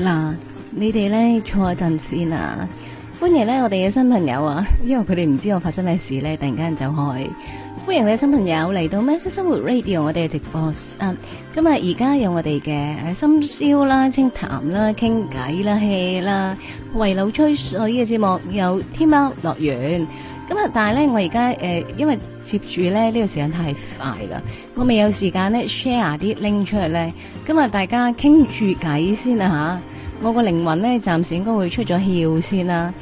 嗱，你哋咧坐一陣先啊！歡迎咧我哋嘅新朋友啊，因為佢哋唔知我發生咩事咧，突然間走開。歡迎你嘅新朋友嚟到《喵式生活 Radio》我哋嘅直播室。咁啊，而家有我哋嘅深宵啦、清談啦、傾偈啦、hea 啦、圍爐吹水嘅節目，有天貓樂園。咁啊！但係咧，我而家誒，因為接住咧呢、這個時間太快啦，我未有時間咧 share 啲 link 出嚟咧。咁啊，大家傾住偈先啦吓。我個靈魂咧，暫時應該會出咗竅先啦、啊。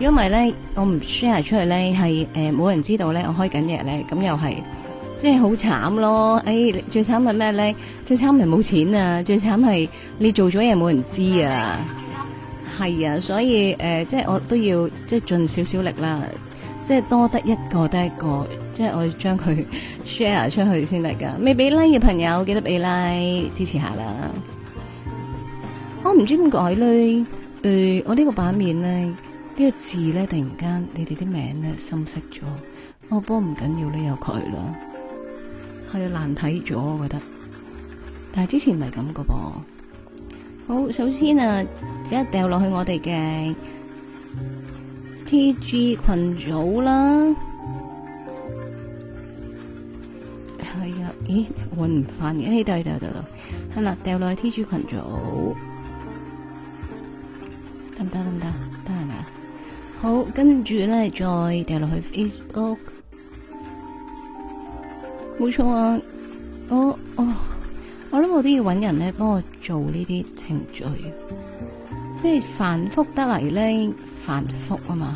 如果唔係咧，我唔 share 出去咧，係誒冇人知道咧，我開緊嘢咧，咁又係即係好慘咯。誒、哎，最慘係咩咧？最慘係冇錢啊！最慘係你做咗嘢冇人知道啊！係啊，所以誒、呃，即係我都要即係盡少少力啦。即係多得一個得一個，即係我要將佢 share 出去先得噶。未俾 like 嘅朋友，記得俾 like 支持下啦、哦嗯。我唔知點改咧，誒，我呢個版面咧，呢、這個字咧，突然間你哋啲名咧，深色咗。我波唔緊要呢，有佢啦，係難睇咗，我覺得。但係之前唔係咁噶噃。好，首先啊，一掉落去我哋嘅。T G 群組啦，係啊，咦，換唔翻嘅，哎，掉掉掉掉，係啦，掉落去 T G 群組，得唔得？得唔得？得係咪？好，跟住咧，再掉落去 Facebook，冇錯啊，我，哦，我諗我都要搵人咧，幫我做呢啲程序，即係繁複得嚟咧。繁複啊嘛，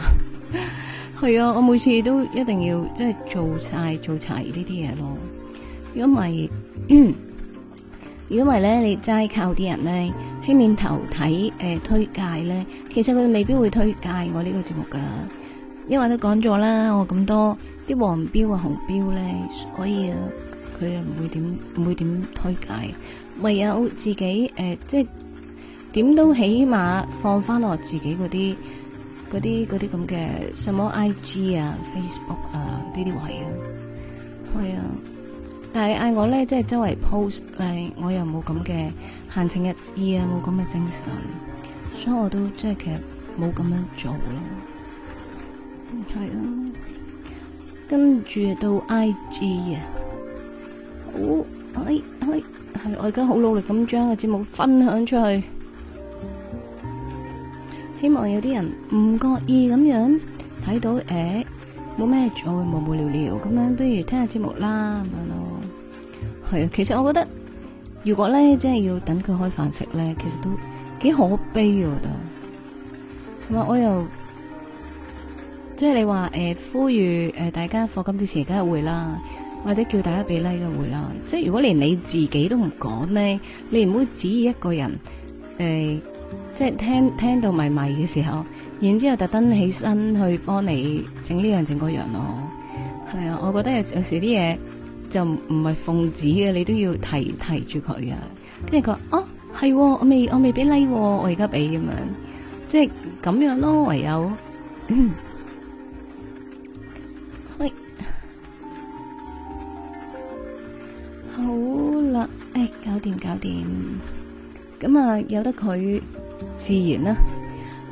係 啊，我每次都一定要即係做晒做齊呢啲嘢咯，因為如果唔係咧，你齋靠啲人咧輕面頭睇誒推介咧，其實佢未必會推介我呢個節目噶，因為我都講咗啦，我咁多啲黃標啊紅標咧，所以啊，佢又唔會點唔會點推介，唯有自己誒、呃，即係點都起碼放翻落自己嗰啲。嗰啲嗰啲咁嘅什麼 I G 啊，啊 Facebook 啊呢啲位啊，係啊，但係嗌我咧，即係周圍 post，誒、啊、我又冇咁嘅閒情逸致啊，冇咁嘅精神，所以我都即係其實冇咁樣做咯，係啊，跟住到 I G 啊、哦，好、哎哎哎，我我係我而家好努力咁將個節目分享出去。希望有啲人唔覺意咁樣睇到，誒、哎，冇咩我做，無無聊聊咁樣，不如聽下節目啦咁樣咯。係啊，其實我覺得如果咧，真係要等佢開飯食咧，其實都幾可悲啊。噶。覺得，同埋我又，即係你話誒、呃，呼籲誒大家課金之前梗係會啦，或者叫大家俾 like 嘅會啦。即係如果連你自己都唔講咧，你唔好指意一個人誒。呃即係聽聽到咪咪嘅時候，然之後特登起身去幫你整呢樣整嗰樣咯。係啊，我覺得有有時啲嘢就唔係奉旨嘅，你都要提提住佢啊。跟住佢話哦，係我未我未俾禮、like，我而家俾咁樣，即係咁樣咯。唯有，喂、嗯， 好啦，誒、哎，搞掂搞掂。咁啊，由得佢自然啦。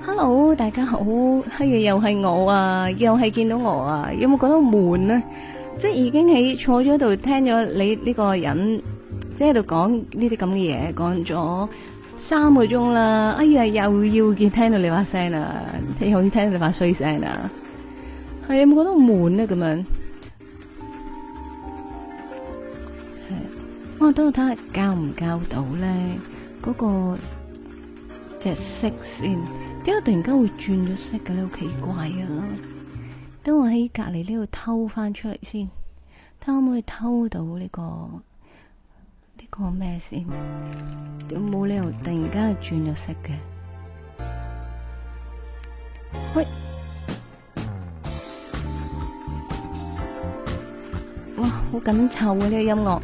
Hello，大家好，哎呀，又係我啊，又係見到我啊，有冇覺得悶啊？即係已經喺坐咗度聽咗你呢個人，即係喺度講呢啲咁嘅嘢，講咗三個鐘啦。哎呀，又要見聽到你把聲啦，好似聽到你把衰聲啦。係，有冇覺得悶啊？咁樣，我等我睇下教唔教到咧。嗰、那個隻色先，點解突然間會轉咗色嘅咧？好奇怪啊！等我喺隔籬呢度偷翻出嚟先，睇下可唔可以偷到呢，這個呢，這個咩先？有冇理由突然間係轉咗色嘅？喂、哎！哇，好緊湊啊！呢，這個音樂，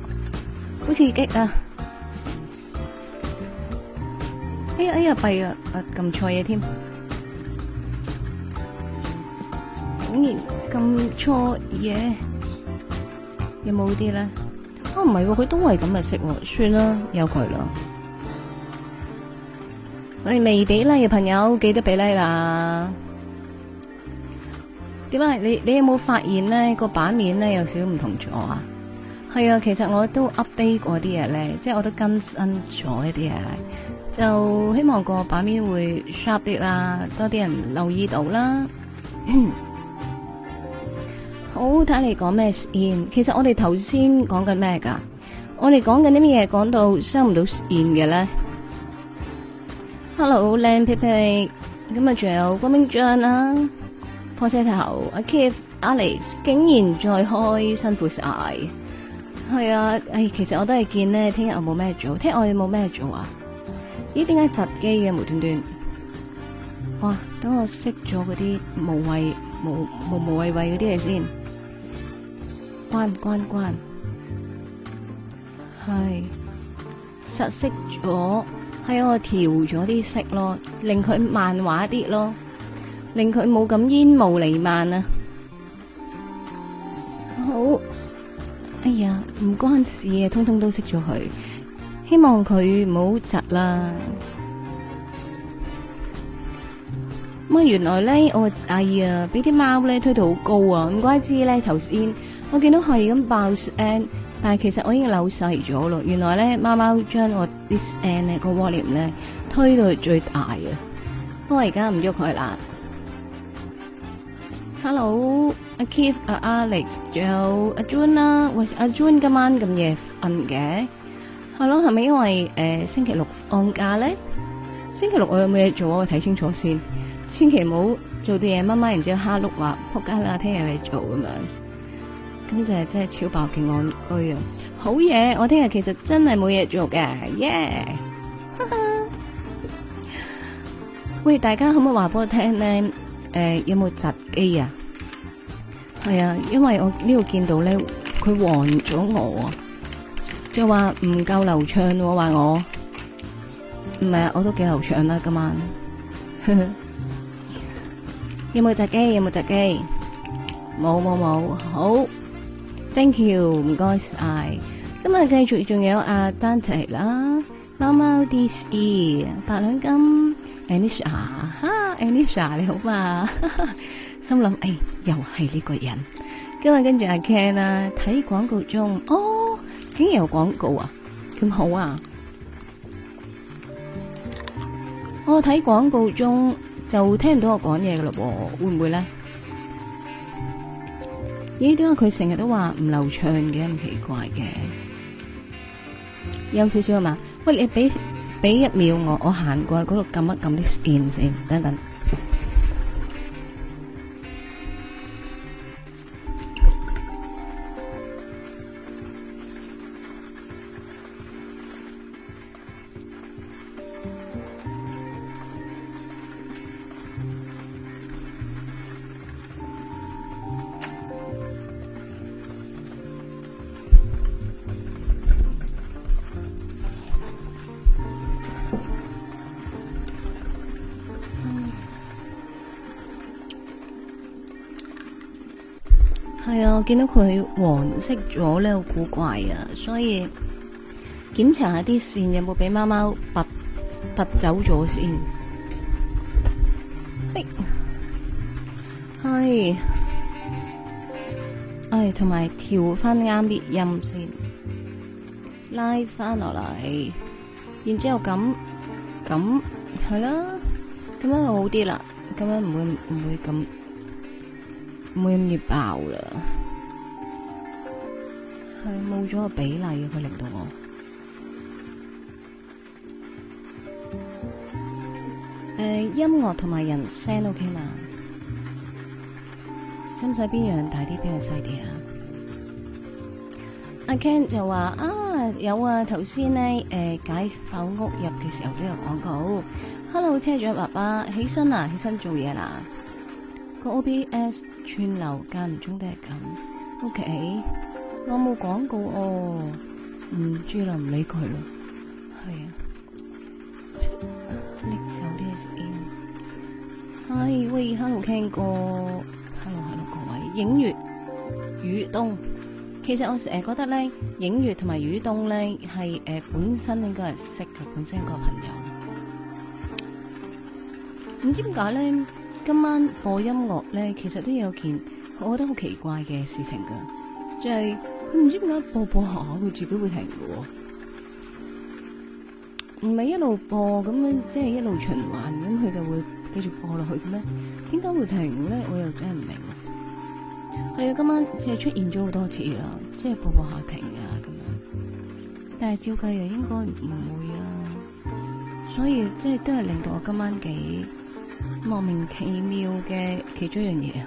好刺激啊！哎呀哎呀，弊、哎、啊！撳錯嘢添，竟然撳錯嘢，有冇啲咧？啊唔係，佢都係咁嘅色，算啦，有佢啦。啊、未你未俾啦，朋友記得俾啦。點解？你你有冇發現咧？個版面咧有少少唔同咗啊？係啊，其實我都 update 過啲嘢咧，即係我都更新咗一啲嘢。就希望個版面會 sharp 啲啦，多啲人留意到啦。好睇你講咩線？其實我哋頭先講緊咩噶？我哋講緊啲咩嘢，講到收唔到線嘅咧？Hello 靚皮皮，今日仲有郭明章啊，貨車頭阿 Keith Alice 竟然再開新富 I，係啊，誒，其實我都係見咧，聽日有冇咩做？聽日我哋冇咩做啊？咦，點解窒機嘅？無端端，哇！等我熄咗嗰啲無謂、無無無謂謂嗰啲嘢先，關唔關，關，係實熄咗，係我調咗啲色咯，令佢漫畫啲咯，令佢冇咁煙霧彌漫啊！好，哎呀，唔關事嘅，通通都熄咗佢。希望佢唔好窒啦。咁啊，原來咧，我阿姨啊，俾啲貓咧推到好高啊。唔怪之咧，頭先我見到係咁爆聲，但係其實我已經扭細咗咯。原來咧，貓貓將我啲聲咧個 volume 咧推到最大啊。不過而家唔喐佢啦。Hello，阿 Keith，阿 Alex，仲有阿 John 啦，喂，阿 John 今晚咁夜瞓嘅。係咯，係咪因為誒、呃、星期六放假咧？星期六我有冇嘢做？我睇清楚先，千祈唔好做啲嘢乜乜，然之後哈碌話仆街啦！聽日有嘢做咁樣，咁就係、是、真係超爆嘅安居啊！好嘢，我聽日其實真係冇嘢做嘅，耶、yeah! 喂，大家可唔可以話俾我聽咧？誒、呃，有冇閘機啊？係啊，因為我這看到呢度見到咧，佢黃咗我啊！就話唔夠流暢，啊，話我唔係啊，我都幾流暢啦、啊、今晚。 有冇窒機？有冇窒機？冇冇冇，好，Thank you，唔該晒。今日繼續仲有阿 Dante 啦，貓貓 D C，八兩金，Anisha，哈、啊、，Anisha 你好嘛？ 心諗誒、哎，又係呢個人。今日跟住阿、啊、Ken 啊，睇廣告中哦。竟然有廣告啊，咁好啊！我睇廣告中就聽唔到我講嘢㗎喇喎，會唔會咧？咦，點解佢成日都話唔流暢嘅，咁奇怪嘅？有少少係嘛？喂，你俾俾一秒我，我行過去嗰度撳一撳啲線先，等等。我見到佢黃色咗呢，好古怪啊！所以檢查下啲線有冇俾貓貓拔拔走咗先。係係係，同埋調翻啱啲音先，拉翻落嚟，然之後咁咁係啦，咁樣好啲啦，咁樣唔會唔會咁唔會咁熱爆啦。係冇咗個比例嘅，佢令到我。誒，音樂同埋人聲 OK 嘛？使唔使邊樣大啲，邊樣細啲啊？阿 Ken 就話啊，有啊，頭先呢，誒，解剖屋入嘅時候都有廣告。Hello，車長爸爸，起身啦，起身做嘢啦。個 OBS 串流間唔中都係咁。OK 我冇廣告哦，唔知啦，唔理佢咯。係啊，拎走啲 S M。係喂，Hello，聽歌，Hello，Hello，各位影月雨東。其實我誒覺得咧，影月同埋雨東咧係誒本身應該係識嘅，本身一個朋友。唔知點解咧，今晚播音樂咧，其實都有件我覺得好奇怪嘅事情噶，就係。佢唔知點解播播下佢自己會停嘅，唔係一路播咁樣，即係一路循環咁，佢就會繼續播落去嘅咩？點解會停咧？我又真係唔明。係啊，今晚即係出現咗好多次啦，即係播播下停啊咁樣。但係照計又應該唔會啊，所以即係都係令到我今晚幾莫名其妙嘅其中一樣嘢啊。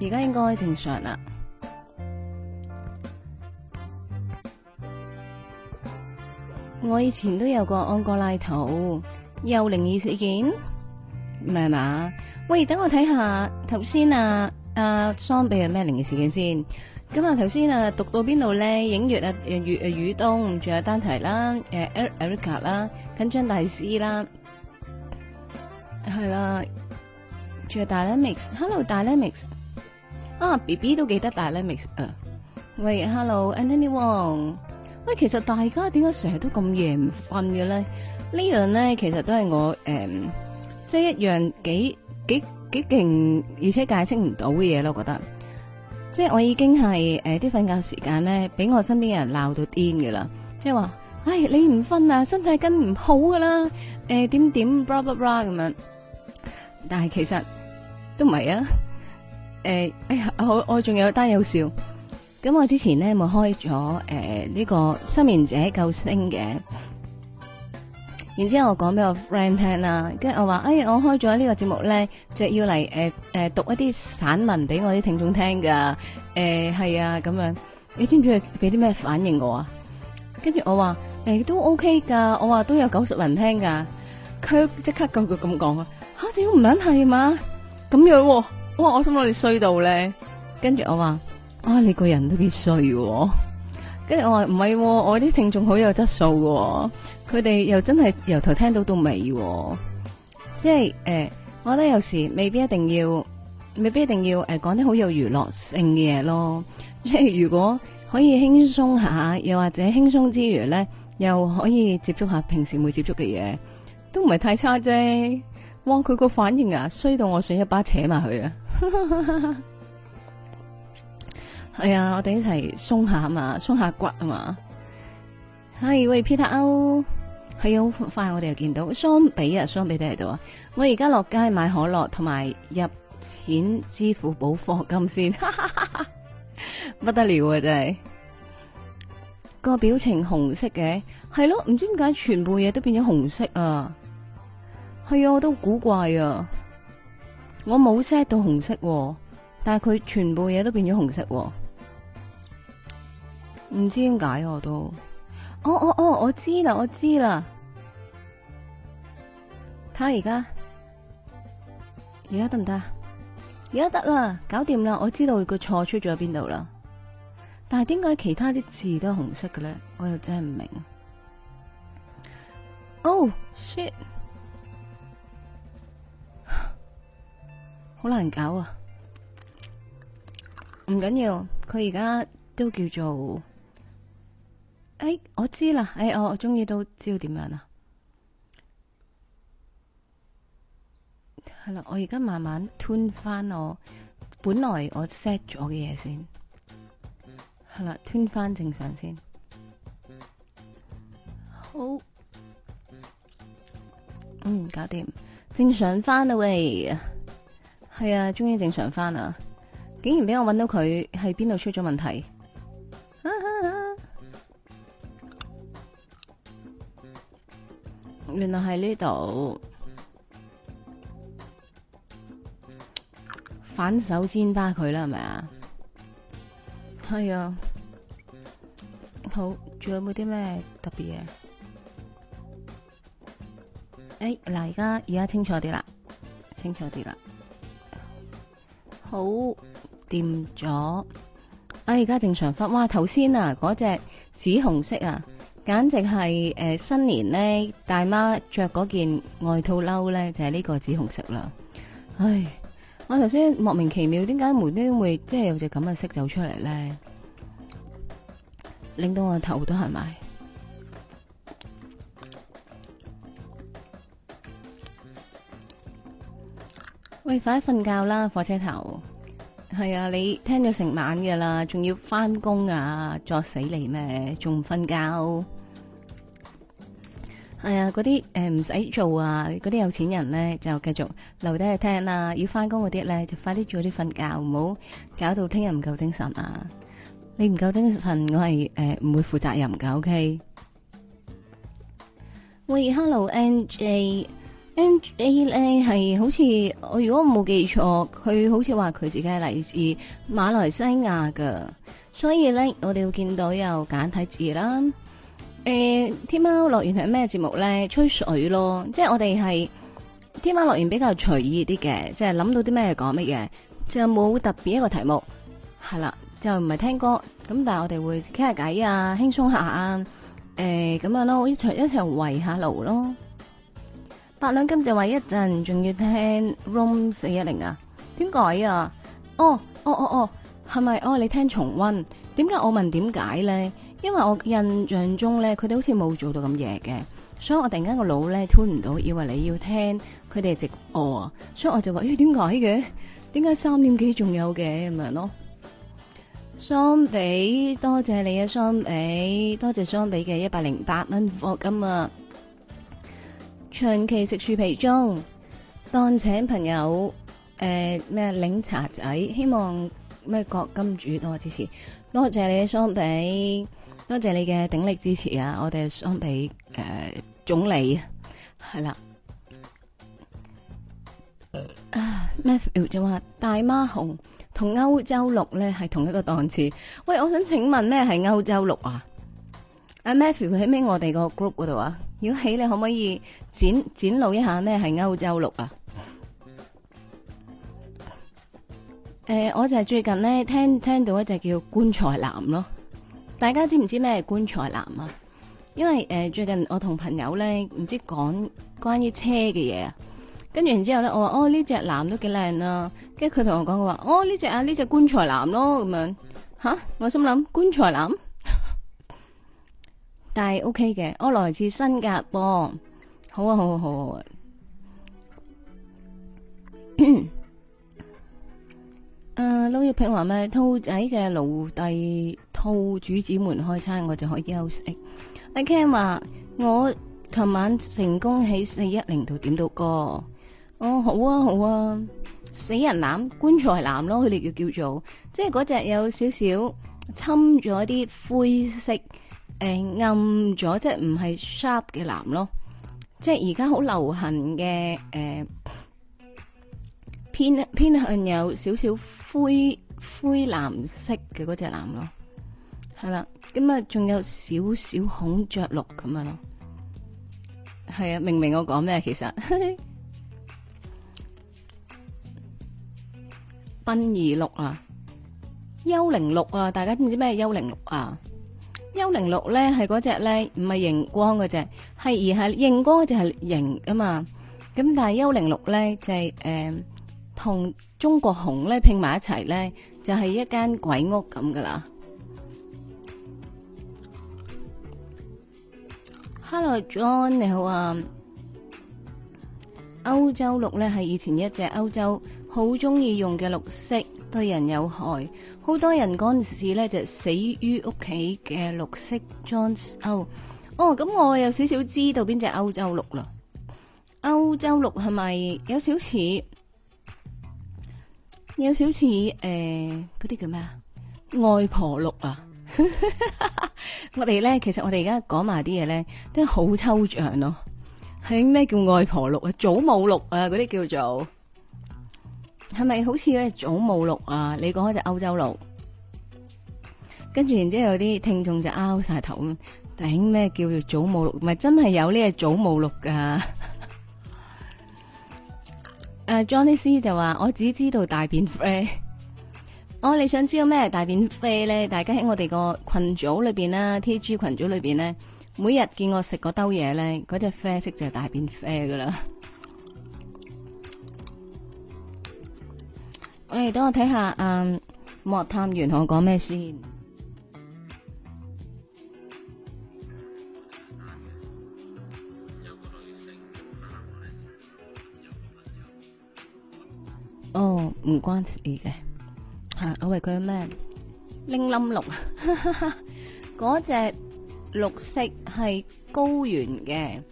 而家應該正常啦。我以前都有個安哥拉頭，又靈異事件，明嘛？喂，等我睇下頭先啊，啊桑比係咩靈異事件先？咁啊頭先啊讀到邊度咧？影月啊，月啊雨冬，仲有丹提啦，誒 Erica 啦，緊張大師啦，係、啊、啦，仲、啊、有 Dynamics，Hello Dynamics。啊，B B 都記得大，大係咧未誒，喂，Hello，Anthony，喂，其實大家點解成日都咁夜唔瞓嘅咧？樣呢樣咧其實都係我誒，即、嗯、係、就是、一樣幾幾幾勁，而且解釋唔到嘅嘢咯，我覺得，即、就、係、是、我已經係誒啲瞓覺時間咧，俾我身邊嘅人鬧到癲嘅啦，即係話，唉、哎，你唔瞓啊，身體跟唔好噶啦，誒、呃，點點，bra bra bra 咁樣，但係其實都唔係啊。誒、哎，哎呀，我我仲有單有笑，咁我之前咧咪開咗誒呢個失眠者救星嘅，然之後我講俾我 friend 聽啦，跟住我話，哎，我開咗呢個節目咧，就是、要嚟誒誒讀一啲散文俾我啲聽眾聽噶，誒、呃、係啊，咁樣，你知唔知俾啲咩反應我啊？跟住我話，誒、哎、都 OK 噶，我話都有九十人聽噶，佢即刻咁句咁講啊，吓點唔撚係嘛？咁樣、哦。哇！我心諗你衰到咧，跟住我話啊、哦、你個人都幾衰、哦，跟住我話唔係，我啲聽眾好有質素喎、哦。」佢哋又真係由頭聽到到尾、哦，即係誒、呃，我覺得有時未必一定要，未必一定要誒講啲好有娛樂性嘅嘢咯，即係如果可以輕鬆下，又或者輕鬆之餘咧，又可以接觸下平時唔會接觸嘅嘢，都唔係太差啫。哇！佢個反應啊，衰到我想一巴扯埋佢啊！係 啊、哎，我哋一齊鬆下嘛，鬆下骨啊嘛。係喂，Peter O，係哦，哎、快我哋又見到雙比啊，雙比都喺度啊。我而家落街買可樂，同埋入錢支付寶課金先， 不得了啊！真係、那個表情紅色嘅，係咯，唔知點解全部嘢都變咗紅色啊。係啊，我都古怪啊。我冇 set 到紅色，但係佢全部嘢都變咗紅色，唔知點解我都。哦哦哦，我知啦，我知啦。睇下而家，而家得唔得？而家得啦，搞掂啦，我知道佢錯出咗喺邊度啦。但係點解其他啲字都係紅色嘅咧？我又真係唔明。Oh shit！好難搞啊不緊，唔緊要，佢而家都叫做誒、哎，我知啦，誒、哎，我我中意都知道點樣啦。係啦，我而家慢慢 turn 翻我本來我 set 咗嘅嘢先，係啦 turn 翻正常先。好，嗯，搞掂，正常翻啦喂。係啊，終於正常翻啊！竟然俾我揾到佢係邊度出咗問題， 原來喺呢度反手先打佢啦，係咪啊？係啊，好，仲有冇啲咩特別嘢？誒、欸，嗱，而家而家清楚啲啦，清楚啲啦。好掂咗！哎，而家正常返，哇，頭先啊嗰隻紫紅色啊，簡直係誒新年呢，大媽着嗰件外套褸呢就係呢個紫紅色啦。唉，我頭先莫名其妙，點解無端端會即係有隻咁嘅色走出嚟呢？令到我頭都係埋。喂，快啲瞓覺啦，火車頭。係啊，你聽咗成晚噶啦，仲要翻工啊，作死你咩？仲唔瞓覺？係啊，嗰啲誒唔使做啊，嗰啲有錢人咧就繼續留低去聽啊。要翻工嗰啲咧就快啲早啲瞓覺，唔好搞到聽日唔夠精神啊！你唔夠精神，我係誒唔會負責任噶，OK？喂，Hello NJ。N J 咧係好似我如果冇記錯，佢好似話佢自己係嚟自馬來西亞噶所以咧我哋會見到有簡體字啦。誒、欸，天喵樂園係咩節目咧？吹水咯，即係我哋係天喵樂園比較隨意啲嘅，即係諗到啲咩講乜嘢，就冇特別一個題目，係啦，就唔係聽歌咁，但係我哋會傾下偈啊，輕鬆下啊，誒、欸，咁樣咯，一齊一齊圍下爐咯。八兩金就話一陣，仲要聽 Room 四一零啊？點解啊？哦哦哦哦，係、哦、咪？哦，是是哦你聽重溫？點解我問點解咧？因為我印象中咧，佢哋好似冇做到咁夜嘅，所以我突然間個腦咧吞唔到，以為你要聽佢哋直播啊，所以我就話：咦、哎，點解嘅？點解三點幾仲有嘅咁樣咯？桑比多謝你、啊，桑比多謝桑比嘅一百零八蚊課金啊！長期食薯皮中，當請朋友誒咩、呃、檸茶仔，希望咩國金主多支持，多謝你雙比，多謝你嘅鼎力支持啊！我哋雙比誒、呃、總理係啦、啊，Matthew 就話大媽紅同歐洲綠咧係同一個檔次。喂，我想請問咩係歐洲綠啊？阿 Matthew 喺咩我哋個 group 嗰度啊？如果喺，你可唔可以？展展露一下咩係歐洲綠啊？誒、欸，我就係最近咧聽聽到一隻叫棺材藍咯。大家知唔知咩係棺材藍啊？因為誒、呃、最近我同朋友咧唔知講關於車嘅嘢、哦、啊，跟住然之後咧我話哦呢隻藍都幾靚啊，跟住佢同我講佢話哦呢隻啊呢隻棺材藍咯咁樣吓，我心諗棺材藍， 但係 OK 嘅，我來自新加坡。好啊，好啊，好啊！誒，老 葉、啊、平話咩？兔仔嘅奴隸，兔主子們開餐，我就可以休息。阿 Ken 話我琴晚成功喺四一零度點到歌。哦、啊啊，好啊，好啊，死人藍、棺材藍咯，佢哋叫叫做，即係嗰隻有少少，侵咗啲灰色，誒、呃，暗咗，即係唔係 sharp 嘅藍咯。即係而家好流行嘅，誒、呃，偏偏向有少少灰灰藍色嘅嗰隻藍咯，係啦，咁啊仲有少少孔雀綠咁樣咯，係啊，明唔明我講咩？其實，殯儀綠啊，幽靈綠啊，大家知唔知咩幽靈綠啊？幽靈綠咧，係嗰隻咧，唔係熒光嗰隻，係而係熒光就係熒㗎嘛。咁但係幽靈綠咧，就係誒同中國紅咧，拼埋一齊咧，就係一間鬼屋咁噶啦。Hello John，你好啊。歐洲綠咧，係以前一隻歐洲好中意用嘅綠色。對人有害，好多人陣時咧就死於屋企嘅綠色裝。哦哦，咁我有少少知道邊隻歐洲綠啦。歐洲綠係咪有少似，有少似誒嗰啲叫咩啊？外婆綠啊！我哋咧，其實我哋而家講埋啲嘢咧，都好抽象咯。係咩叫外婆綠啊？祖母綠啊？嗰啲叫做？係咪好似嗰隻祖母綠啊？你講嗰隻歐洲綠，跟住然之後有啲聽眾就拗晒頭啦。頂咩叫做祖母綠？唔係真係有呢隻祖母綠噶。誒、 uh,，Johnny C 就話我只知道大便啡。 哦，你想知道咩大便啡咧？大家喺我哋個群組裏邊啦，T G 群組裏邊咧，每日見我食嗰兜嘢咧，嗰隻啡色就係大便啡噶啦。我等、啊、我睇下，嗯，莫探員同我講咩先？哦，唔關事嘅，吓、啊，我為佢咩？拎冧綠，嗰 隻綠色係高原嘅，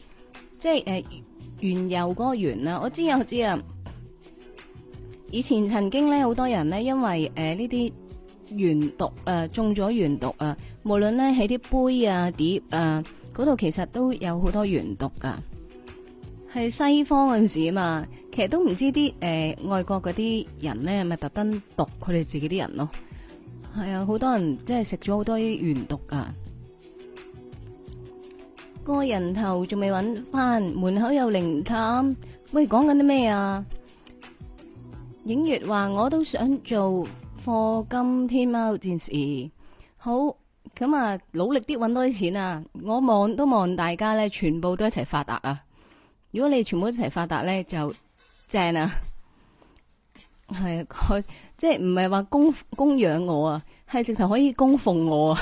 即係誒、呃、原油嗰個源啦。我知啊，我知啊。以前曾經咧，好多人咧，因為誒呢啲鉛毒啊、呃，中咗鉛毒啊，無論咧喺啲杯啊、碟啊嗰度，其實都有好多鉛毒噶。係西方嗰陣時啊嘛，其實都唔知啲誒、呃、外國嗰啲人咧，咪特登毒佢哋自己啲人咯。係啊，好多人即係食咗好多啲鉛毒噶。個人頭仲未搵返，門口有靈探。喂，講緊啲咩啊？影月話：我都想做課金天喵戰士，好咁啊！努力啲揾多啲錢啊！我望都望大家咧，全部都一齊發達啊！如果你全部都一齊發達咧，就正啊！係 佢即係唔係話供供養我啊，係直頭可以供奉我啊！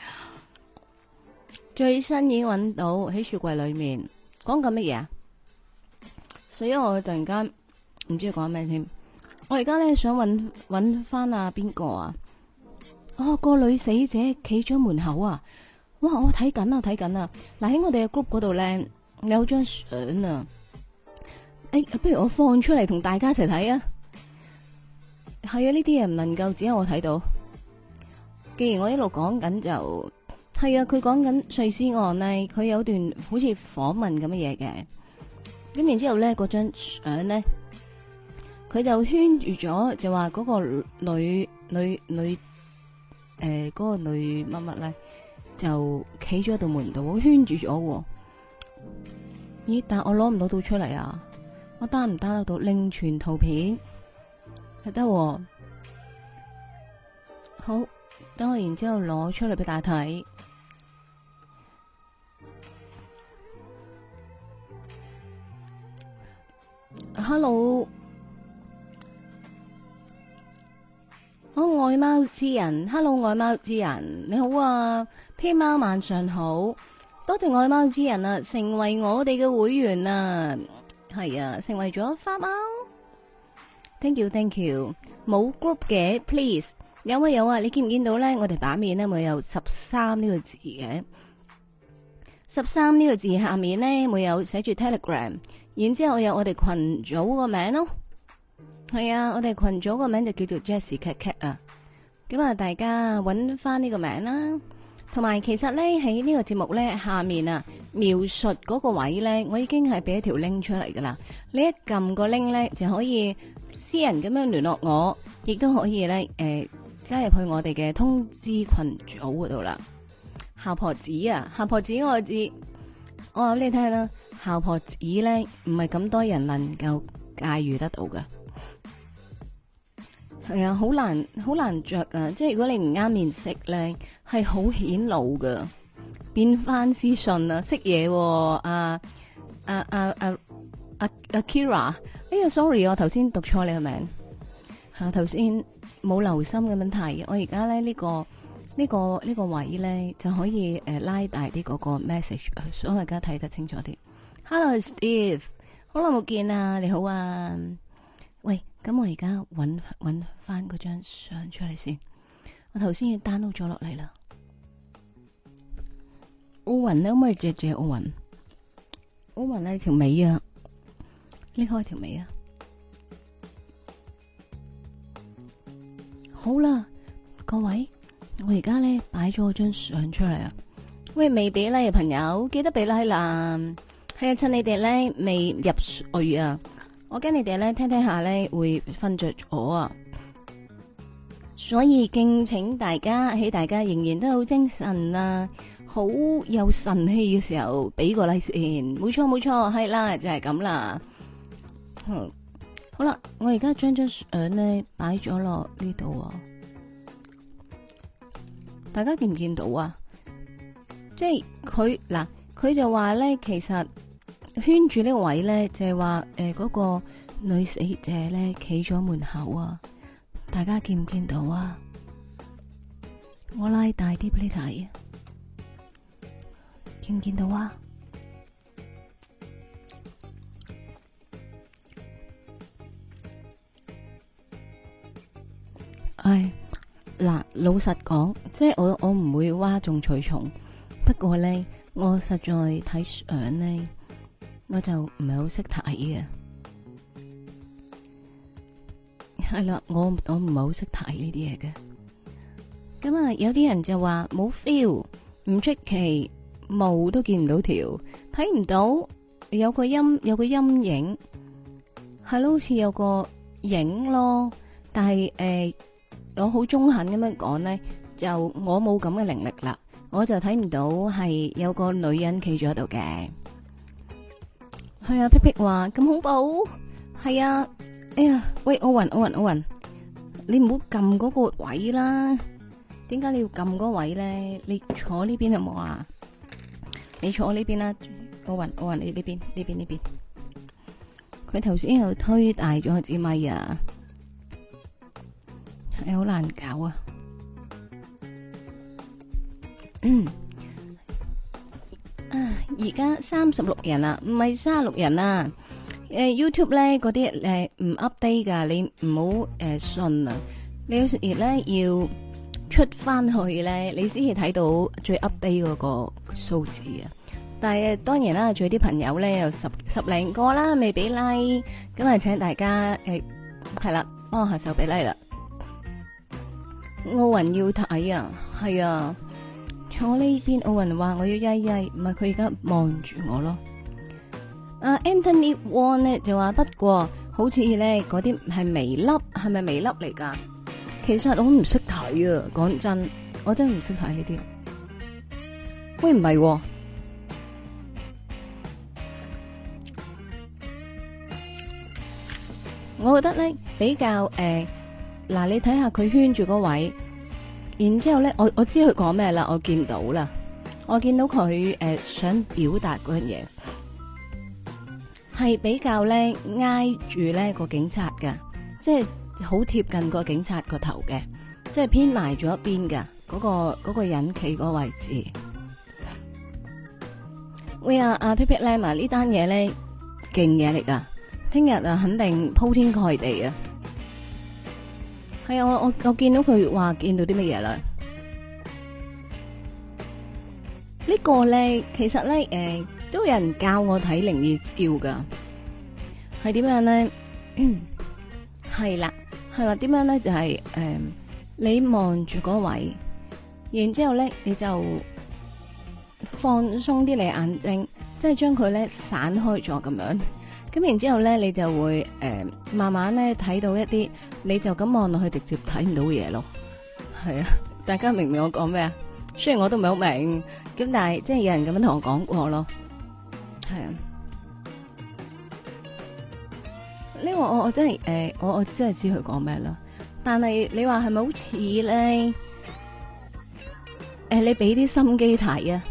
最新已經揾到喺雪櫃裏面，講緊乜嘢啊？所以，我突然間唔知要講咩添。我而家咧想揾揾翻啊邊個啊？哦，個女死者企咗門口啊！哇，我睇緊啊，睇緊啊！嗱，喺我哋嘅 group 嗰度咧有張相啊！誒、哎，不如我放出嚟同大家一齊睇啊！係啊，呢啲嘢唔能夠只有我睇到。既然我一路講緊就係啊，佢講緊碎屍案咧，佢有段好似訪問咁嘅嘢嘅。咁然之後咧，嗰張相咧，佢就圈住咗，就話嗰個女女女，誒，嗰、呃嗰個女乜乜咧，就企咗喺度門度，圈住咗喎。咦？但我攞唔攞到出嚟啊？我單唔單得到另存圖片係得？好，等我然之後攞出嚟俾大家睇。Hello，我愛貓之人。Hello，愛貓之人，你好啊，天喵晚上好，多謝愛貓之人啊，成為我哋嘅會員啊，係啊，成為咗花貓。Thank you，Thank you，冇 thank you. group 嘅，please，有啊有啊，你見唔見到咧？我哋版面咧，會有十三呢個字嘅，十三呢個字下面咧，會有寫住 Telegram。然之後有我哋群組個名咯，哦，係啊，我哋群組個名就叫做 Jazzycatcat 啊。咁啊，大家揾翻呢個名啦。同埋其實咧喺呢在這個節目咧下面啊描述嗰個位咧，我已經係俾一條 link 出嚟噶啦。你一撳個 link 咧就可以私人咁樣聯絡我，亦都可以咧誒、呃、加入去我哋嘅通知群組嗰度啦。夏婆子啊，夏婆子我知。我話俾你聽啦，姣婆子咧唔係咁多人能夠駕馭得到嘅，係啊，好難好難着啊！Question. 即係如果你唔啱面色咧，係好顯老噶。變翻私信啊，識、啊、嘢，啊啊啊啊啊啊 Kira，哎呀，sorry，Whisper millet 我頭先讀錯你個名，吓頭先冇留心咁樣提，我而家咧呢個。呢、這個呢、這個位咧就可以誒、呃、拉大啲嗰個，個 message，、啊、所以我而家睇得清楚啲。Hello Steve， 好耐冇見啊，你好啊，喂，咁我而家搵搵翻嗰張相出嚟先，我頭先要 download 咗落嚟啦。奧運咧，可唔可以借借奧運？奧運呢條尾啊，拎開條尾啊，好啦，各位。我而家咧擺咗張相出嚟啊！喂，未俾 like 嘅朋友，記得俾 like 啦。係啊，趁你哋咧未入去啊，我驚你哋咧聽聽下咧會瞓着咗啊。所以敬請大家，喺大家仍然都好精神啊，好有神氣嘅時候，俾個 like 先。冇錯，冇錯，係啦，就係咁啦。嗯。好啦，我而家將張相咧擺咗落呢度。大家見唔見到啊？即係佢嗱，佢就話咧，其實圈住呢個位咧，就係話誒嗰個女死者咧企咗門口啊！大家見唔見到啊？我拉大啲俾你睇啊，見唔見到啊？唉、哎。嗱，老實講，即係我我唔會嘩眾取寵。不過咧，我實在睇相咧，我就唔係好識睇嘅。係啦，我我唔係好識睇呢啲嘢嘅。咁啊，有啲人就話冇 feel，唔出奇，霧都見唔到條，睇唔到有個陰有個陰影，係咯，好似有個影咯。但係誒。欸我好中肯咁樣講咧，就我冇咁嘅能力啦，我就睇唔到係有個女人企咗喺度嘅。係啊，辟辟話咁恐怖。係啊，哎呀，喂，我暈我暈我暈，你唔好撳嗰個位啦。點解你要撳嗰位咧？你坐呢邊好冇啊？你坐呢邊啦，我暈我暈，你呢邊呢邊呢邊。佢頭先又推大咗一支咪啊！你好難搞啊！嗯、啊，而家三十六人啊，唔係三十六人啊。誒、呃、YouTube 咧嗰啲誒唔 update 噶，你唔好誒信啊。你要咧、呃、要出翻去咧，你先至睇到最 update 嗰個數字啊。但係、呃、當然啦，仲有啲朋友咧有十十零個啦，未俾 like，咁啊，請大家誒係、呃、啦，幫我下手俾 like 啦。奧運要睇啊，係啊！我呢邊奧運話我要曳曳，唔係佢而家望住我咯。阿、uh, Anthony Wong 咧就話， 不過好似咧嗰啲係微粒，係咪微粒嚟噶？其實我唔識睇啊，講真，我真係唔識睇呢啲。喂唔係、啊，我覺得咧比較誒。呃嗱，你睇下佢圈住嗰位置，然之後咧，我我知佢講咩啦，我見到啦，我見到佢誒、呃、想表達嗰樣嘢，係比較咧挨住咧個警察噶，即係好貼近個警察個頭嘅，即係偏埋咗一邊嘅嗰、嗰個嗰、嗰個人企個位置。喂啊，阿、啊、Pepa，呢單嘢咧勁嘢嚟噶，聽日啊肯定鋪天蓋地啊！係啊，我我我見到佢話見到啲乜嘢啦？這個、呢個咧，其實咧，誒、呃，都有人教我睇靈異照噶。係點樣咧？係、嗯、啦，係啦，點樣咧？就係、是、誒、呃，你望住嗰位，然之後咧，你就放鬆啲你眼睛，即係將佢咧散開咗咁樣。咁然之後咧，你就會誒、呃、慢慢咧睇到一啲，你就咁望落去直接睇唔到嘢咯。係啊，大家明唔明我講咩啊？雖然我都唔係好明，咁但係即係有人咁樣同我講過咯。係啊，呢、這個我我真係誒、呃，我我真係知佢講咩啦。但係你話係咪好似咧？誒、呃，你俾啲心機睇啊！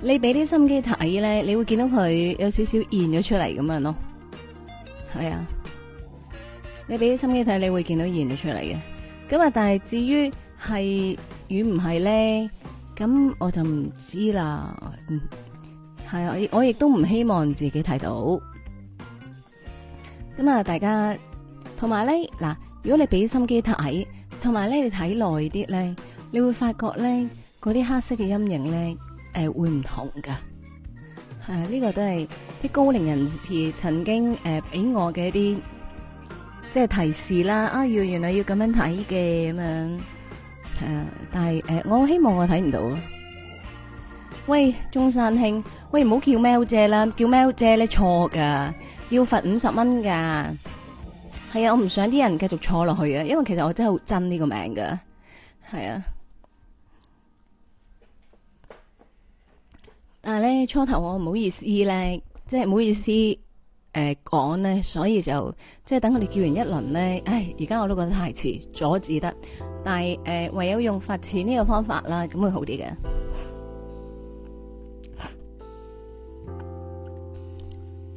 你俾啲心機睇咧，你會見到佢有少少現咗出嚟咁樣咯。係啊，你俾啲心機睇，你會見到現咗出嚟嘅。咁啊，但係至於係與唔係咧，咁我就唔知啦。係、嗯，啊，我亦都唔希望自己睇到。咁啊，大家同埋咧嗱，如果你俾啲心機睇，同埋咧你睇耐啲咧，你會發覺咧嗰啲黑色嘅陰影咧，誒、呃、會唔同噶。係啊，呢個都係。啲高齡人士曾經誒俾、呃、我嘅啲即係提示啦，啊要原來要咁樣睇嘅咁樣，誒、啊、但係誒、呃、我希望我睇唔到咯。喂，中山兄，喂，唔好叫喵姐啦，叫喵姐咧錯噶，要罰五十蚊噶。係啊，我唔想啲人繼續錯落去啊，因為其實我真係好憎呢個名噶。係啊，但係咧初頭我唔好意思咧。即係唔好意思，誒講咧，所以就即係等佢哋叫完一輪咧，唉，而家我都覺得太遲，阻止得，但係誒、呃、唯有用罰錢呢個方法啦，咁會好啲嘅。誒、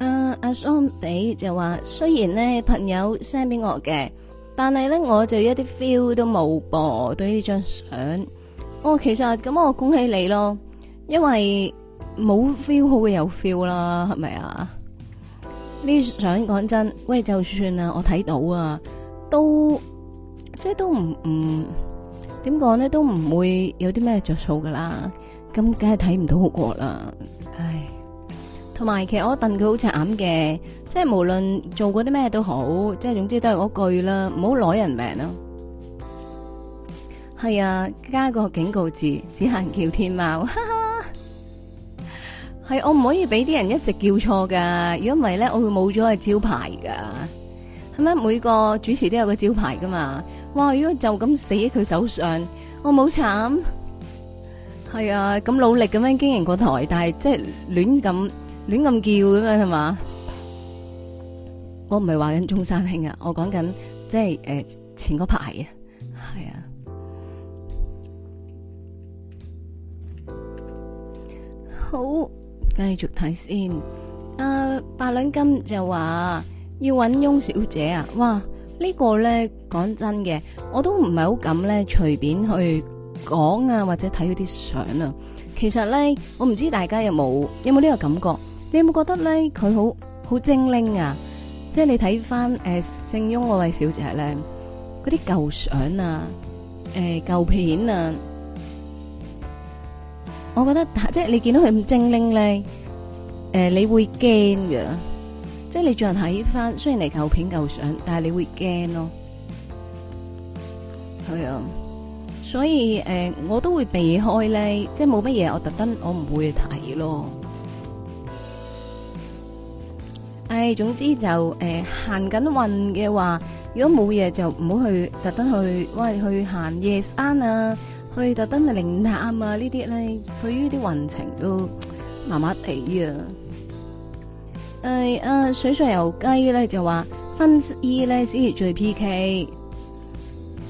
呃，阿桑比就話，雖然咧朋友 send 俾我嘅，但係咧我就有一啲 feel 都冇噃，對於呢張相。哦，其實咁我恭喜你咯，因為。冇 feel 好嘅有 feel 啦，係咪啊？呢想講真，喂，就算啦，我睇到啊，都即係都唔唔點講咧，都唔會有啲咩着數噶啦。咁梗係睇唔到好過啦，唉。同埋其實我戥佢好慘嘅，即係無論做過啲咩都好，即係總之都係嗰句啦，唔好攞人命咯。係啊，加個警告字，只限叫天貓。哈哈。係我唔可以俾啲人一直叫錯噶，因為咧我會冇咗個招牌噶，係咪每個主持都有個招牌噶嘛？哇！如果就咁死喺佢手上，我冇慘。係啊，咁努力咁樣經營個台，但係即係亂咁亂咁叫咁樣係嘛？我唔係話緊中山兄啊，我講緊即係誒前嗰排啊，係啊，好。繼續睇先，啊，八兩金就話要搵翁小姐啊，哇，這個，呢個咧講真嘅，我都唔係好敢咧隨便去講啊，或者睇佢啲相啊。其實咧，我唔知大家有冇有冇呢個感覺？你有冇覺得咧佢好好精靈啊？即係你睇返誒，姓翁嗰位小姐咧，嗰啲舊相啊，誒，舊片啊。呃我覺得即係你見到佢咁精靈咧，誒，你會驚噶，即係你仲係睇翻，雖然係舊片舊相，但係你會驚咯。係啊，所以誒我都會避開咧，即係冇乜嘢我特登我唔會睇咯。誒，總之就誒行緊運嘅話，如果冇嘢就唔好去特登去喂去行夜山啊。佢特登嘅零三啊，呢啲咧，佢於啲運程都麻麻地啊。誒、呃、誒，水上油雞咧就話分析咧先至最 P K。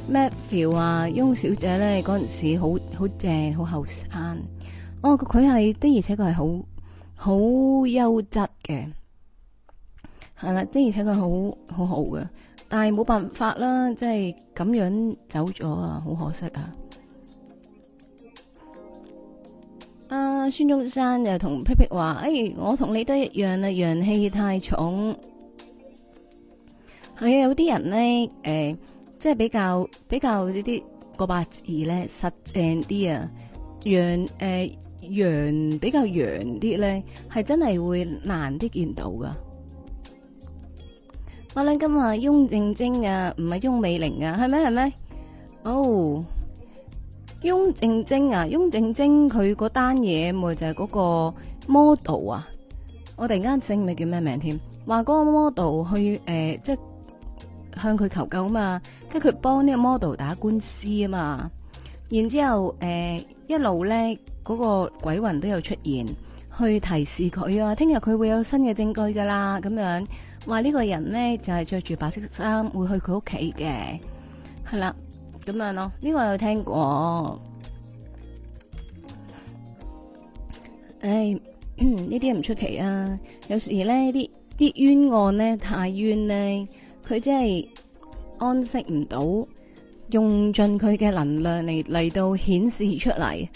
Matthew 啊，翁小姐咧嗰陣時好好正，好後生哦。佢係的，的，而且佢係好好優質嘅係啦，即而且佢好好好嘅，但係冇辦法啦，即係咁樣走咗啊，好可惜啊！啊，孫中山又同屁屁話，哎，我同你都一樣啦，啊，陽氣太重。係、哎、啊，有啲人咧，誒、呃，即係比較比較呢啲個八字咧，實正啲啊，陽誒，陽、呃、比較陽啲咧，係真係會難啲見到噶。我諗今日翁靜晶啊，唔係翁美玲啊，係咩係咩？哦。Oh. 雍正精啊，雍正精佢嗰單嘢咪就係、是、嗰個 model 啊，我突然間醒唔係叫咩名添，話嗰個 model 去誒、呃，即係向佢求救啊嘛，跟住佢幫呢個 model 打官司啊嘛，然之後誒、呃、一路咧嗰個鬼魂都有出現，去提示佢啊，聽日佢會有新嘅證據噶啦，咁樣話呢個人咧就係着住白色衫會去佢屋企嘅，係啦。咁樣咯，呢個有聽過。唉，呢啲唔出奇啊！有時咧，啲啲冤案咧太冤咧，佢真係安息唔到，用盡佢嘅能量嚟嚟到顯示出嚟，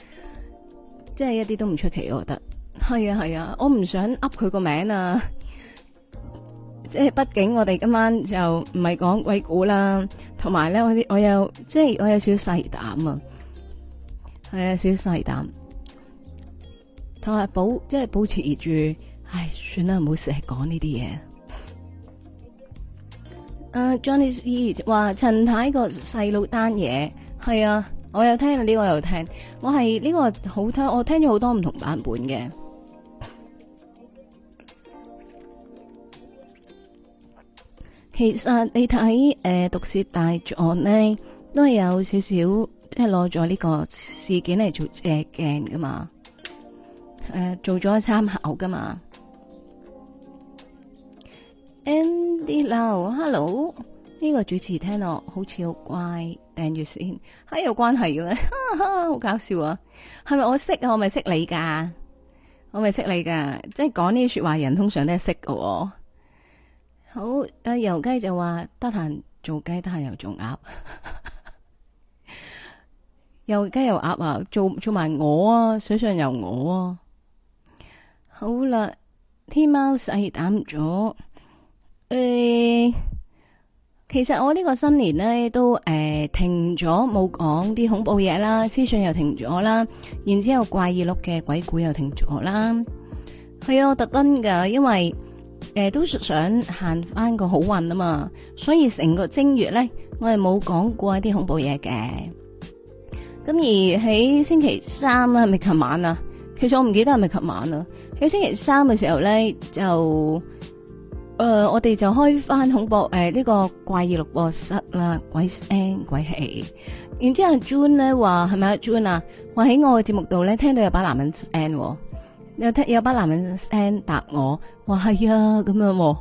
即係一啲都唔出奇。我覺得係啊係啊，我唔想噏佢個名啊！即係，畢竟我哋今晚就唔係講鬼故啦。同埋咧，我啲我有即係我有少少細膽啊，係啊少少細膽。同埋保即係保持住，唉，算啦，唔好成日講呢啲嘢。誒，Johnny 話陳太個細路單嘢係啊，我有聽呢個有聽，我係呢個好聽，我聽咗好多唔同版本嘅。其實你睇，誒、呃，讀史大作呢，都係有少少，即係攞咗呢個事件嚟做借鏡噶嘛，誒、呃，做咗參考噶嘛。Andy Lau，hello hello，呢個主持聽落好似好乖，定住先，係有關係嘅咩？好搞笑啊！係咪我識啊？我咪識你噶？我咪識你噶？即係講呢啲說話人，通常都係識嘅，哦。好，阿油雞就話得閒做雞，得閒又做鴨，油雞油鴨啊，做做埋鵝啊，水上游鵝啊，好啦，天喵細膽咗。誒，其實我呢個新年咧都誒停咗冇講啲恐怖嘢啦，屍訊又停咗啦，然之後怪異錄嘅鬼故又停咗啦，係啊，我特登噶，因為。誒、呃，都想行翻個好運啊嘛，所以成個正月咧，我係冇講過一啲恐怖嘢嘅。咁而喺星期三啦，係咪琴晚啊？其實我唔記得係咪琴晚啊。喺星期三嘅時候咧，就誒、呃，我哋就開翻恐怖誒呢、呃這個怪異錄播室啦，鬼聲鬼氣。然之後 Joan 咧話係咪啊 Joan 啊，話喺我嘅節目度咧聽到有把男人聲、哦。有聽有班男人聲答我，話係啊咁樣，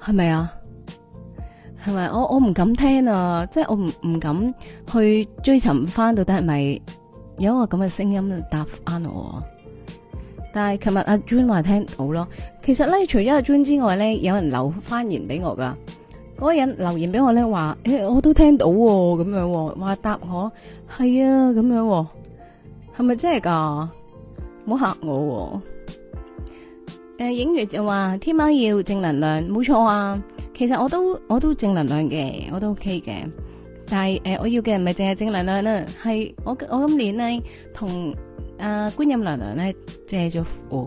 係咪啊？係咪、哦？我我唔敢聽啊！即係我唔唔敢去追尋翻到底係咪有一個咁嘅聲音答翻我？但係琴日阿 Jun 話聽到咯，其實咧除咗阿 Jun 之外咧，有人留翻言俾我噶。嗰個人留言俾我咧話，誒、欸、我都聽到咁、哦、樣、哦，話答我係啊咁樣、哦，係咪真係噶？唔好吓我、哦。誒，影月就話天喵要正能量，冇錯啊！其實我都我都正能量嘅，我都 OK 嘅。但係誒，我要嘅唔係淨係正能量啦，係我我今年咧同誒觀音娘娘咧借咗福，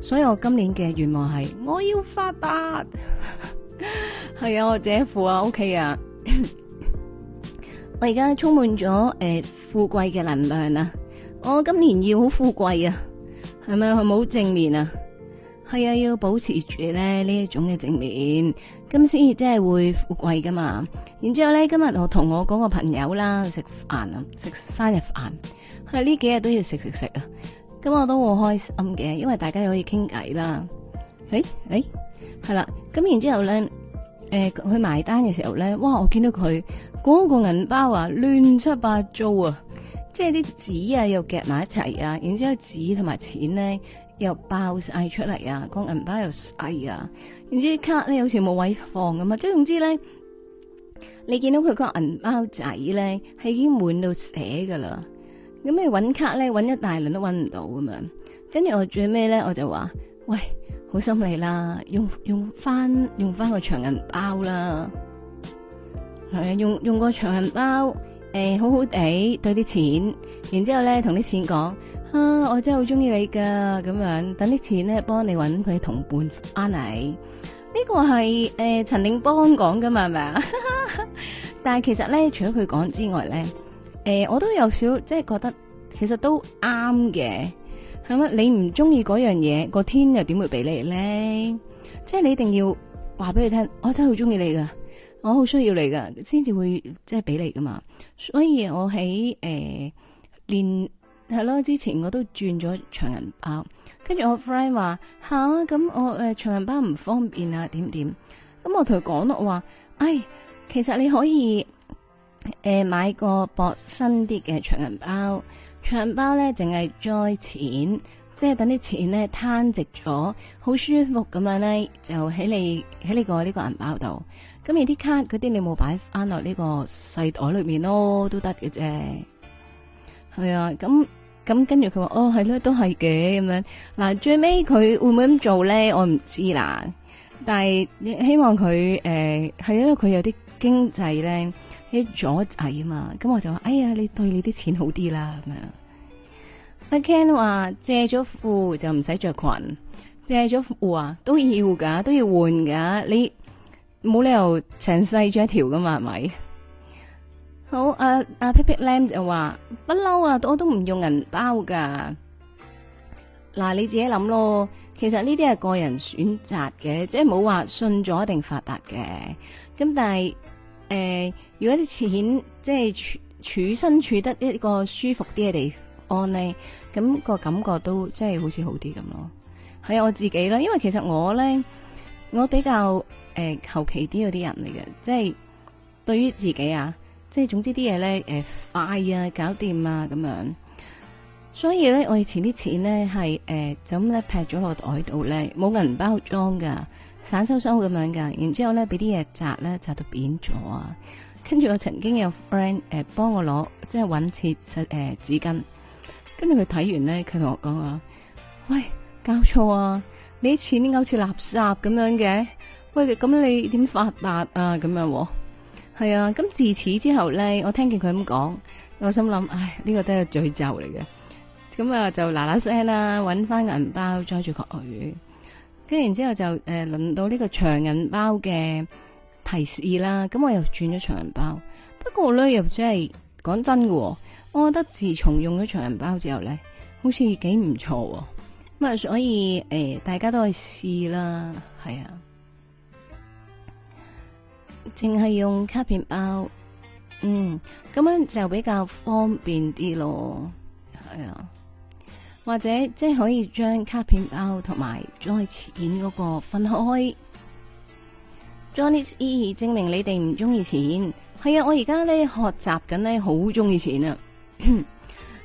所以我今年嘅願望係我要發達。係啊，我借福啊，OK 啊，我而家充滿咗誒富貴嘅能量啊！我今年要好富貴啊，係咪係好正面啊？係啊，要保持住咧呢一種嘅正面，咁先即係會富貴噶嘛。然之後咧，今日我同我嗰個朋友啦食飯啊，食生日飯，佢呢幾日都要食食食啊。咁我都好開心嘅，因為大家可以傾偈啦。誒、哎、誒，係、哎、啦。咁、啊、然之後咧，誒去埋單嘅時候咧，哇！我見到佢嗰個銀包啊，亂七八糟啊，即係啲紙啊又夾埋一齊啊。然之後紙同埋錢咧。又爆晒出嚟啊，個銀包又嗌啊，然之啲卡咧好似冇位放咁嘛！即係總之咧，你見到佢個銀包仔咧係已經滿到死噶啦，咁你揾卡咧揾一大輪都揾唔到咁樣。跟住我最尾咧，我就話，喂，好心你啦，用用翻用翻個長銀包啦，係用用個長銀包，誒、欸，好好地對啲錢，然之後咧同啲錢講。啊！我真係好中意你噶，咁樣等啲錢咧，幫你揾佢同伴阿尼，呢、啊這個係誒陳定邦講噶嘛，係咪啊？ 但係其實咧，除咗佢講之外咧，誒、呃，我都有少即係覺得其實都啱嘅，係咪？你唔中意嗰樣嘢，個天又點會俾你咧？即係你一定要話俾佢聽，我真係好中意你噶，我好需要你噶，先至會即係俾你噶嘛。所以我喺誒練。呃連係咯，之前我都轉咗長銀包，跟住我 friend 話吓，咁、啊、我誒長銀包唔方便啊，點點，咁我同佢講咯，我話，唉，其實你可以誒、呃、買個薄身啲嘅長銀包，長銀包咧淨係載錢，即係等啲錢咧攤直咗，好舒服咁樣咧，就喺你喺你、這個呢、這個銀包度，咁而啲卡嗰啲你冇擺翻落呢個細袋裏面咯，都得嘅啫，係啊，咁。咁跟住佢話，哦，係囉，都係嘅咁樣。嗱，最尾佢會唔會咁做咧，我唔知啦，但係希望佢誒、係因為佢有啲經濟咧啲阻滯啊嘛，咁我就話，哎呀，你對你啲錢好啲啦咁樣。阿 Ken 話，借咗褲就唔使着裙，借咗褲啊都要噶，都要換噶，你冇理由成世咗一條噶嘛係咪？好，阿阿 p i p i Lam 就話不嬲啊，啊屁屁我都唔用銀包噶。嗱、啊，你自己諗咯。其實呢啲係個人選擇嘅，即係冇話信咗一定發達嘅。咁但係，誒、呃，如果啲錢即係處，處身處得一個舒服啲嘅地安地方呢，咁、嗯那個感覺都即係好似好啲咁咯。係我自己啦，因為其實我咧，我比較誒求其啲嗰啲人嚟嘅，即係對於自己啊。即係總之啲嘢咧，誒、欸、快啊，搞掂啊，咁樣。所以咧，我以前啲錢咧係誒就咁咧劈咗落袋度咧，冇銀包裝噶，散收收咁樣噶。然之後咧，俾啲嘢扎咧扎到扁咗啊。跟住我曾經有 friend 誒幫我攞，即係搵切誒紙巾。欸、巾跟住佢睇完咧，佢同我講：啊喂，搞錯啊！你啲錢點解好似垃圾咁樣嘅。喂，咁你點發達啊？咁樣、啊。係啊，咁自此之後咧，我聽見佢咁講，我心諗，唉，呢個都係詛咒嚟嘅。咁、嗯、啊，嗯嗯嗯嗯、就嗱嗱聲啦，揾翻銀包裝住佢，跟住之後就誒，輪到呢個長銀包嘅提示啦。咁、嗯、我又轉咗長銀包，不過咧又、就是、真係講真喎。我覺得自從用咗長銀包之後咧，好似幾唔錯，咁啊，所以誒、呃，大家都去試啦，係啊。淨係用卡片包，嗯，咁樣就比較方便啲咯，係啊，或者即係可以將卡片包同埋載錢嗰個分開。Jonas E 證明你哋唔中意錢，係啊，我而家咧學習緊咧好中意錢啊，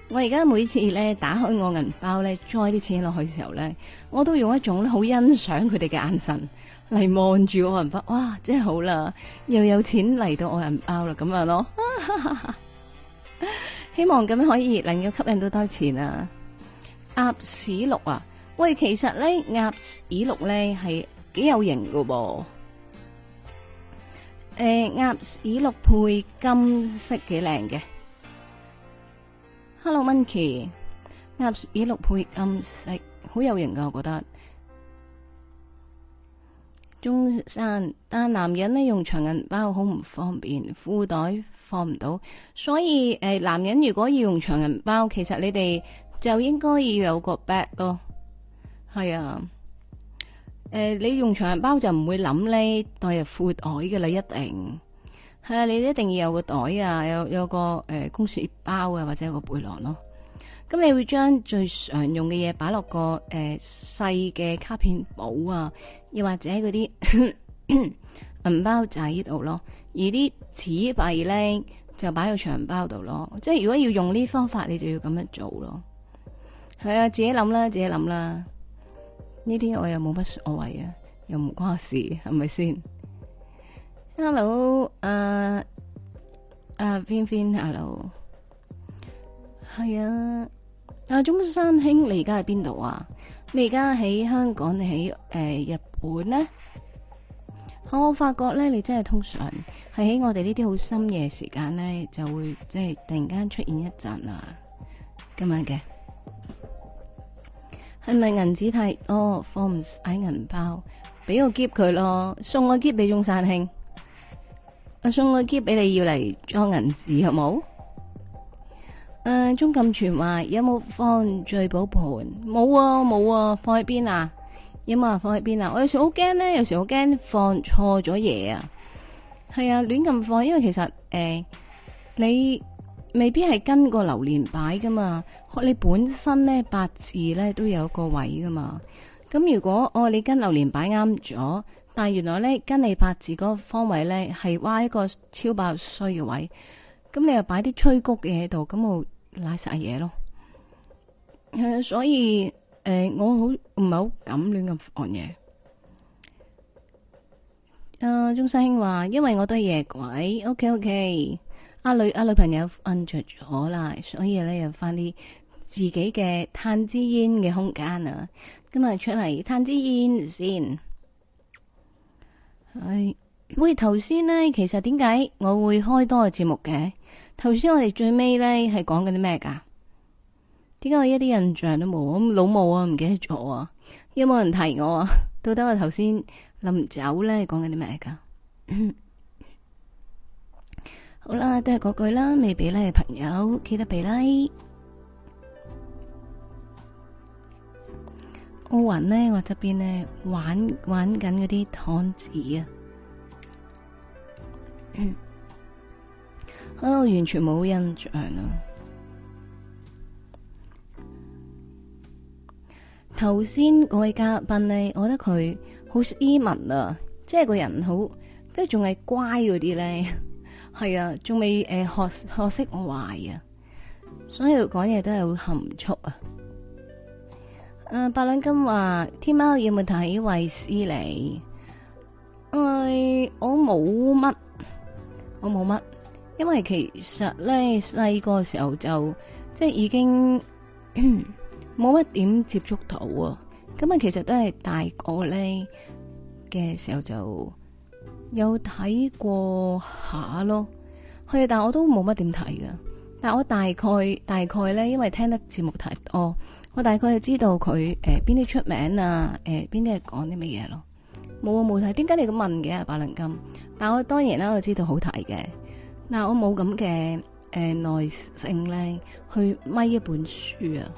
我而家每次咧打開我銀包咧裝啲錢落去嘅時候咧，我都用一種好欣賞佢哋嘅眼神。嚟望住我銀包，哇，真係好啦，又有錢嚟到我銀包啦，咁樣咯， 希望咁樣可以能夠吸引到多錢啊！鴨屎綠啊，喂，其實咧鴨屎綠咧係幾有型噶噃，誒，鴨屎綠配金色幾靚嘅 Hello Minky，鴨屎綠配金色好有型噶，我覺得。中山，但男人咧用長銀包好唔方便，褲袋放唔到，所以誒、呃、男人如果要用長銀包，其實你哋就應該要有個 bag 咯，係啊，誒、呃、你用長銀包就唔會諗呢，袋入褲袋嘅啦，一定係啊，你一定要有個袋啊，有有個誒、呃、公事包啊或者有個背囊咯。咁你會將最常用嘅嘢擺落個誒細嘅卡片簿啊，又或者嗰啲銀包仔度咯，而啲紙幣咧就擺到長包度咯。即係如果要用呢方法，你就要咁樣做咯。係啊，自己諗啦，自己諗啦。呢啲我又冇乜所謂啊，又唔關事，係咪先？Hello，阿阿邊邊，hello，係啊。啊邊邊 Hello。阿中山兄，你而家喺邊度啊？你而家喺香港，你喺誒日本咧？我發覺咧，你真係通常係喺我哋呢啲好深夜時間咧，就會即係突然間出現一陣啊！咁樣嘅係咪銀紙太多？放唔落銀包，俾個篋佢咯，送個篋俾中山兄，我送個篋俾你要嚟裝銀紙，好冇？誒、呃，中金全話有冇放聚寶盤？冇啊，冇啊，放喺邊啊？有冇啊？放喺邊啊？我有時好驚咧，有時好驚放錯咗嘢啊！係啊，亂咁放，因為其實誒、呃，你未必係跟個流年擺噶嘛，你本身咧八字咧都有個位噶嘛。咁如果哦，你跟流年擺啱咗，但係原來咧跟你八字嗰個方位咧係歪一個超爆衰嘅位，咁你又擺啲催谷嘅喺度，咁我。拉晒嘢咯、呃，所以誒、呃，我好唔係好敢亂咁按嘢。誒、呃，鍾師兄話，因為我都係夜鬼，OK OK、啊。阿女阿女朋友瞓着咗啦，所以咧又翻啲自己嘅嘆支煙嘅空間啊。今日出嚟嘆支煙先。哎、呃，喂，頭先呢，其實點解我會開多個節目嘅？頭先我哋最尾呢係講緊啲咩噶？點解我一啲印象都冇？我老母啊，唔記得咗啊！有冇人提我啊？到底我頭先臨走呢，講緊啲咩噶？ 好啦，都係嗰句啦，未 Like 嘅朋友記得 Like 啦。奧運呢，我側邊呢，玩玩緊嗰啲湯匙啊。 啊、哦，我完全冇印象啊！頭先嗰位嘉賓呢，我覺得佢好斯文啊，即係個人好，即係仲係乖嗰啲咧，係啊，仲未誒學學識我壞啊，所以講嘢都係好含蓄啊！誒、呃，八兩金話天喵有冇睇衛斯理？誒、呃，我冇乜，我冇乜。因為其實咧細個嘅時候就即係已經冇乜點接觸到啊，咁啊其實都係大個咧嘅時候就有睇過下咯。係，但我都冇乜點睇噶。但我大概大概咧，因為聽得節目太多，我大概就知道佢誒邊啲出名啊，誒邊啲係講啲乜嘢咯。冇啊冇睇，點解你咁問嘅？白能金，但我當然啦，我知道好睇嘅。嗱、呃，我冇咁嘅誒耐性咧，去咪一本書啊，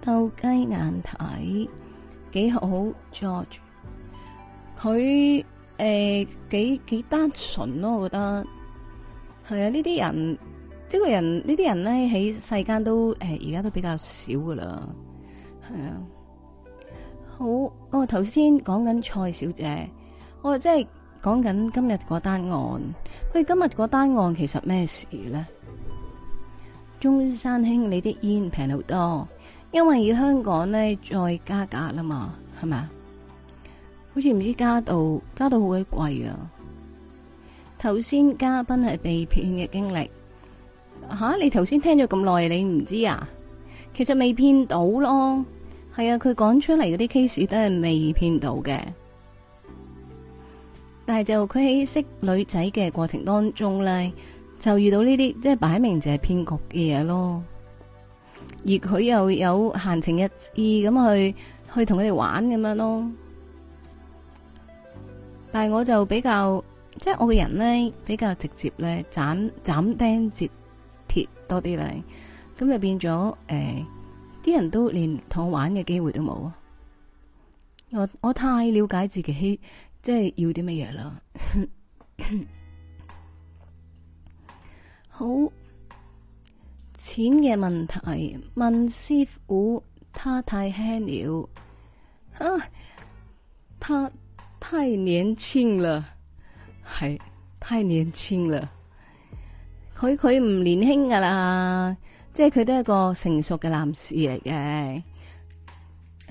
鬥雞 眼睇幾好，George 佢誒、呃、幾幾單純咯、啊，我覺得係啊，呢啲人、這個、人、人呢個人呢啲人咧喺世間都誒而家都比較少噶啦，係啊，好，我頭先講緊蔡小姐，我真係。講緊今日嗰單案，佢今日嗰單案其實咩事呢？中山兄，你啲煙平好多，因為要香港呢再加價啦嘛，係咪啊？好似唔知加到加到好鬼貴啊！頭先嘉賓係被騙嘅經歷，吓？你頭先聽咗咁耐，你唔知啊？其實未騙到咯，係啊，佢講出嚟嗰啲 case 都係未騙到嘅。但係就佢喺識女仔嘅過程當中咧，就遇到呢啲即係擺明就係騙局嘅嘢咯。而佢又有閒情逸致咁去去同佢哋玩咁樣咯。但係我就比較即係、就是、我個人咧，比較直接咧，斬斬釘截鐵多啲嚟。咁就變咗誒，啲、哎、人都連同我玩嘅機會都冇啊！我我太了解自己。即係要啲乜嘢咯？好，錢嘅問題，問師傅、哦，他太輕了，啊，他太年輕了，係太年輕啦，佢佢唔年輕噶啦，即係佢都係一個成熟嘅男士嚟嘅，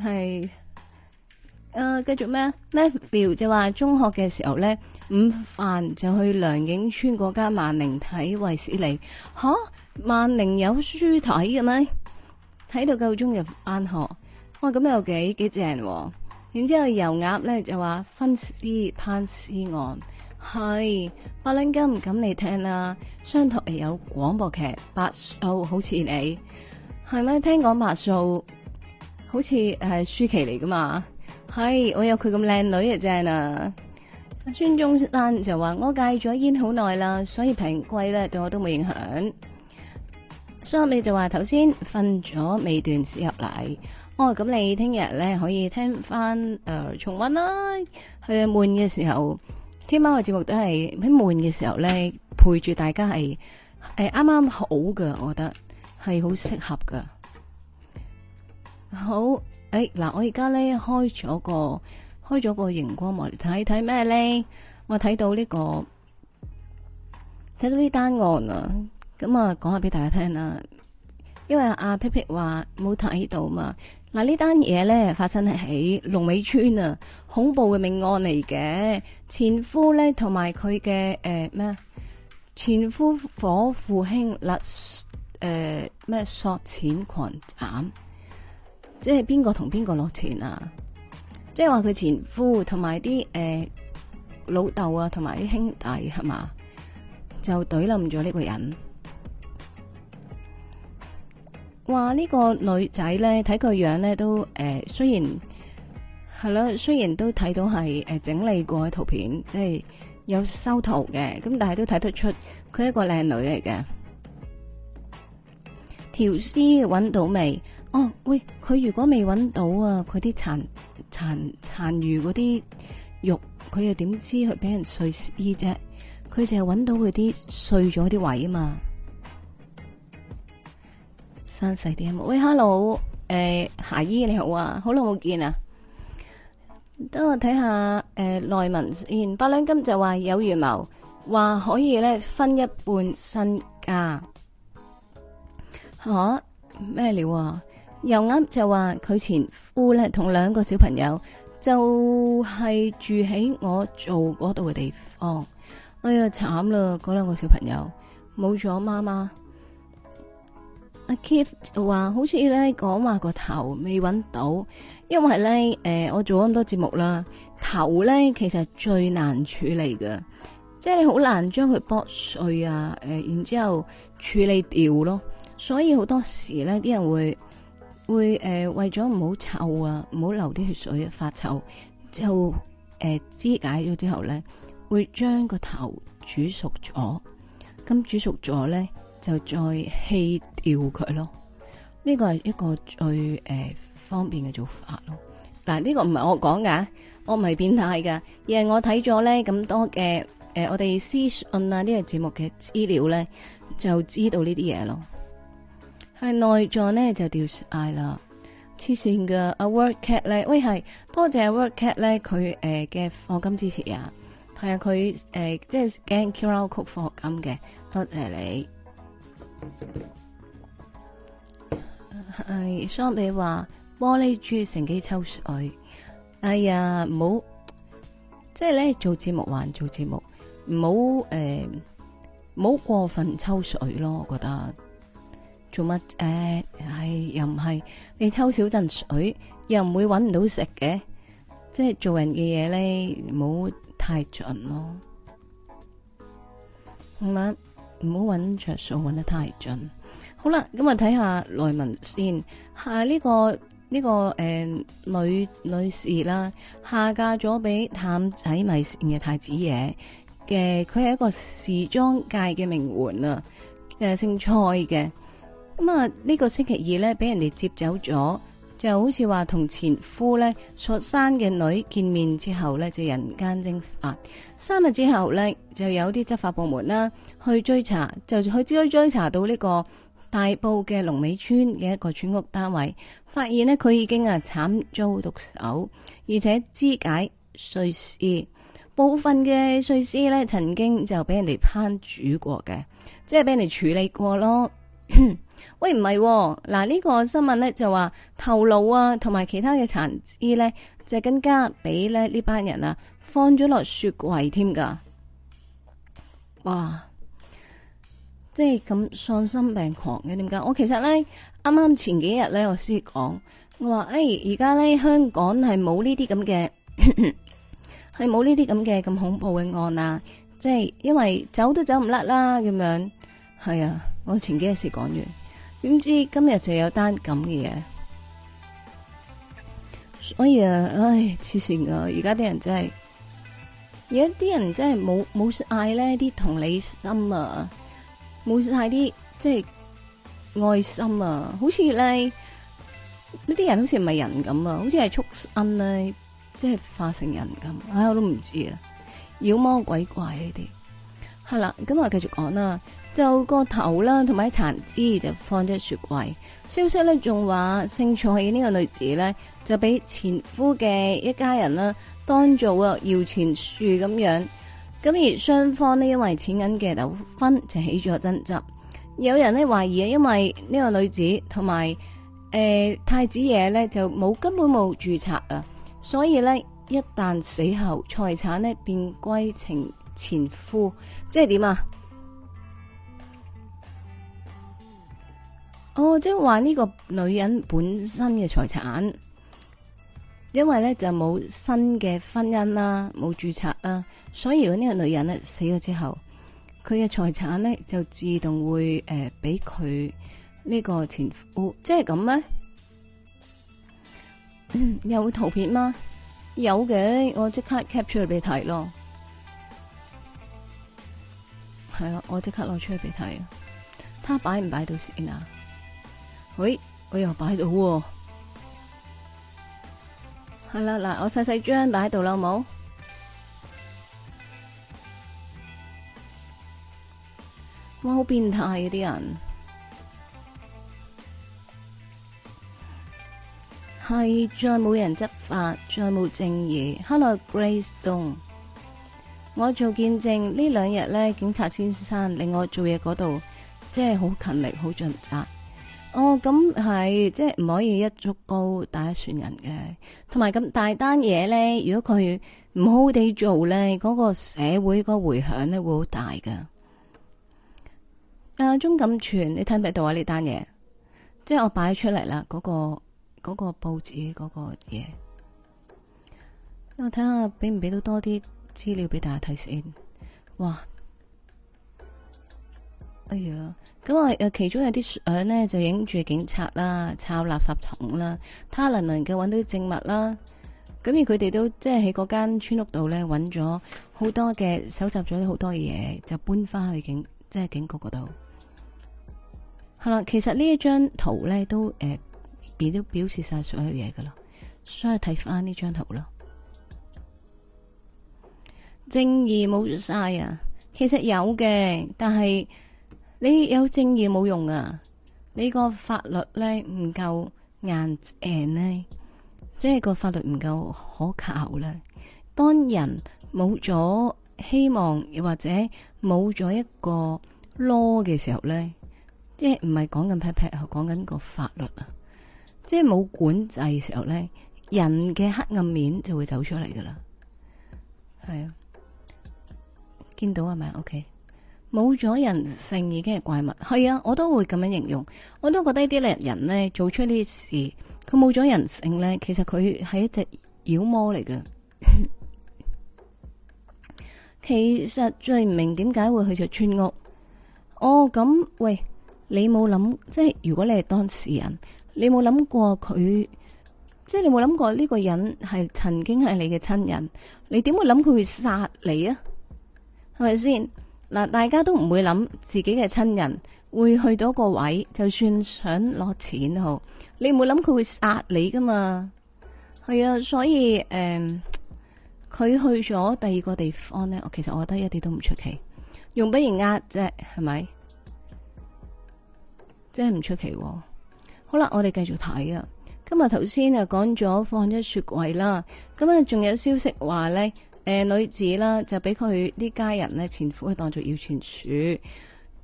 係。誒、呃，繼續咩咩 Matthew 就話中學嘅時候咧，午飯就去梁景村嗰間萬寧睇衛斯理嚇。萬寧有書睇嘅咩？睇到夠鐘入翻學哇，咁又幾幾正、啊。然之後油鴨咧就話分屍攀屍案係百領金咁，你聽啦、啊。商台有廣播劇，白素好似你係咪聽講白素好似係舒淇嚟噶嘛？係，我有佢咁靚女啊，正啊！阿孫中山就話：我戒咗煙好耐啦，所以平貴咧對我都冇影響。所、so, 以你就話頭先瞓咗未段時入嚟。哦、oh,，咁你聽日咧可以聽翻誒、呃、重溫啦。誒，悶嘅時候，聽晚嘅節目都係喺悶嘅時候咧，陪住大家係誒啱啱好㗎，我覺得係好適合噶。好。誒、哎，嗱，我而家咧開咗個開咗個熒光幕嚟，睇睇咩咧？我睇到呢、呢個睇到呢單案啊，咁啊講下俾大家聽啦。因為阿 P P 話冇睇到嘛，嗱呢單嘢咧發生喺龍尾村啊，恐怖嘅命案嚟嘅。前夫咧同埋佢嘅誒咩？前夫火父兄勒誒咩索錢狂斬。即係邊個同邊個落錢啊？即係話佢前夫同埋啲誒老豆啊，同埋啲兄弟係嘛？就懟冧咗呢個人。話呢、這個女仔咧，睇佢樣咧都誒、呃，雖然係啦，雖然都睇到係誒、呃、整理過嘅圖片，即係有修圖嘅，咁但係都睇得出佢係一個靚女嚟嘅。條屍搵到未？哦，喂，佢如果未揾到啊，佢啲殘殘殘餘嗰啲肉，佢又點知佢俾人碎屍啫？佢淨係揾到佢啲碎咗啲位啊嘛。生細啲啊！喂，Hello，誒，霞姨你好啊，好耐冇見啊。等我睇下，誒、呃，內文先，八兩金就話有預謀，話可以咧分一半身家。吓咩料啊？又啱就話佢前夫咧同兩個小朋友就係住喺我做嗰度嘅地方。哎呀慘啦，嗰兩個小朋友冇咗媽媽。阿 Keith 話好似咧講話個頭未揾到，因為咧誒、呃、我做咁多節目啦，頭咧其實係最難處理嘅，即係你好難將佢剝碎啊，誒、呃、然之後處理掉咯。所以好多時咧啲人會。會誒、呃、為咗唔好臭啊，唔好流啲血水、啊、發臭，就誒肢、呃、解咗之後咧，會將個頭煮熟咗，咁煮熟咗咧就再棄掉佢咯。呢、這個係一個最誒、呃、方便嘅做法咯。嗱，呢個唔係我講噶，我唔係變態噶，而係我睇咗咧咁多嘅誒、呃、我哋私信啊呢、這個節目嘅資料咧，就知道呢啲嘢咯。係內臟咧就掉晒啦，黐線嘅啊 workcat 咧，喂係多謝 workcat 咧佢誒嘅課金支持呀，係啊佢誒即係 scan QR code 課金嘅，多謝你。誒，相比話玻璃珠乘機抽水，哎呀唔好，即係咧做節目還做節目，唔好誒唔好過分抽水咯，我覺得。做乜？誒、哎，係又唔係？你抽少陣水，又唔會搵唔到食嘅。即係做人嘅嘢咧，唔好太盡咯。唔好唔好搵著數，搵得太盡。好啦，今日睇下內文先。係、啊、呢、這個呢、這個誒、呃、女女士啦，下嫁咗俾探仔米線嘅太子爺嘅。佢係一個時裝界嘅名媛啊，誒、呃，姓蔡嘅。咁啊，呢個星期二呢，俾人哋接走咗，就好似話同前夫呢所生嘅女，見面之後呢，就人間蒸發。三日之後呢，就有啲執法部門啦去追查，就去追追查到呢個大埔嘅龍尾村嘅一個村屋單位，發現呢，佢已經啊慘遭毒手，而且肢解碎屍。部分嘅碎屍呢，曾經就俾人哋烹煮過嘅，即係俾人哋處理過咯。 喂，唔係嗱，呢、呢個新聞呢就話頭顱啊，同埋其他嘅殘肢呢，就更加俾咧呢班人啊放咗落雪櫃添噶，哇！即係咁喪心病狂嘅，點解？我其實呢，啱啱前幾日呢，我先講，我話誒，而、哎、家呢，香港係冇呢啲咁嘅，係冇呢啲咁嘅咁恐怖嘅案啊，即係因為走都走唔甩啦，咁樣係啊。我前幾日事講完，點知今日就有單咁嘅嘢，所以啊，唉，黐線㗎！而家啲人真係，而家啲人真係冇冇嗌呢啲同理心啊，冇晒啲即係愛心啊，好似咧呢啲人好似唔係人咁啊，好似係畜生咧，即係化成人咁，唉、哎，我都唔知啊，妖魔鬼怪呢啲，係啦，今日繼續講啦。就個頭啦，同埋啲殘肢就放咗喺雪櫃。消息呢仲話，姓蔡呢個女子呢，就俾前夫嘅一家人啦當做搖錢樹咁樣。咁而雙方呢，因為錢銀嘅糾紛就起咗爭執。有人呢懷疑啊，因為呢個女子同埋誒太子爺呢，就冇根本冇註冊啊，所以呢，一旦死後財產呢，便歸情前夫。即係點啊？哦，即係話呢個女人本身嘅財產，因為咧，就冇新嘅婚姻啦，冇注冊啦，所以如果呢個女人咧死咗之後，佢嘅財產咧就自動會誒俾佢呢個前夫。哦，即係咁咩？有圖片嗎？有嘅，我即刻 capture 俾你睇咯。係啊，我即刻攞出去俾你睇。啊。他擺唔擺到先啊？喂、哎，我又擺到喎，啊，係啦，嗱，我細細張擺喺度啦，好冇？哇，好變態啊啲人，係再冇人執法，再冇正義。Hello, Grace，東，我做見證這兩天呢兩日咧，警察先生令我做嘢嗰度，真係好勤力，好盡責。哦，咁係，即係唔可以一足高打一船人嘅。同埋咁大單嘢咧，如果佢唔好地做咧，嗰個社會嗰個回響咧會好大噶。阿鍾錦全，你睇唔睇到啊？呢單嘢，即係我擺出嚟啦，嗰個嗰個報紙嗰個嘢。我睇下俾唔俾到多啲資料俾大家睇先。哇，哎呀！咁啊，誒，其中有啲相咧，就影住警察啦，抄垃圾桶啦，他能能夠揾到啲證物啦，咁而佢哋都即係喺嗰間村屋度咧，揾咗好多嘅，蒐集咗好多嘅嘢，就搬翻去警，即係警局嗰度。係啦，其實呢一張圖咧都誒，變，呃、都表示晒所有嘢噶啦，所以睇翻呢張圖咯。正義冇晒啊，其實有嘅，但係。你有正義冇用啊！你個法律咧唔夠硬誒呢，即係個法律唔夠可靠咧。當人冇咗希望，又或者冇咗一個攞嘅時候咧，即係唔係講緊 pat pat，講緊個法律啊，即係冇管制嘅時候咧，人嘅黑暗面就會走出嚟噶啦，係啊，見到係咪 OK。冇咗人性已經係怪物，係啊，我都會咁樣形容，我都覺得呢啲咧人呢做出呢啲事，佢冇咗人性呢，其實佢係一隻妖魔嚟嘅。 其實最唔明點解會去咗村屋？哦，咁喂，你冇諗，即係如果你係當事人，你冇諗過佢，即係你冇諗過呢個人係曾經係你嘅親人，你點會諗佢會殺你啊？係咪先？嗱，大家都唔會諗自己嘅親人會去到個位，就算想攞錢都好，你唔會諗佢會殺你噶嘛？係啊，所以誒、佢、嗯、去咗第二個地方呢，我其實我覺得一啲都唔出奇，用不如壓啫，係咪？真係唔出奇。好啦，我哋繼續睇啊。今日頭先啊講咗放咗雪櫃啦，咁啊仲有消息話呢。誒、呃，女子啦，就俾佢呢家人咧，前夫去當做搖錢樹，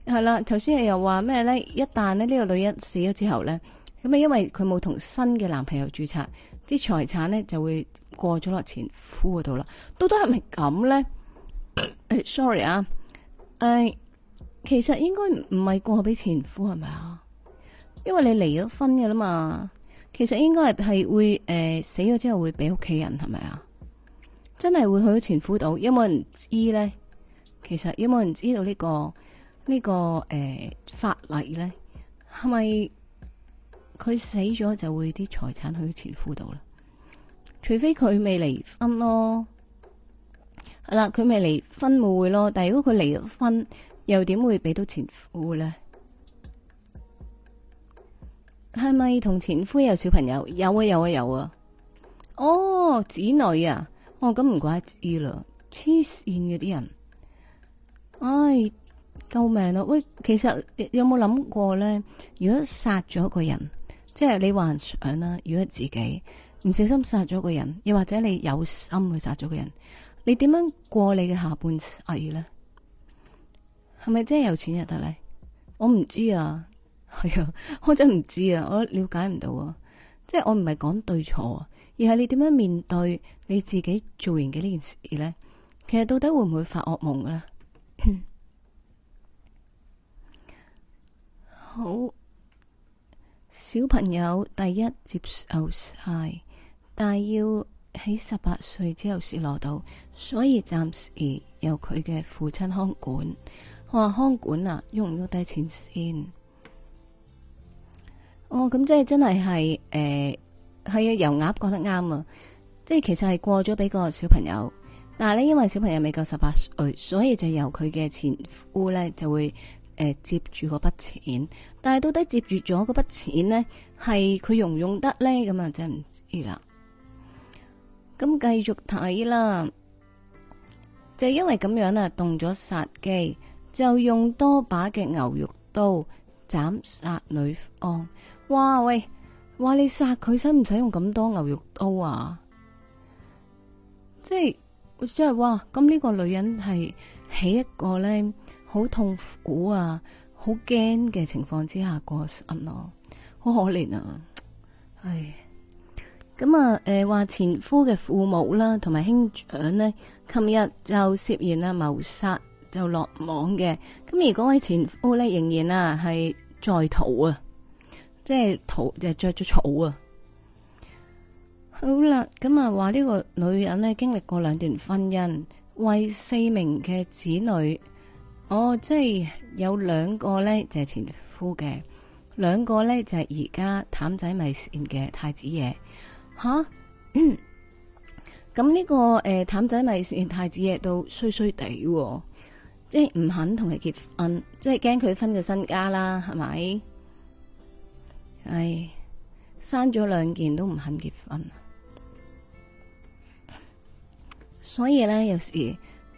係啦。頭先又又話咩咧？一旦呢、這個女人死咗之後咧，咁啊因為佢冇同新嘅男朋友注冊，啲財產咧就會過咗落前夫嗰度啦。到底係咪咁咧？Sorry 啊，誒、呃，其實應該唔係過俾前夫，係咪啊？因為你離咗婚㗎啦嘛，其實應該係係會誒、呃、死咗之後會俾屋企人，係咪啊？真係會去到前夫度，有冇人知呢？其實有冇人知道呢、呢個呢、呢個誒、呃、法例呢？係咪佢死咗就會啲財產去到前夫度啦？除非佢未離婚咯，係啦，佢未離婚會會咯。但係如果佢離咗婚，又點會俾到前夫呢？係咪同前夫有小朋友？有啊，有啊，有啊。哦，子女啊！我咁唔怪知啦，黐綫嘅啲人，唉、哎，救命啊！喂，其實有冇諗過呢？如果殺咗一個人，即係你幻想啦。如果自己唔小心殺咗個人，又或者你有心去殺咗個人，你點樣過你嘅下半世呢？係咪真係有錢就得呢？我唔知啊，係、哎、啊，我真唔知啊，我了解唔到啊，即係我唔係講對錯啊。而係你點樣面對你自己做完嘅呢件事呢？其實到底會唔會發噩夢嘅呢？ 好，小朋友第一接受晒，但係要喺十八歲之後先攞到，所以暫時由佢嘅父親看管。我話看管啊，用唔用低錢先？哦，咁即係真係係誒。呃係啊，由鴨講得啱啊，即係其實係過咗俾個小朋友，但係呢，因為小朋友未夠十八歲，所以就由佢嘅前夫呢就會誒、呃、接住嗰筆錢，但係到底接住咗嗰筆錢呢？係佢用唔用得呢？咁啊真係唔知啦。咁繼續睇啦，就因為咁樣啊動咗殺機，就用多把嘅牛肉刀斬殺女方，哦。哇喂！話你殺佢使唔使用咁多牛肉刀啊！即係即係話咁，呢個女人係喺一個咧好痛苦啊、好驚嘅情況之下過身咯，好可憐啊！係咁啊！誒、呃，話前夫嘅父母啦，同埋兄長呢，琴日就涉嫌啊謀殺就落網嘅。咁而嗰位前夫咧仍然啊係在逃啊！即係土就係著咗草啊！好啦，咁啊話呢個女人呢，經歷過兩段婚姻，為四名嘅子女，哦，即係有兩個呢，就係、是、前夫嘅，兩個呢，就係而家譚仔米線嘅太子爺吓。咁呢、 這個誒、呃、譚仔米線太子爺都衰衰哋、啊，即係唔肯同佢結婚，即係驚佢分咗身家啦，係咪？係、哎、生咗兩件都唔肯結婚，所以咧有時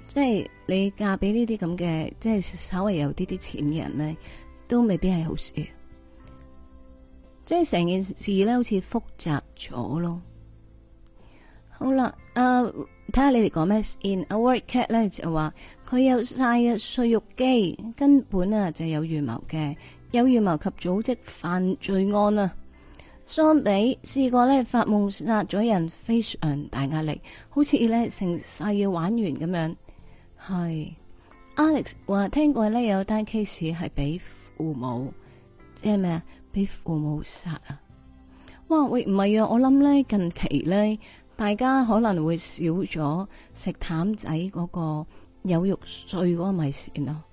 即係你嫁俾呢啲咁嘅，即係稍微有啲啲錢嘅人咧，都未必係好事，即係成件事咧好似複雜咗咯。好啦，啊睇下你哋講咩？In a word cat 咧就話佢有晒嘅碎肉機，根本啊就有預謀嘅。有預謀及組織犯罪案啊！相比試過咧發夢殺咗人，非常大壓力，好似咧成世要玩完咁樣。係 Alex 話聽過咧有單 case 係俾父母，即係咩啊？俾父母殺啊！哇喂，唔係啊！我諗咧近期咧大家可能會少咗食淡仔嗰個有肉碎嗰個米線咯，啊。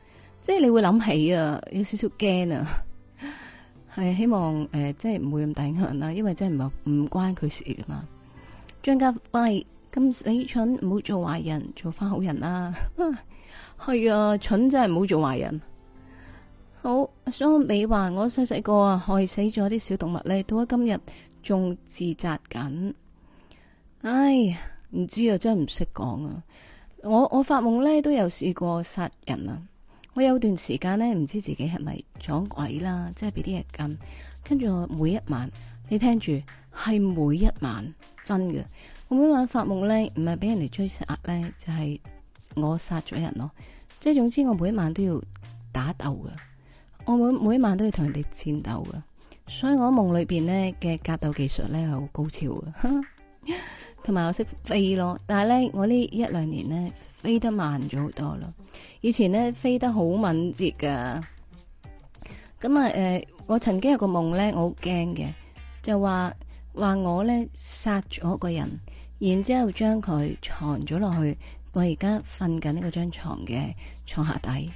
即係你會諗起啊，有少少驚啊，係 希望誒，即係唔會咁大影響啦。因為真係唔係唔關佢事噶嘛。張家輝咁死蠢，唔好做壞人，做翻好人啦。係啊，蠢、 啊、真係唔好做壞人。好，阿蘇美話：我細細個啊，害死咗啲小動物咧，到咗今日仲自責緊。唉，唔知啊，真係唔識講啊。我我發夢咧都有試過殺人啊。我有段時間咧，唔知自己係咪撞鬼啦，即係俾啲嘢跟，跟住我每一晚，你聽住，係每一晚真嘅，我每一晚發夢咧，唔係俾人哋追殺咧，就係我殺咗人咯，即係總之我每一晚都要打鬥嘅，我每每一晚都要同人哋戰鬥嘅，所以我喺夢裏邊咧嘅格鬥技術咧係好高超嘅，同 埋我識飛咯，但係咧我呢一兩年咧。飛得慢咗好多咯。以前咧，飛得好敏捷噶，咁啊誒，我曾經有個夢咧，我好驚嘅，就話話我咧殺咗個人，然之後將佢藏咗落去，我而家瞓緊呢個張床嘅床下底，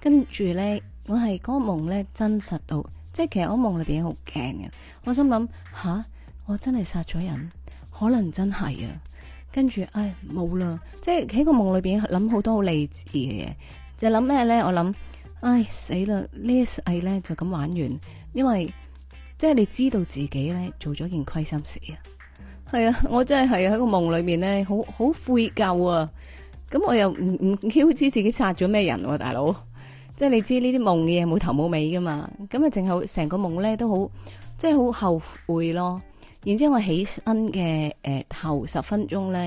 跟住咧我係嗰個夢咧真實到，即係其實我夢裏邊好驚嘅，我心諗吓，我真係殺咗人，可能真係啊。跟住，唉、哎，冇啦！即係喺個夢裏邊諗好多好勵志嘅嘢，就諗咩咧？我諗，唉、哎，死啦！呢一世咧就咁玩完，因為即係你知道自己咧做咗件虧心事啊！係啊，我真係喺個夢裏面咧，好好悔疚啊！咁我又唔唔知自己殺咗咩人喎、啊，大佬！即係你知呢啲夢嘅嘢冇頭冇尾噶嘛？咁啊，淨係成個夢咧都好，即係好後悔咯。然之後我起身嘅，誒、呃、頭十分鐘呢，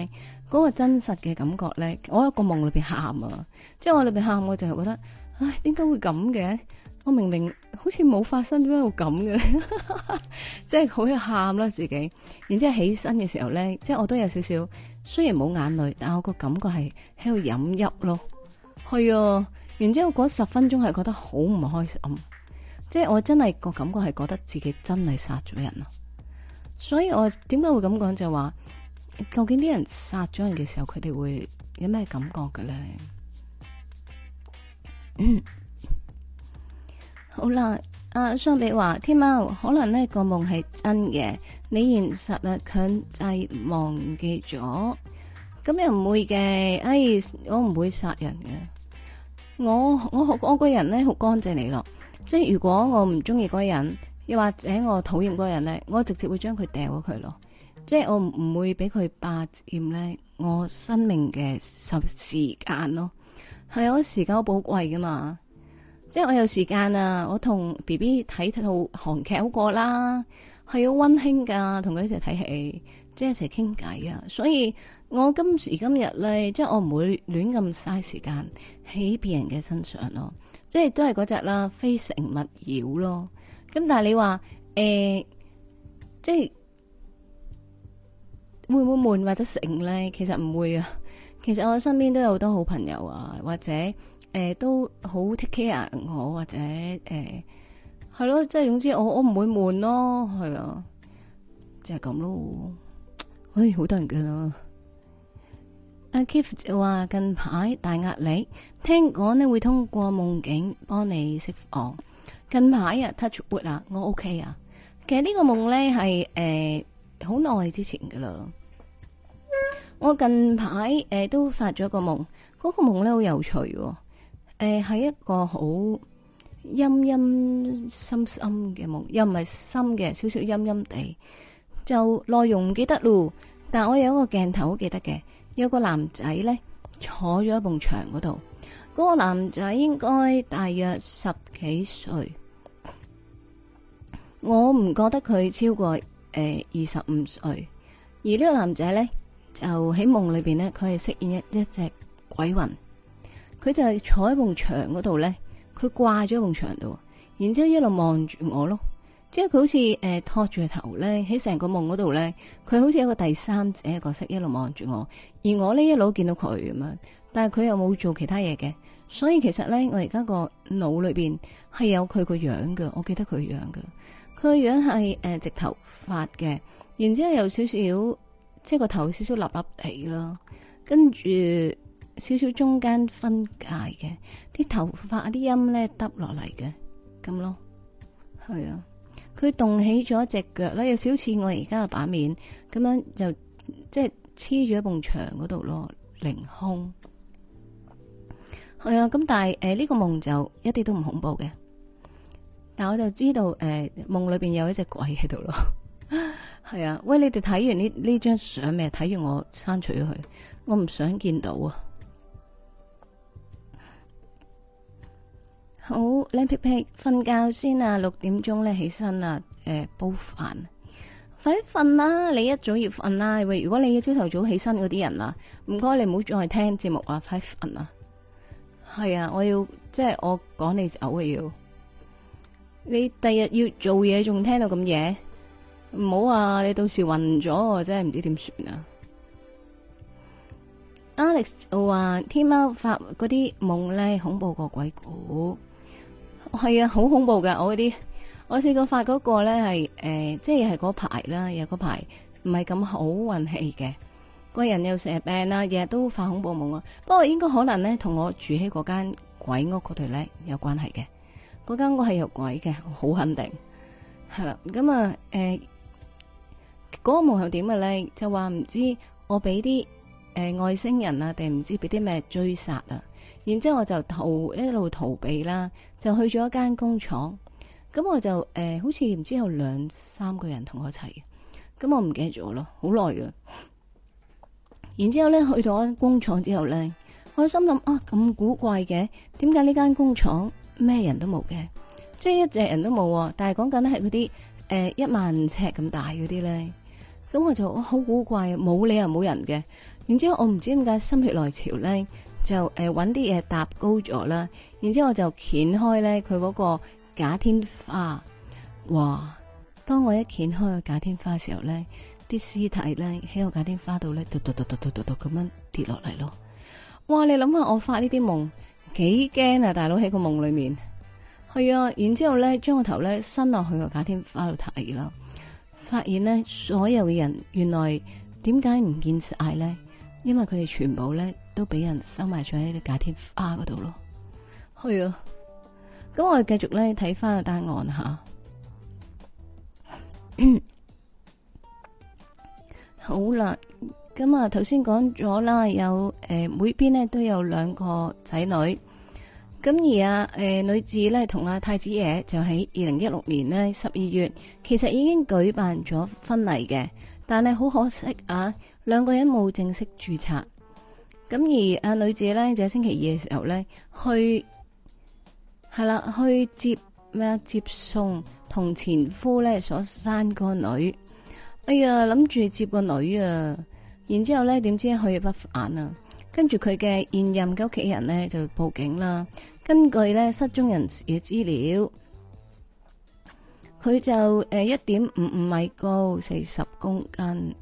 嗰、嗰個真實嘅感覺呢，我喺個夢裏邊喊啊！即係我裏邊喊，我就係覺得，唉，點解會咁嘅？我明明好似冇發生，點解會咁嘅？即係好有喊啦自己。然之後起身嘅時候呢，即係我都有少少，雖然冇眼淚，但我個感覺係喺度飲泣咯。係啊，然之後嗰十分鐘係覺得好唔開心，即係我真係、個感覺係覺得自己真係殺咗人所以我點解會咁講就話，究竟啲人殺咗人嘅時候，佢哋會有咩感覺嘅咧？ 好啦，阿雙比話，天喵可能呢個夢係真嘅，你現實啊強制忘記咗，咁又唔會嘅。哎，我唔會殺人嘅，我我我個人咧好乾淨你咯，即係如果我唔中意嗰個人。又或者我討厭嗰個人咧，我直接會將佢掉咗佢咯，即係我唔會俾佢霸佔咧我生命嘅十時間咯。係我時間好寶貴噶嘛，即係我有時間啊，我同 B B 睇套韓劇好過啦，係好溫馨噶，同佢一齊睇戲，即係一齊傾偈啊。所以我今時今日咧，即係我唔會亂咁嘥時間喺別人嘅身上咯，即係都係嗰隻啦，非誠勿擾咯。咁但係你話誒、欸，即係會唔會悶或者醒咧？其實唔會啊。其實我身邊都有好多好朋友啊，或者誒、欸、都好 take care 我或者誒係咯，即、欸、係總之我我唔會悶咯，係啊，即係咁咯。以好多人嘅囉。阿 Keith 就話近排大壓力，聽講你會通過夢境幫你釋放。近排啊，Touch Wood 啊，我 OK 啊。其實呢個夢呢係誒好耐之前噶啦。我近排誒都發咗個夢，嗰個夢呢好有趣。誒係一個好陰陰深深嘅夢，又唔係深嘅，少少陰陰地。就內容唔記得咯，但我有一個鏡頭好記得嘅，有個男仔呢坐咗一埲牆嗰度。嗰個男仔應該大約十幾歲。我唔覺得佢超過誒二十五歲，而呢個男仔咧就喺夢裏邊咧，佢係飾演一一隻鬼魂，佢就係坐喺埲牆嗰度咧，佢掛咗埲牆度，然之後一路望住我咯，即係佢好似誒托住個頭咧，喺成個夢嗰度咧，佢好似有一個第三者角色一路望住我，而我呢一路見到佢咁樣，但係佢又冇做其他嘢嘅，所以其實咧，我而家個腦裏邊係有佢個樣㗎。我記得佢樣㗎。佢樣係誒、呃、直頭髮嘅，然之後有少少即有少少即係個頭少少立立地咯，跟住少少中間分界嘅，啲頭髮啲音咧耷落嚟嘅，咁咯，係啊，佢動起咗一隻腳啦，有少似我而家嘅版面，咁樣就即係黐住一埲牆嗰度咯，凌空，係啊，咁但係誒呢個夢就一啲都唔恐怖嘅。但我就知道，誒、呃、夢裏邊有一隻鬼喺度咯，係 啊。喂，你哋睇完呢呢張相咩？睇完我刪除咗佢，我唔想見到啊。好靚皮皮，瞓覺先啊，六點鐘咧起身啊，誒、呃、煲飯，快瞓啦，啊，你一早要瞓啦，啊。喂，如果你朝頭早起身嗰啲人啊，唔該你唔好再聽節目啊，快瞓啊。係啊，我要即係我趕你走嘅要。你第日要做嘢，仲聽到咁嘢，唔好啊！你到時暈咗，啊，我真係唔知點算啊！Alex 話天貓發嗰啲夢咧，恐怖過鬼故，係啊，好恐怖噶！我嗰啲，我試過發嗰、嗰個咧係誒，即係係嗰排啦，又嗰排唔係咁好運氣嘅，個人又成日病啦，日日都發恐怖夢啊！不過應該可能咧，同我住喺嗰間鬼屋嗰度咧有關係嘅。嗰間屋係有鬼嘅，好肯定係啦。咁啊，誒，嗰、呃嗰個夢係點嘅咧？就話唔知我俾啲誒外星人啊，定唔知俾啲咩追殺啊？然之後我就逃一路逃避啦，就去咗一間工廠。咁我就誒、呃，好似唔知有兩三個人同我一齊嘅。咁我唔記得咗咯，好耐噶啦。然之後咧去到間工廠之後咧，我心諗啊，咁古怪嘅，點解呢間工廠？咩人都冇嘅，即係一隻人都冇。但係講緊咧係啲誒一萬尺咁大嗰啲咧。咁我就好古怪，冇理由冇人嘅。然之後我唔知點解心血來潮咧，就誒搵啲嘢搭高咗啦。然之後我就掀開咧佢嗰個假天花。哇！當我一掀開個假天花嘅時候咧，啲屍體咧喺個假天花度咧，嘟嘟嘟嘟嘟嘟嘟咁樣跌落嚟咯。哇！你諗下我發呢啲夢。幾驚啊！大佬喺個夢裏面，係啊，然之後咧，將個頭咧伸落去個假天花度睇啦，發現咧，所有嘅人原來點解唔見晒咧？因為佢哋全部咧都俾人收埋咗喺個假天花嗰度咯。係啊，咁我哋繼續咧睇翻個答案吓， 好啦。咁啊，頭先講咗啦，有誒、呃、每邊呢都有兩個仔女。咁而啊，誒、呃、女子呢，同阿太子爺就喺二零一六年呢十二月，其實已經舉辦咗婚禮嘅，但係好可惜啊，兩個人冇正式註冊。咁而阿女子呢，就喺星期二嘅時候呢，去，係啦去接咩？接送同前夫呢所生個女。哎呀，諗住接個女啊！然之後呢，點知佢不返啊？跟住佢嘅現任嘅屋企人呢，就報警啦。根據呢失蹤人士嘅資料，佢就誒一點五五米高，四十公斤。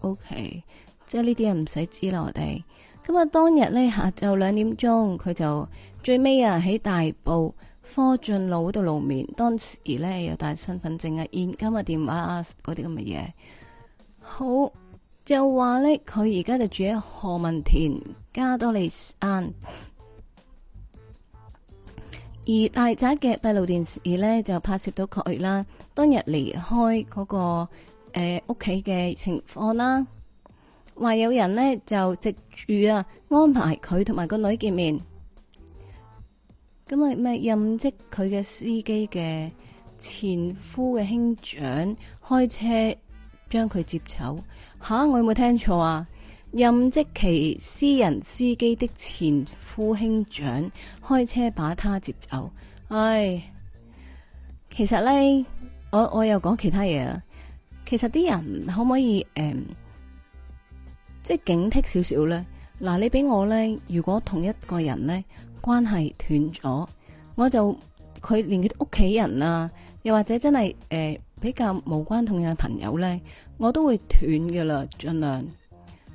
OK，即係呢啲人唔使知啦，我哋。咁啊，當日呢，下晝兩點鐘，佢就最尾啊喺大埔科進路嗰度露面，當時呢，有帶身份證啊、現金啊、電話啊嗰啲咁嘅嘢，好。就話呢，佢而家就住喺何文田加多利山。而大宅嘅閉路電視呢，就拍攝到佢啦。當日離開嗰、那個誒屋企嘅情況啦，話有人呢就藉住啊安排佢同埋個女見面。咁咪咪任職佢嘅司機嘅前夫嘅兄長開車將佢接走。吓，我有冇聽錯啊？任職其私人司機的前夫兄長開車把他接走。唉，其實呢，我我又講其他嘢啊。其實啲人可唔可以誒，即係，呃，就係，警惕少少呢？嗱，你俾我呢，如果同一個人呢，關係斷咗，我就佢連佢屋企人啊，又或者真係誒。呃比較無關痛癢嘅朋友呢，我都會斷噶啦，盡量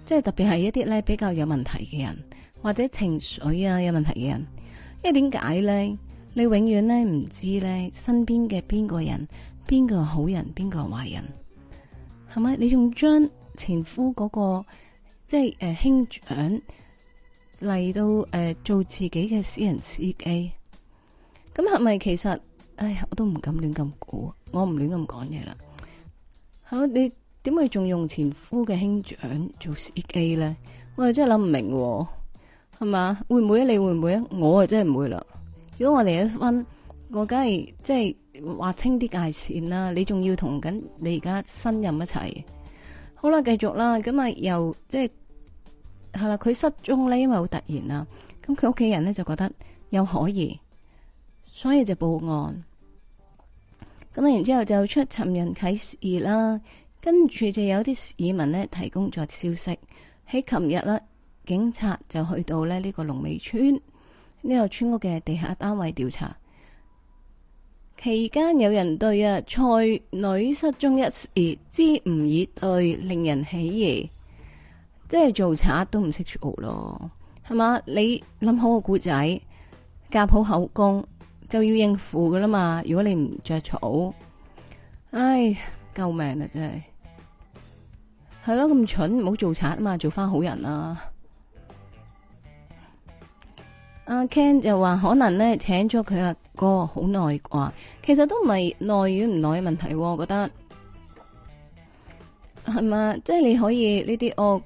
即係，特別係一啲呢比較有問題嘅人或者情緒啊有問題嘅人，因為點解呢，你永遠呢唔知呢身邊嘅邊個人，邊個係好人，邊個係壞人，係咪？你仲將前夫嗰個即係誒兄長嚟到，誒、啊、做自己嘅私人司機，咁係咪？其實哎呀，我都唔敢亂咁估。我唔亂咁講嘢啦，吓、啊、你點會仲用前夫嘅兄長做司機咧？我就真係諗唔明、啊，係嘛？會唔會、啊、你會唔會啊？我啊真係唔會啦。如果我哋一分，我梗係即係劃清啲界線啦。你仲要同緊你而家新任一齊？好啦，繼續啦。咁啊、就是，又即係係啦。佢失蹤咧，因為好突然啦。咁佢屋企人咧就覺得又可疑，所以就報案。咁然之後就出尋人啟事啦，跟住，就有啲市民呢提供咗消息。喺琴日呢，警察就去到呢個龍尾村呢個村屋嘅地下單位調查，期間有人對啊蔡女失蹤一事支吾以對令人起疑，即係做賊都唔識住屋咯，係嘛？你諗好個故仔，夾好口供。就要應付㗎啦嘛，如果你唔着草，唉，救命啊，真係，係咯，咁蠢，唔好做賊啊嘛，做翻好人啦，啊！阿 Ken 就話可能呢，請咗佢阿哥好耐啩，其實都唔係耐與唔耐嘅問題，我覺得係咪？即係、就是、你可以呢啲哦，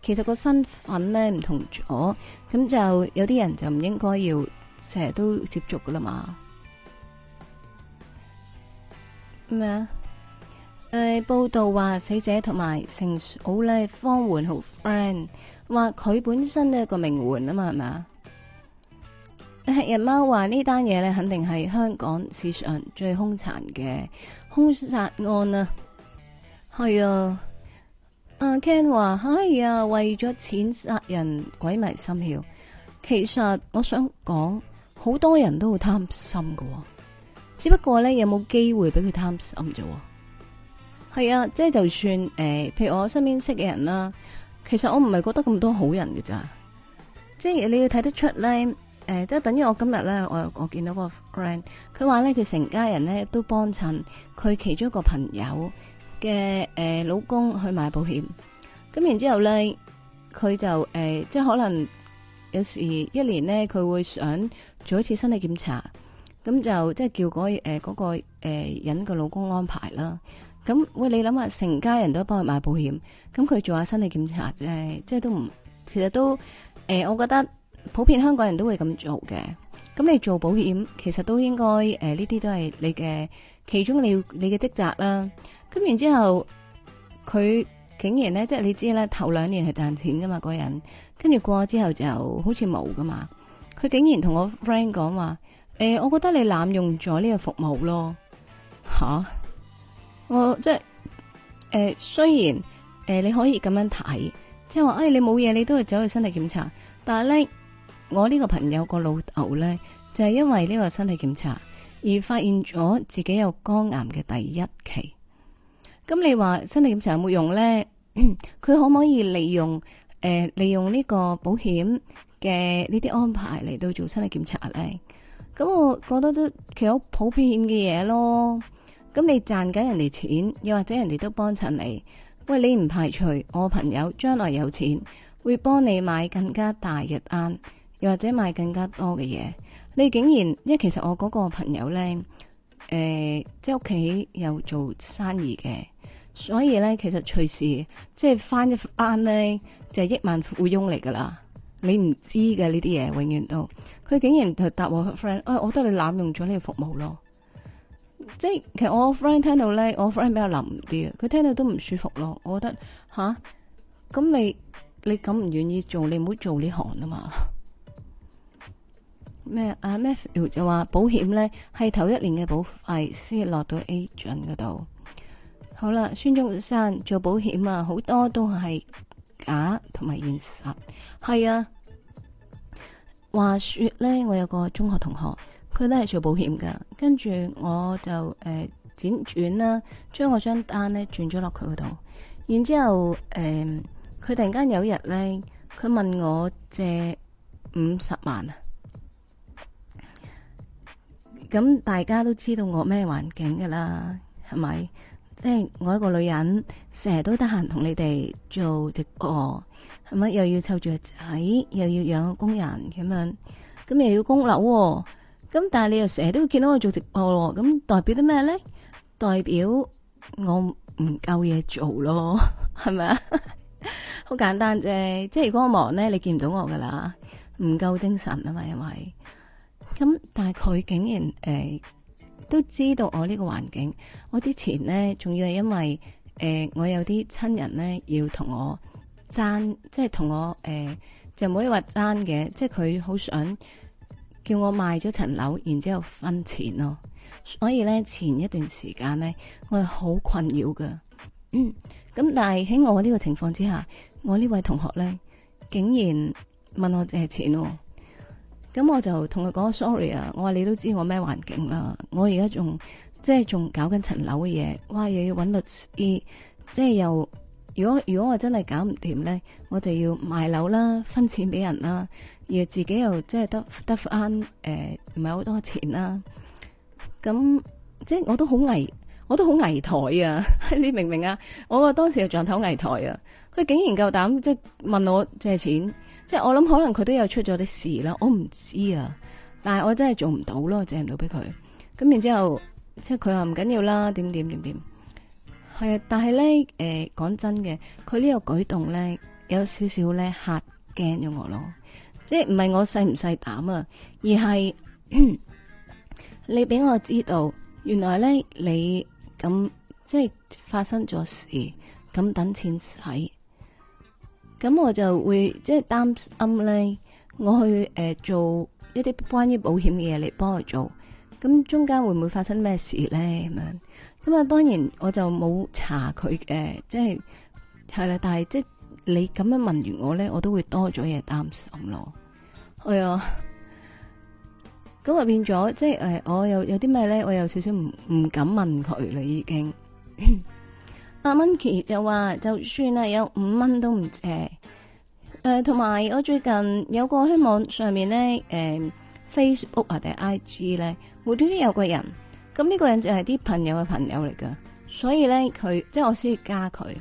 其實個身份呢唔同咗，咁就有啲人就唔應該要。成日都接觸噶啦嘛？咩啊？誒、呃，報道話死者同埋成好咧，方媛好 friend，話佢本身都係一個名媛啊嘛，係咪啊？黑、呃、人貓話呢單嘢咧，肯定係香港史上最兇殘嘅兇殺案啊！係啊，阿、啊、Ken 話哎呀，為咗錢殺人，鬼迷心竅。其實我想講。好多人都會貪心嘅，只不過咧有冇機會俾佢貪心啫？係啊，即係就算誒、呃，譬如我身邊識嘅人啦，其實我唔係覺得咁多好人嘅咋，即係你要睇得出咧誒，即、呃、係等於我今日咧，我我見到個 friend，佢話咧佢成家人咧都幫襯佢其中一個朋友嘅誒、呃、老公去買保險，咁然之後咧佢就誒、呃、即係可能。有時一年呢，佢會想做一次身體檢查，咁就即係叫嗰誒嗰個誒、呃那個呃、人嘅老公安排啦。咁喂，你諗下，成家人都幫佢買保險，咁佢做下身體檢查，啫，即係都唔，其實都誒、呃，我覺得普遍香港人都會咁做嘅。咁你做保險，其實都應該誒，呢、呃、啲都係你嘅其中你你嘅職責啦。咁然之後佢。他竟然咧，即係你知咧，頭兩年係賺錢噶嘛？嗰人跟住過之後就好似冇噶嘛。佢竟然同我 friend 講話誒，我覺得你濫用咗呢個服務咯吓。我即係誒、欸，雖然誒、欸，你可以咁樣睇，即係話誒，你冇嘢，你都係走去身體檢查。但係咧，我呢個朋友個老豆咧就係、是、因為呢個身體檢查而發現咗自己有肝癌嘅第一期。咁你話身體檢查有冇用咧？佢 可唔可以利用誒、呃，利用呢個保險嘅呢啲安排嚟到做身體檢查呢？咁我覺得都其實普遍嘅嘢咯。咁你賺緊人哋錢，又或者人哋都幫襯你。喂，你唔排除我朋友將來有錢會幫你買更加大嘅單，又或者買更加多嘅嘢。你竟然，因為其實我嗰個朋友呢，誒、呃，即係屋企有做生意嘅。所以咧，其實隨時即係翻一翻咧，就係億萬富翁嚟噶啦。你唔知嘅呢啲嘢，永遠都。佢竟然就答我 friend，誒、哎，我覺得你濫用咗呢個服務咯。即係其實我 friend 聽到咧，我 friend 比較腍啲啊，佢聽到都唔舒服咯。我覺得吓，咁、啊、你你咁唔願意做，你唔好做呢行啊嘛。咩、 uh, Matthew 就話保險咧，係頭一年嘅保費先落到 agent 嗰度。好啦，孫中山做保險啊，好多都係假同埋現實。係啊，話說呢，我有個中學同學，佢都係做保險噶，跟住我就誒輾轉啦，將、呃、我張單呢轉咗落佢嗰度。然之後誒，佢、呃、突然間有日呢，佢問我借五十萬啊。咁大家都知道我咩環境噶啦，係咪？即、欸、我一個女人，成日都得閒同你哋做直播，係咪又要湊住仔，又要養工人咁樣，咁又要供樓，哦，咁但係你又成日都會見到我做直播咯，咁代表啲咩咧？代表我唔夠嘢做咯，係咪啊？好 簡單啫，即係如果我忙咧，你見唔到我噶啦，唔夠精神啊嘛，因為咁但係佢竟然誒。欸都知道我呢個環境，我之前呢，仲要係因為誒、呃、我有啲親人呢，要同我爭，即係同我誒、呃、就唔可以話爭嘅，即係佢好想叫我賣咗層樓，然之後分錢咯。所以呢，前一段時間呢，我係好困擾㗎。嗯，咁但係喺我呢個情況之下，我呢位同學呢，竟然問我借錢喎。咁我就同佢講 sorry 啊！我話你都知我咩環境啦，我而家仲即係仲搞緊層樓嘅嘢，哇！又要搵律師，即係又如果如果我真係搞唔掂咧，我就要賣樓啦，分錢俾人啦，而自己又即係得得翻誒、唔係好多錢啦。咁即係我都好危，我都好危殆啊！你明唔明啊？我當時撞頭危殆啊！佢竟然夠膽即係問我借錢。即係我諗，可能佢都有出咗啲事啦，我唔知啊。但係我真係做唔到咯，借唔到俾佢。咁然之後，即係佢話唔緊要啦，點點點點。係啊，但係咧，誒、呃，講真嘅，佢呢個舉動咧，有少少咧嚇驚咗我咯。即係唔係我細唔細膽啊，而係你俾我知道，原來咧你咁即係發生咗事，咁等錢使。咁我就會即係擔心咧，就是 um, 我去誒、呃、做一啲關於保險嘅嘢嚟幫我做，咁中間會唔會發生咩事咧咁樣？咁啊，當然我就冇查佢誒，即係係啦，但係即係你咁樣問完我咧，我都會多咗嘢擔心咯。係、就、啊、是 um，咁啊變咗即係誒、呃，我有有啲咩咧，我有少少唔唔敢問佢啦，已經。 阿、啊、Monkey 就話就算啦，有五蚊都唔借。誒、呃，同埋我最近有個喺網上面咧，誒、呃，Facebook 啊定 IG 咧，無端端有個人，咁呢個人就係啲朋友嘅朋友嚟噶，所以咧佢即係我先加佢，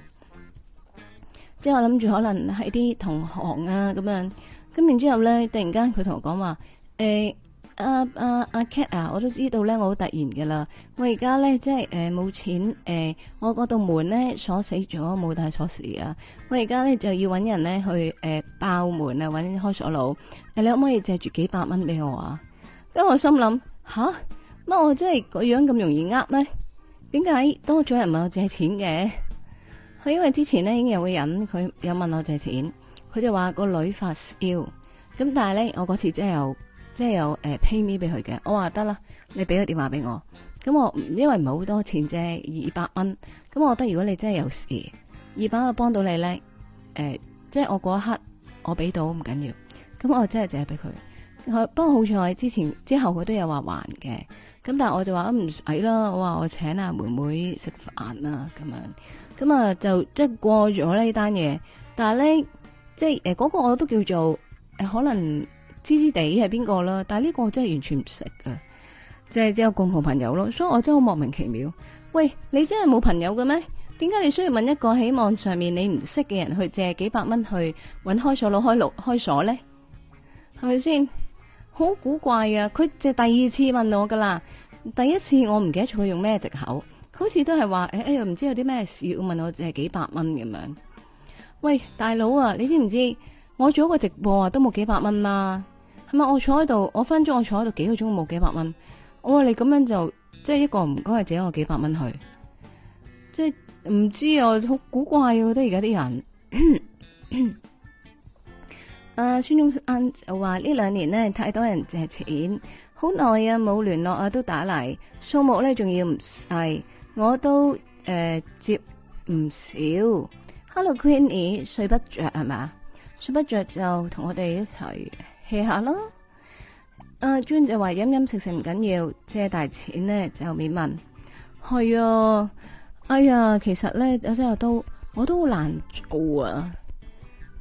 即係我諗住可能係啲同行啊咁樣，咁然之後咧突然間佢同我講話，誒、欸。阿阿阿 Kat 啊，我都知道咧，我好突然噶啦。我而家咧即係誒冇錢誒，我嗰度門咧鎖死咗，冇帶鎖匙啊。我而家咧就要搵人咧去誒、呃、爆門啊，搵開鎖佬。誒，你可唔可以借住幾百蚊俾我啊？咁我心諗吓，乜我真係個樣咁容易呃咩？點解多咗人問我借錢嘅？係因為之前咧已經有個人佢有問我借錢，佢就話個女發燒，咁但係咧我嗰次真係有。即係有、呃、pay me 俾佢嘅，我話得啦，你俾個電話俾我，咁我因為唔係好多錢啫，二百蚊，咁我覺得如果你真係有事，二百蚊幫到你咧，呃，即係我嗰一刻我俾到唔緊要，咁我真係借俾佢。不過好彩之前之後佢都有話還嘅，咁但係我就話唔使啦，我話我請阿妹妹食飯啦咁樣，咁啊就即係過咗呢單嘢，但係咧即係嗰、呃嗰個我都叫做、呃、可能。知知地係邊個啦，但係呢個我真係完全唔識噶，即係只有共同朋友咯，所以我真係莫名其妙。喂，你真係冇朋友嘅咩？點解你需要問一個喺網上面你唔識嘅人去借幾百蚊去搵開鎖佬開六開鎖咧？係咪先？好古怪啊！佢借第二次問我噶啦，第一次我唔記得佢用咩藉口，好似都係話誒呀，唔、哎、知有啲咩事要問我借幾百蚊咁樣。喂，大佬啊，你知唔知我做一個直播啊，都冇幾百蚊啦？咁我坐喺度，我分咗我坐喺度幾個鐘冇幾百蚊。我話你咁樣就即係一個唔該借我幾百蚊去，即係唔知我好古怪啊。我覺得而家啲人誒，孫、 啊、中山就話呢兩年咧太多人借錢，好耐啊冇聯絡啊，都打嚟數目咧仲要唔細。我都誒、呃、接唔少。Hello，Queenie，睡不着係咪？睡不着就同我哋一齊。借下啦，阿、uh, 尊就話飲飲食食唔緊要緊，借大錢咧就免問。係啊，哎呀，其實咧，我真係都我都好難做啊。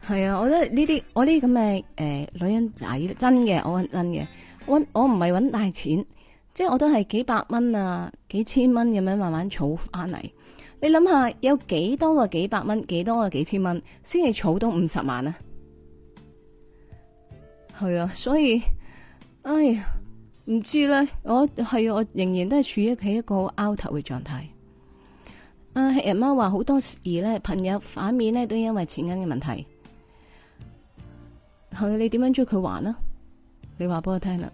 係啊，我覺得呢啲我呢啲咁嘅誒女人仔真嘅，我真嘅，搵我唔係搵大錢，即係我都係幾百蚊啊，幾千蚊咁樣慢慢儲翻嚟。你諗下，有幾多個幾百蚊，幾多個幾千蚊，先至儲到五十萬啊？係啊，所以，哎呀，唔知咧，我係啊，我仍然都係處於喺一個 out 頭嘅狀態。阿媽話好多時咧，朋友反面咧都因為錢銀嘅問題。係你點樣追佢還啦？你話俾我聽啦。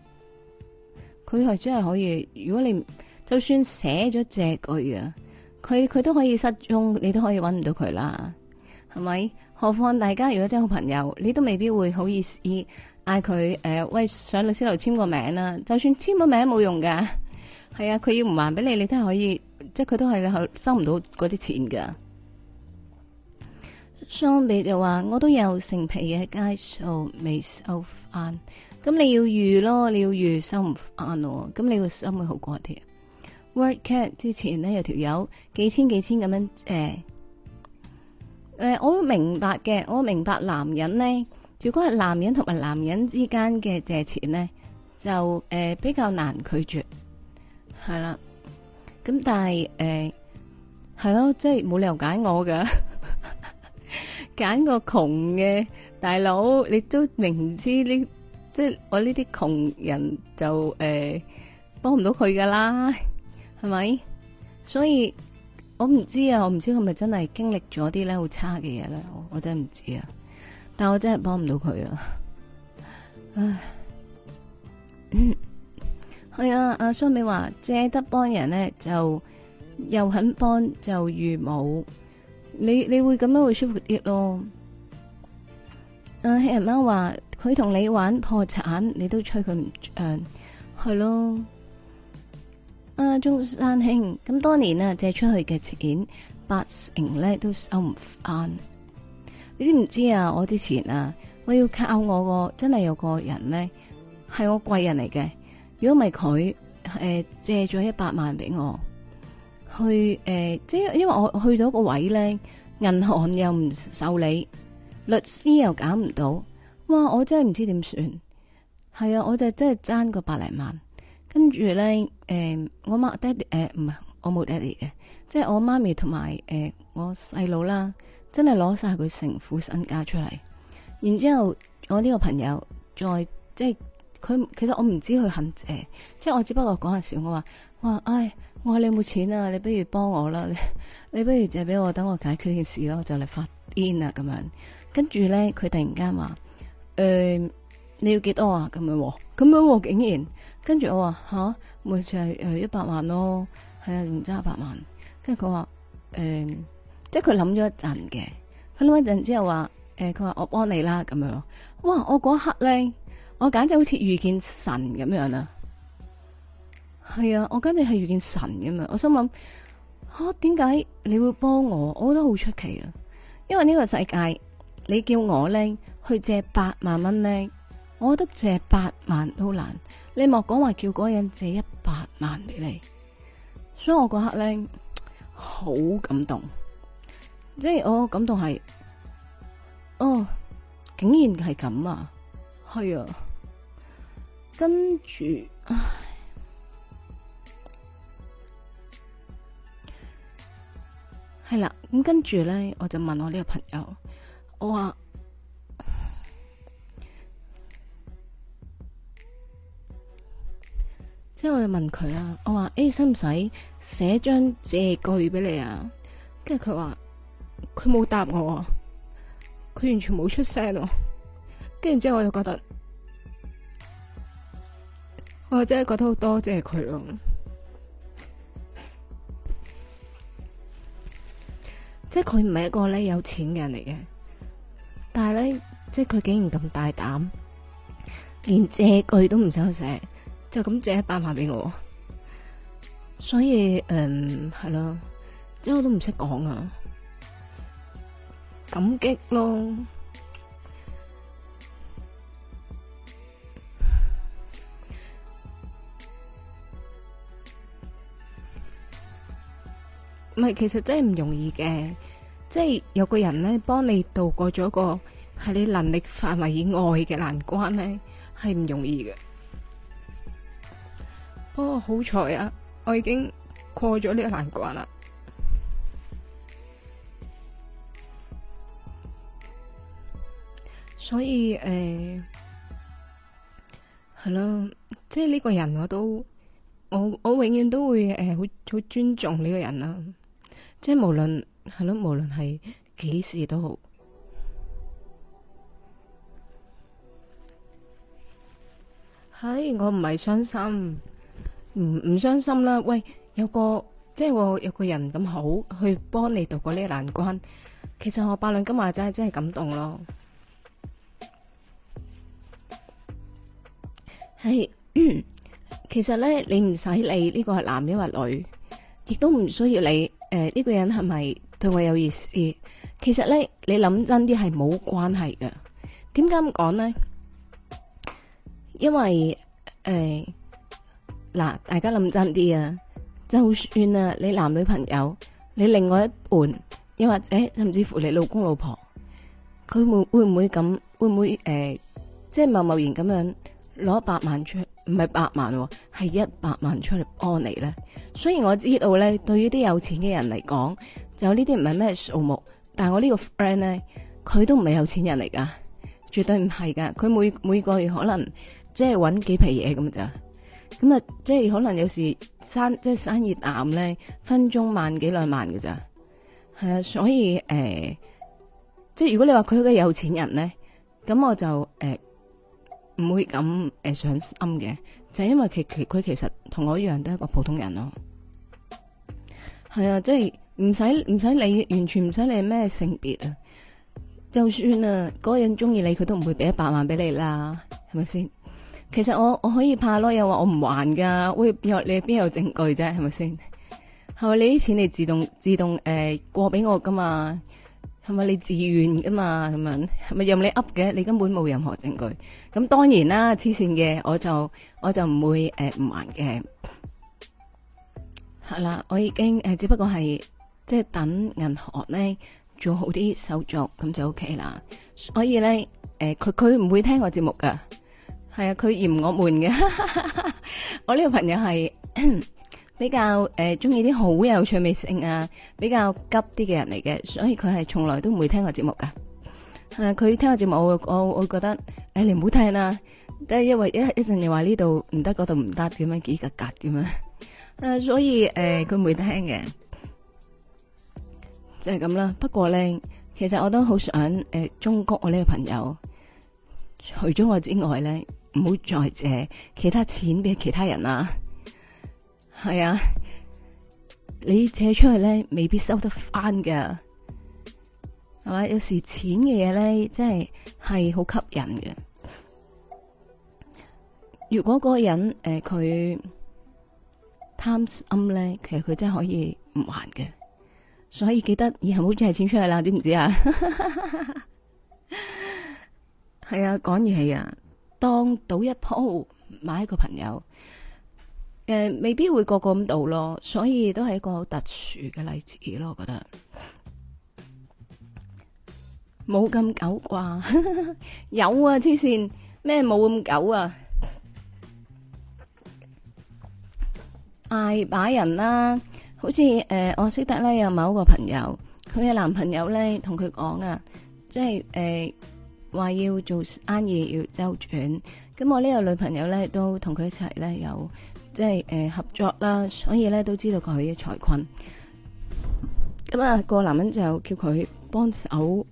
佢係真係可以，如果你就算寫咗借據啊，佢佢都可以失蹤，你都可以揾唔到佢啦，係咪？何況大家如果真係好朋友，你都未必會好意思。嗌佢誒喂，上律師樓簽個名啦，啊，就算簽個名冇用噶，係 啊，佢要唔還俾你，你都係可以，即係佢都係收唔到嗰啲錢噶。相比就話：我都有成皮嘅街數未收翻，咁你要預咯，你要預收唔翻咯，咁你個心會好過一啲。Workcat 之前呢，有條友幾千幾千咁樣誒誒，我明白嘅，我明白男人呢。如果係男人同埋男人之間嘅借錢咧，就誒、呃、比較難拒絕，係啦。咁但係誒係咯，即係冇理由揀我噶，揀 個窮嘅大佬，你都明知呢，即係我呢啲窮人就誒幫唔到佢噶啦，係、呃、咪？所以我唔知啊，我唔知佢咪真係經歷咗啲咧好差嘅嘢咧，我真係唔知啊。但我真係幫唔到佢啊！唉，係啊！阿蘇美話借得幫人咧，就又肯幫就如冇你，你會咁樣會舒服啲咯，啊。阿黑人貓話佢同你玩破產，你都催佢唔誒，係咯。阿中山兄咁多年啊，借出去嘅錢八成咧都收唔翻。你知唔知啊？我之前啊，我要靠我個真係有個人咧，係我貴人嚟嘅。如果唔係佢，誒、呃、借咗一百萬俾我去誒、呃，即係因為我去到個位咧，銀行又唔受理，律師又搞唔到，哇！我真係唔知點算。係啊，我就真係爭個百零萬，跟住咧誒，我媽爹哋誒唔係，我冇爹哋嘅，即係我媽咪同埋誒我細佬啦。真係攞晒佢成副身家出嚟，然之後我呢個朋友再即係佢，其實我唔知佢肯借，呃、即係我只不過講下笑，我話我話唉，我話你有冇錢啊？你不如幫我啦，你你不如借俾我，等我解決件事咯，我就嚟發癲啦咁樣。跟住咧，佢突然間話誒，你要幾多啊？咁樣咁樣，啊，竟然跟住我話吓，咪就係誒，一百萬咯，係啊，唔差一百萬。跟住佢話誒。呃即係佢諗咗一陣嘅，佢諗一陣之後話，誒、欸，佢話我幫你啦，咁樣。哇！我嗰刻咧，我簡直好似遇見神咁樣啊！係啊，我簡直係遇見神咁樣。我心諗，啊，點解你會幫我？我覺得好出奇啊！因為呢個世界，你叫我咧去借八萬蚊咧，我覺得借八萬都難。你莫講話叫嗰人借一百萬俾你，所以我嗰刻咧好感動。即係我感動係，哦，竟然係咁啊，係啊，跟住係啦。咁、啊、跟住咧，我就問我呢個朋友，我話即係我就問佢啊，我話誒，使唔使寫張借據畀你啊？跟住佢話。佢冇答我，佢完全冇出聲。跟住之後，我就覺得，我真係覺得好多謝佢咯。 即係佢唔係一個咧有錢嘅人嚟嘅，但係咧，即係佢竟然咁大膽，連借句都唔想寫，就咁借一百萬俾我。所以，嗯，係啦，即係我都唔識講啊。感激咯，唔係，其實真係唔容易嘅，即係有個人咧幫你度過咗一個係你能力範圍以外嘅難關咧，係唔容易嘅。哦，好彩啊，我已經過咗呢個難關啦。所以誒，係、欸、咯，即係呢個人我都我我永遠都會誒好好尊重呢個人啦。即係無論係咯，無論係幾時都好。係我唔係傷心，唔唔傷心啦。喂，有個即係我有，有個人咁好去幫你度過呢個難關，其實我伯倫今日真係真係感動咯。係，其實咧，你唔使理呢個係男抑或女，亦都唔需要你誒呢個人係咪對我有意思？其實咧，你諗真啲係冇關係嘅。點解咁講呢？因為誒嗱，大家諗真啲啊，就算啊，你男女朋友，你另外一半，又或者甚至乎你老公老婆，佢會會唔會咁？會唔會誒，即係貿貿然咁樣？攞一百萬出唔係百萬，係一百萬出嚟幫你咧。雖然我知道咧，對於啲有錢嘅人嚟講，就呢啲唔係咩數目。但係我呢個 friend 咧，佢都唔係有錢人嚟噶，絕對唔係噶。佢每每個月可能即係搵幾皮嘢咁咋，咁啊，即係可能有時生即係生意癌咧，分鐘萬幾兩萬嘅咋。係啊，所以誒，即係如果你話佢個有錢人咧，咁我就誒。呃唔會咁誒傷心嘅，就係因為佢佢佢其實同我一樣都係一個普通人咯。係啊，即係唔使唔使理，完全唔使理咩性別啊。就算啊，嗰個人中意你，佢都唔會俾一百萬俾你啦，係咪先？其實我我可以怕咯，又話我唔還噶，會又你邊有證據啫，係咪先？係咪你啲錢你自動自動誒、呃、過俾我噶嘛？係咪你自願噶嘛？咁樣係咪任你 up 嘅？你根本冇任何證據。咁當然啦，黐線嘅，我就我就唔會誒唔還嘅。係啦，我已經誒只不過係即係等銀行咧做好啲手續，咁就 OK 啦。所以咧，誒佢佢唔會聽我節目噶。係啊，佢嫌我悶嘅。我呢個朋友係。比較誒中意啲好有趣味性啊，比較急啲嘅人嚟嘅，所以佢係從來都唔會聽我節目噶誒、呃，佢聽我節目，我我我覺得誒、哎，你唔好聽啦，即係因為一一陣又話呢度唔得，嗰度唔得咁樣，幾格格咁樣。誒、呃，所以誒佢唔會聽嘅，就係咁啦。不過咧，其實我都好想誒、呃，忠告我呢個朋友，除咗我之外咧，唔好再借其他錢俾其他人啦。係啊，你借出去咧，未必收得翻嘅，係嘛？有時錢嘅嘢咧，真係係好吸引嘅。如果嗰個人誒佢貪心咧，其實佢真係可以唔還嘅。所以記得以後唔好借錢出去啦，知唔知啊 是啊？係啊，講嘢啊，當賭一鋪買一個朋友。誒、呃，未必會個個咁到咯，所以都係一個好特殊嘅例子咯。我覺得冇咁久啩， 有啊黐線咩冇咁久啊，嗌把人啦、啊。好似誒、呃，我識得咧有某個朋友，佢嘅男朋友咧同佢講啊，即係誒話要做生意要周轉。咁我呢個女朋友咧都同佢一齊咧有。即係誒、呃、合作啦，所以咧都知道佢嘅財困。咁、那、啊，個男人就叫佢幫手，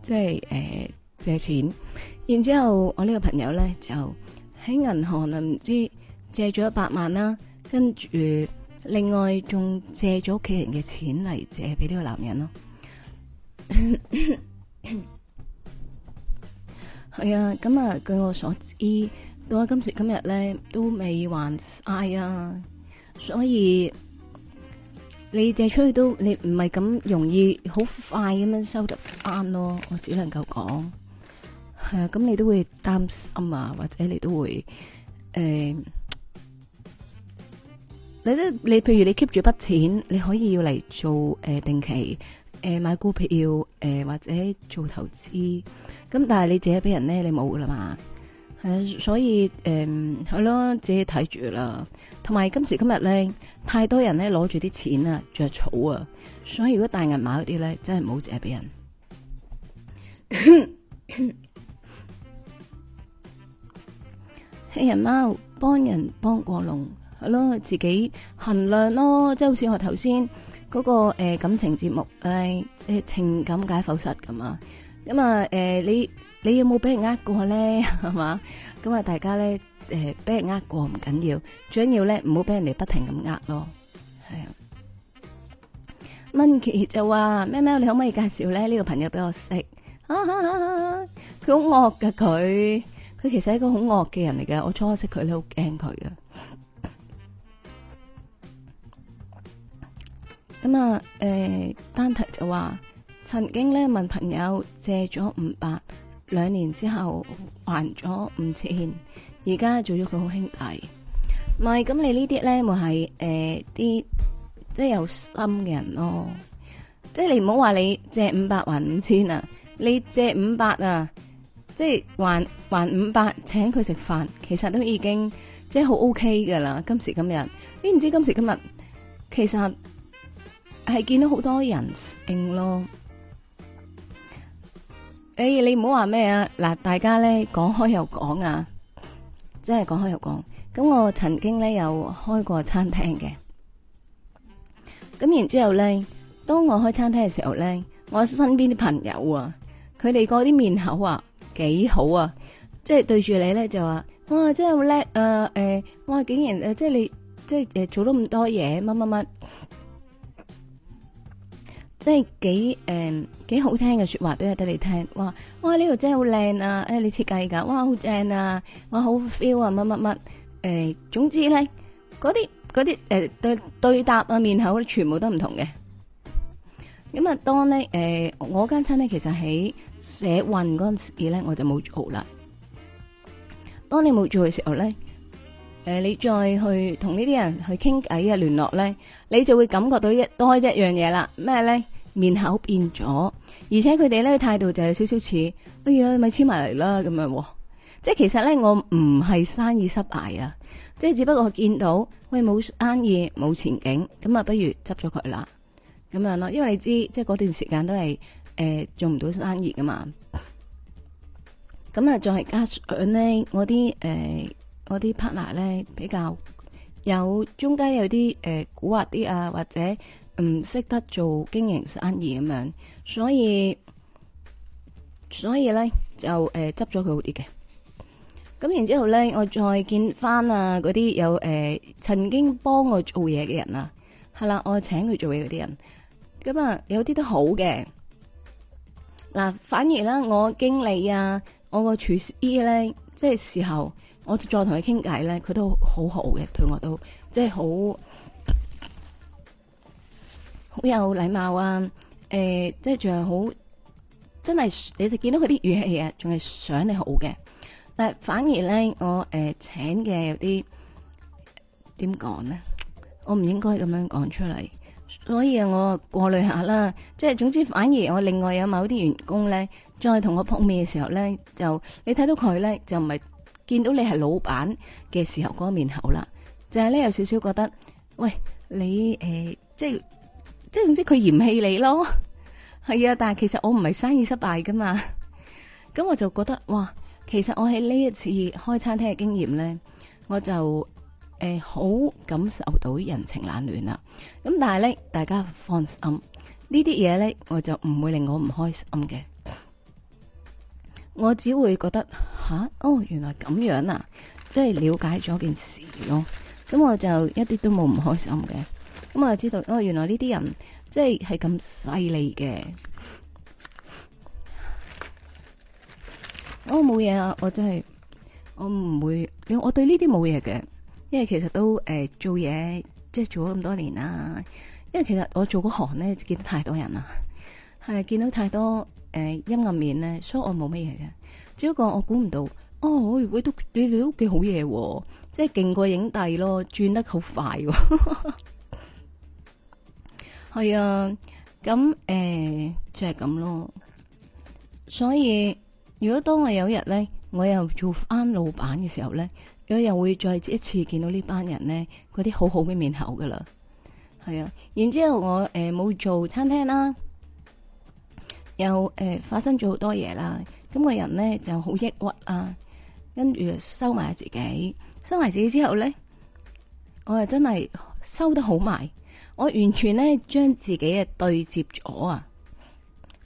即係誒、呃、借錢。然之後我呢個朋友咧就喺銀行啊唔知道借咗一百萬啦，跟住另外仲借咗屋企人嘅錢嚟借俾呢個男人咯。係 啊，咁啊據我所知。到今時今日咧，都未還晒啊！所以你借出去都，你唔係咁容易好快咁樣收得翻咯。我只能夠講係啊，咁你都會擔心啊，或者你都會誒，你都，你譬如你 keep 住筆錢，你可以要嚟做誒定期誒買股票誒，或者做投資。咁但係你借俾人咧，你冇啦嘛。係、啊，所以誒，係、嗯、咯，自己睇住啦。同埋今時今日咧，太多人咧攞住啲錢啊，着草啊。所以如果大銀碼嗰啲咧，真係唔好借俾人。黑、 hey, 人貓幫人幫過龍，係咯，自己衡量咯。即係好似我頭先嗰個誒、呃、感情節目，誒即係情感解剖室咁啊。咁、嗯、啊，誒、呃、你。你有冇俾人呃過呢 呢，呃人過咧，係嘛？咁啊，大家咧誒，俾人呃過唔緊要，最緊要咧唔好俾人哋不停咁呃咯。係啊，Monkey 就話，喵喵，你可唔可以介紹咧呢、這個朋友俾我識？佢好惡噶，佢佢其實係一個好惡嘅人嚟嘅。我初識佢你好驚佢噶。咁 啊，誒、呃，丹提就話曾經咧問朋友借咗五百。兩年之後還咗五千，而家做咗佢好兄弟，咪咁你呢啲咧咪係誒啲即係有心嘅人咯，即係你唔好話你借五百還五千啊，你借五百啊，即係還還五百請佢食飯，其實都已經即係好 OK 噶啦，今時今日，你唔知今時今日其實係見到好多人應咯。誒、Hey，你唔好話咩啊？嗱，大家咧講開又講啊，真係講開又講。咁我曾經咧有開過餐廳嘅，咁然之後咧，當我開餐廳嘅時候咧，我身邊啲朋友啊，佢哋嗰啲面口啊，幾好啊，即係對住你咧就話，哇，真係好叻啊，誒、呃，哇，竟然誒，即係你即係誒，做咗咁多嘢，乜乜乜。即係幾誒幾好聽嘅說話都有得你聽，哇哇呢度真係好靚啊！誒、哎、你設計㗎，哇好正啊，哇好 feel 啊乜乜乜，誒、呃、總之咧嗰啲嗰啲誒對對答啊，面口全部都唔同嘅。咁、嗯、啊當咧誒、呃、我間親咧其實喺社運嗰陣時咧我就冇做啦。當你冇做嘅時候咧。誒、呃，你再去同呢啲人去傾偈啊聯絡咧，你就會感覺到一多一樣嘢啦。咩咧？面口變咗，而且佢哋咧態度就係少少似，哎呀，咪黐埋嚟啦，咁樣。即係其實咧，我唔係生意失敗啊，即係只不過我見到喂冇生意冇前景，咁啊不如執咗佢啦咁樣咯。因為你知，即係嗰段時間都係誒、呃、做唔到生意噶嘛。咁啊，仲係加上咧我啲誒。呃嗰啲 partner 咧，比較有中間有啲誒、呃、古惑啲啊，或者唔識得做經營生意咁樣，所以所以咧就誒執咗佢好啲嘅。咁然之後咧，我再見翻啊，嗰啲有誒、呃、曾經幫我做嘢嘅人啦、啊，係啦，我請佢做嘢嗰啲人，咁啊有啲都好嘅。嗱，反而咧我經理啊，我個廚師咧，即係時候。我再同佢傾偈咧，佢都好好嘅，對我都即係好好有禮貌啊！欸、即係仲係好真係，你就見到佢啲語氣啊，仲係想你好嘅。但係反而咧，我誒、呃、請嘅有啲點講咧，我唔應該咁樣講出嚟。所以我過濾下啦。即係總之，反而我另外有某啲員工咧，再同我撲面嘅時候咧，就你睇到佢咧，就唔係。見到你係老闆嘅時候嗰個面口啦，就係、是、咧有少少覺得，喂你誒、呃，即係即係總之佢嫌棄你咯，係 啊，但係其實我唔係生意失敗㗎嘛，咁 我就覺得哇，其實我喺呢一次開餐廳嘅經驗咧，我就誒好、呃、感受到人情冷暖啦。咁但係咧，大家放心，這些東西呢啲嘢咧，我就唔會令我唔開心嘅。我只會覺得吓，啊，哦，原來咁樣啊，即係了解咗件事咯。咁我就一啲都冇唔開心嘅。咁我就知道哦，原來呢啲人即係係咁犀利嘅。我冇嘢啊，我真係我唔會，我我對呢啲冇嘢嘅，因為其實都誒、呃、做嘢即係做咗咁多年啦，啊。因為其實我做嗰行咧，見得太多人啦，係見到太多。誒、欸，陰暗面咧，所以我冇乜嘢嘅，只不過我估唔到，哦，我如果都你哋都幾好嘢，即係勁過影帝咯，轉得好快，係 啊，咁誒、欸、就係、是、咁咯。所以如果當我有一日咧，我又做翻老闆嘅時候咧，我又會再一次見到這呢班人咧，嗰啲好好嘅面口噶啦，係啊，然之後我誒冇、呃、做餐廳啦。又誒、呃、發生咗好多嘢啦，咁、那個人咧就好抑鬱啊，跟住收埋自己，收埋自己之後咧，我係真係收得好埋，我完全咧將自己嘅對接咗啊，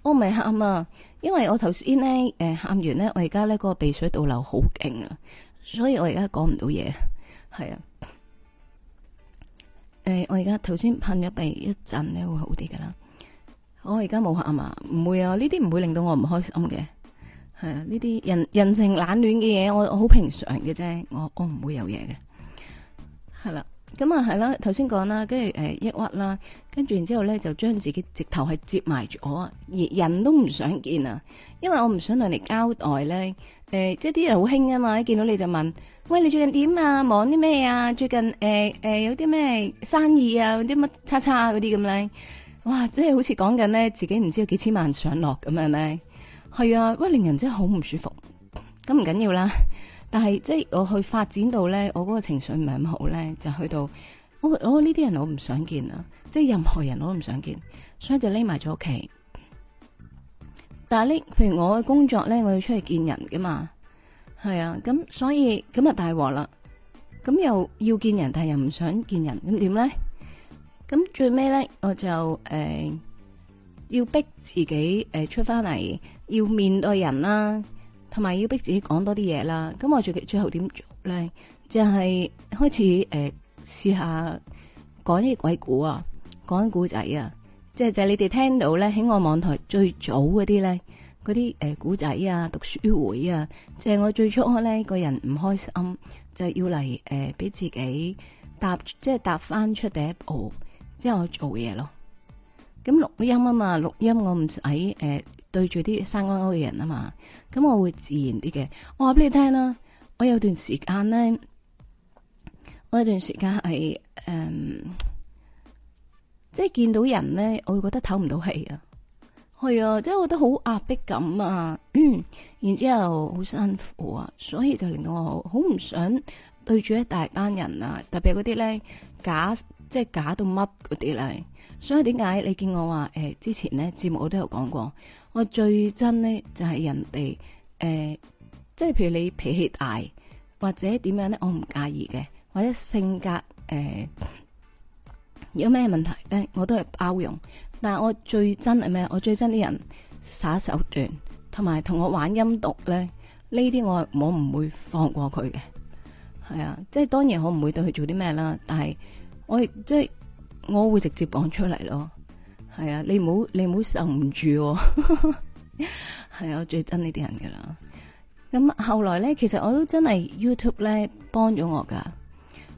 我唔係喊啊，因為我頭先咧誒喊完咧，我而家咧個鼻水倒流好勁啊，所以我而家講唔到嘢，係啊，誒、呃、我而家頭先噴咗鼻一陣咧會好啲㗎喇。我而家冇客吓嘛，唔會啊！呢啲唔會令到我唔開心嘅，係啊！呢啲人人情冷暖嘅嘢，我我好平常嘅啫，我我唔會有嘢嘅。係啦、啊，咁啊係啦，頭先講啦，跟住誒抑鬱啦，跟住然之後咧就將自己直頭係接埋住我啊，而人都唔想見啊，因為我唔想同你交代咧。誒、欸，即係啲人好興啊嘛，一見到你就問，喂，你最近點啊？忙啲咩啊？最近誒誒、欸欸、有啲咩生意啊？有啲乜叉叉嗰啲咁咧？哇！即係好似講緊咧，自己唔知有幾千萬上落咁樣咧，係啊，喂，令人真係好唔舒服。咁唔緊要啦，但係即係我去發展到咧，我嗰個情緒唔係咁好咧，就去到我我呢啲人我唔想見啊，即係任何人我都唔想見，所以就匿埋咗屋企。但係呢，譬如我嘅工作咧，我要出去見人噶嘛，係啊，咁所以咁啊大鑊啦。咁又要見人，但係又唔想見人，咁點咧？咁最尾咧，我就誒、呃、要逼自己、呃、出翻嚟，要面對人啦，同埋要逼自己講多啲嘢啦。咁我最最後點做咧，就係、是、開始誒試下講啲鬼故啊，講啲古仔啊，即係就是、你哋聽到咧喺我網台最早嗰啲咧，嗰啲誒古仔啊、讀書會啊，即、就、係、是、我最初咧個人唔開心，就是、要嚟誒俾自己搭，即係搭翻出第一步。之後去做嘢咯，咁錄音啊嘛，錄音我唔使誒對住啲生勾勾嘅人啊嘛，咁我會自然啲嘅。我話俾你聽啦，我有一段時間咧，我有一段時間係誒、嗯，即係見到人咧，我會覺得唞唔到氣啊，係啊，即係我覺得好壓迫感啊，然之後好辛苦啊，所以就令到我好唔想對住一大班人啊，特別係嗰啲咧假即係假到乜嗰啲啦，所以點解你見我話誒、欸？之前咧節目我都有講過，我最憎咧就係人哋誒、欸，即係譬如你脾氣大或者點樣咧，我唔介意嘅，或者性格誒、欸、有咩問題咧，我都係包容。但係我最憎係咩？我最憎啲人耍手段，同埋同我玩陰毒咧，呢啲我我唔會放過佢嘅。係啊，即係當然我唔會對佢做啲咩啦，但係。我即係我會直接講出嚟咯，係啊，你唔好你唔好受唔住、哦 係啊，係我最憎呢啲人噶啦。咁後來咧，其實我都真係 YouTube 咧幫咗我噶，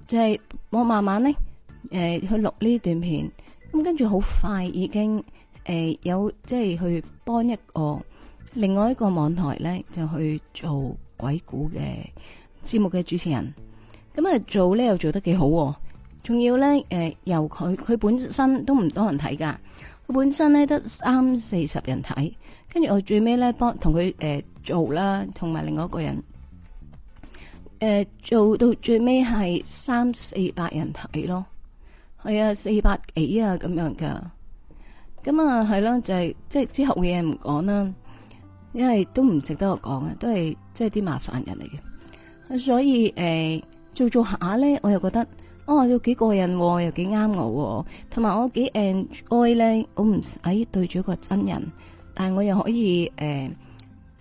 就係、是、我慢慢咧誒、呃、去錄呢段片，咁跟住好快已經誒、呃、有即係去幫一個另外一個網台咧就去做鬼故嘅節目嘅主持人，咁、嗯、啊做咧又做得幾好、啊。仲要咧，誒、呃，由佢佢本身都唔多人睇噶，佢本身咧得三四十人睇，跟住我最尾咧幫同佢誒做啦，同埋另外一個人，誒、呃、做到最尾，係三四百人睇咯，係啊，四百幾啊咁樣噶，咁啊係咯、啊，就係即係之後嘅嘢唔講啦，因為都唔值得我講啊，都係即係啲麻煩人嚟嘅，所以誒、呃、做著做下咧，我又覺得。哦，又幾人喎，又幾啱我。同埋我幾 enjoy 咧，我唔使對住個真人，但係我又可以誒、呃、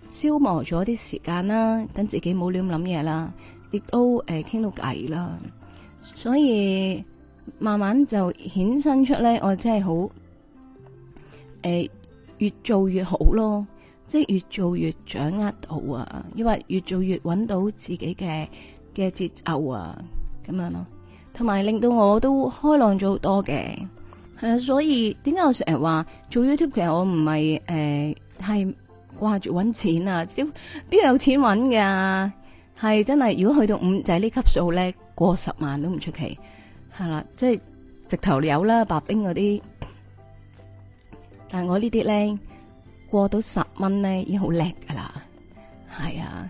消磨咗啲時間啦，等自己冇亂諗諗嘢啦，亦都誒傾到偈啦。所以慢慢就衍生出咧，我真係好誒、呃，越做越好咯，即係越做越掌握到啊，因為越做越搵到自己嘅嘅節奏啊，咁樣咯。同埋令到我都開朗咗好多嘅，係啊，所以點解我成日話做 YouTube 其實我唔係誒係掛住揾錢啊，標邊有錢揾噶、啊，係真係如果去到五仔這級數呢級數咧過十萬都唔出奇，係啦，即係直頭有啦白冰嗰啲，但係我呢啲咧過到十蚊咧已經好叻噶啦，係啊，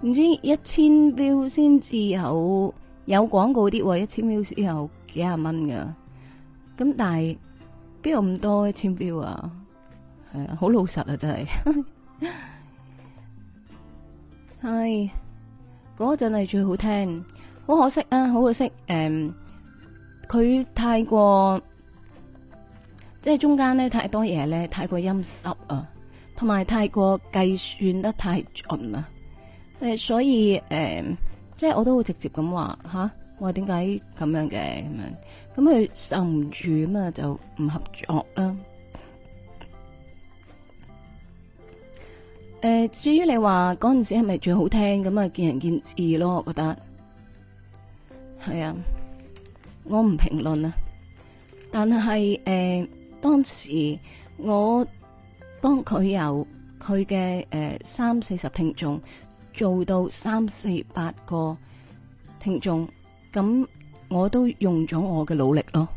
唔知一千 view 先至有。有廣告啲，一千秒先有幾廿蚊嘅，咁但係邊有咁多一千秒啊？係啊，好老實啊，真係。係嗰陣係最好聽，好可惜啊，好可惜。誒、嗯，佢太過即係、就是、中間咧太多嘢咧，太過陰濕啊，同埋太過計算得太盡啦。誒，所以誒。嗯即係我都會直接咁話吓，話點解咁樣嘅咁樣，咁佢受唔住咁啊，就唔合作啦。誒、呃，至於你話嗰陣時係咪最好聽咁啊？見仁見智咯，我覺得係啊，我唔評論啊，但係誒、呃，當時我當佢有佢嘅誒三四十聽眾。做到三四百個聽眾，咁我都用咗我嘅努力咯。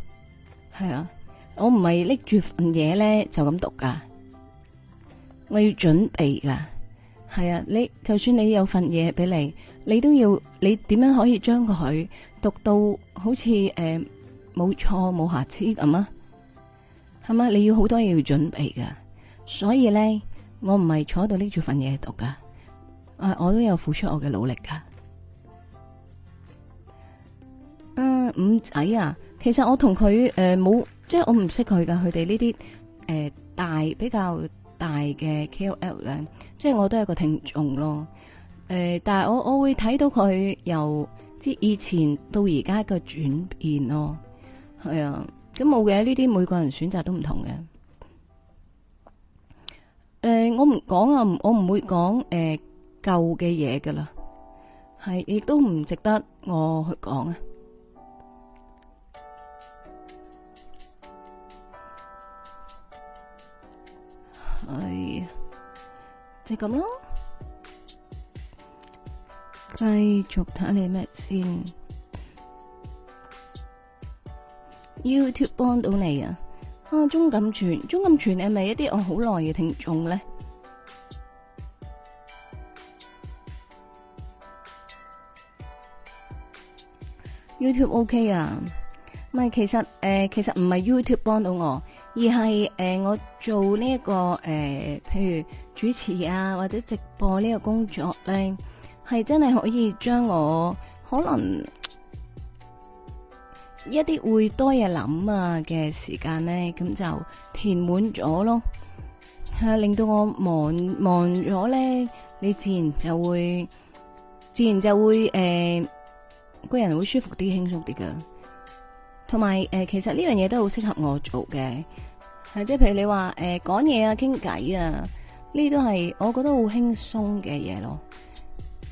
係啊，我唔係拎住份嘢咧就咁讀噶，我要準備噶。係啊，你就算你有份嘢俾你，你都要你點樣可以將佢讀到好似誒冇錯冇瑕疵咁啊？係咪？你要好多嘢要準備噶。所以咧，我唔係坐喺度拎住份嘢讀噶。我都有付出我嘅努力噶。嗯，五仔啊，其實我同佢誒冇，即係我唔識佢噶。佢哋呢啲誒大比較大嘅 K O L 咧，即係我都係一個聽眾咯。誒、呃，但係我我會睇到佢由即係以前到而家嘅轉變咯。係啊，咁冇嘅呢啲每個人選擇都唔同嘅。誒、呃，我唔講啊，我唔會講誒。呃舊嘅嘢噶啦，係亦都唔值得我去講啊！係啊就咁咯，繼續睇你咩先？YouTube 幫到你啊！啊，鍾錦全，鍾錦全係咪一啲我好耐嘅聽眾咧？YouTube OK 啊，唔係其實誒，其實唔係 YouTube 幫到我，而係誒我做呢一個誒，譬如主持啊或者直播呢個工作咧，係真係可以將我可能一啲會多嘢諗啊嘅時間咧，咁就填滿咗咯，吓令到我忙忙咗咧，你自然就會自然就會誒。個人會舒服啲，輕鬆啲噶，同埋誒，其實呢樣嘢都好適合我做嘅，係即係譬如你、呃、話誒，講嘢啊、傾偈啊，呢都係我覺得好輕鬆嘅嘢咯。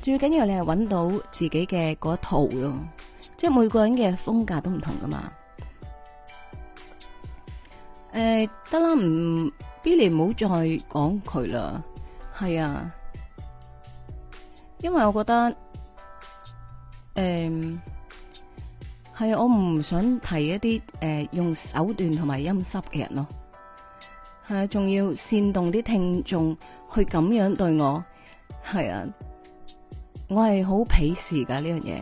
最緊要你係搵到自己嘅嗰一套咯，即係每個人嘅風格都唔同噶嘛。誒、呃，得啦，唔 Billy，唔好再講佢啦，係啊，因為我覺得。誒、嗯，係啊，我唔想提一啲誒、嗯、用手段同埋陰濕嘅人咯。係啊，仲要煽動啲聽眾去咁樣對我，係啊，我係好鄙視噶呢樣嘢。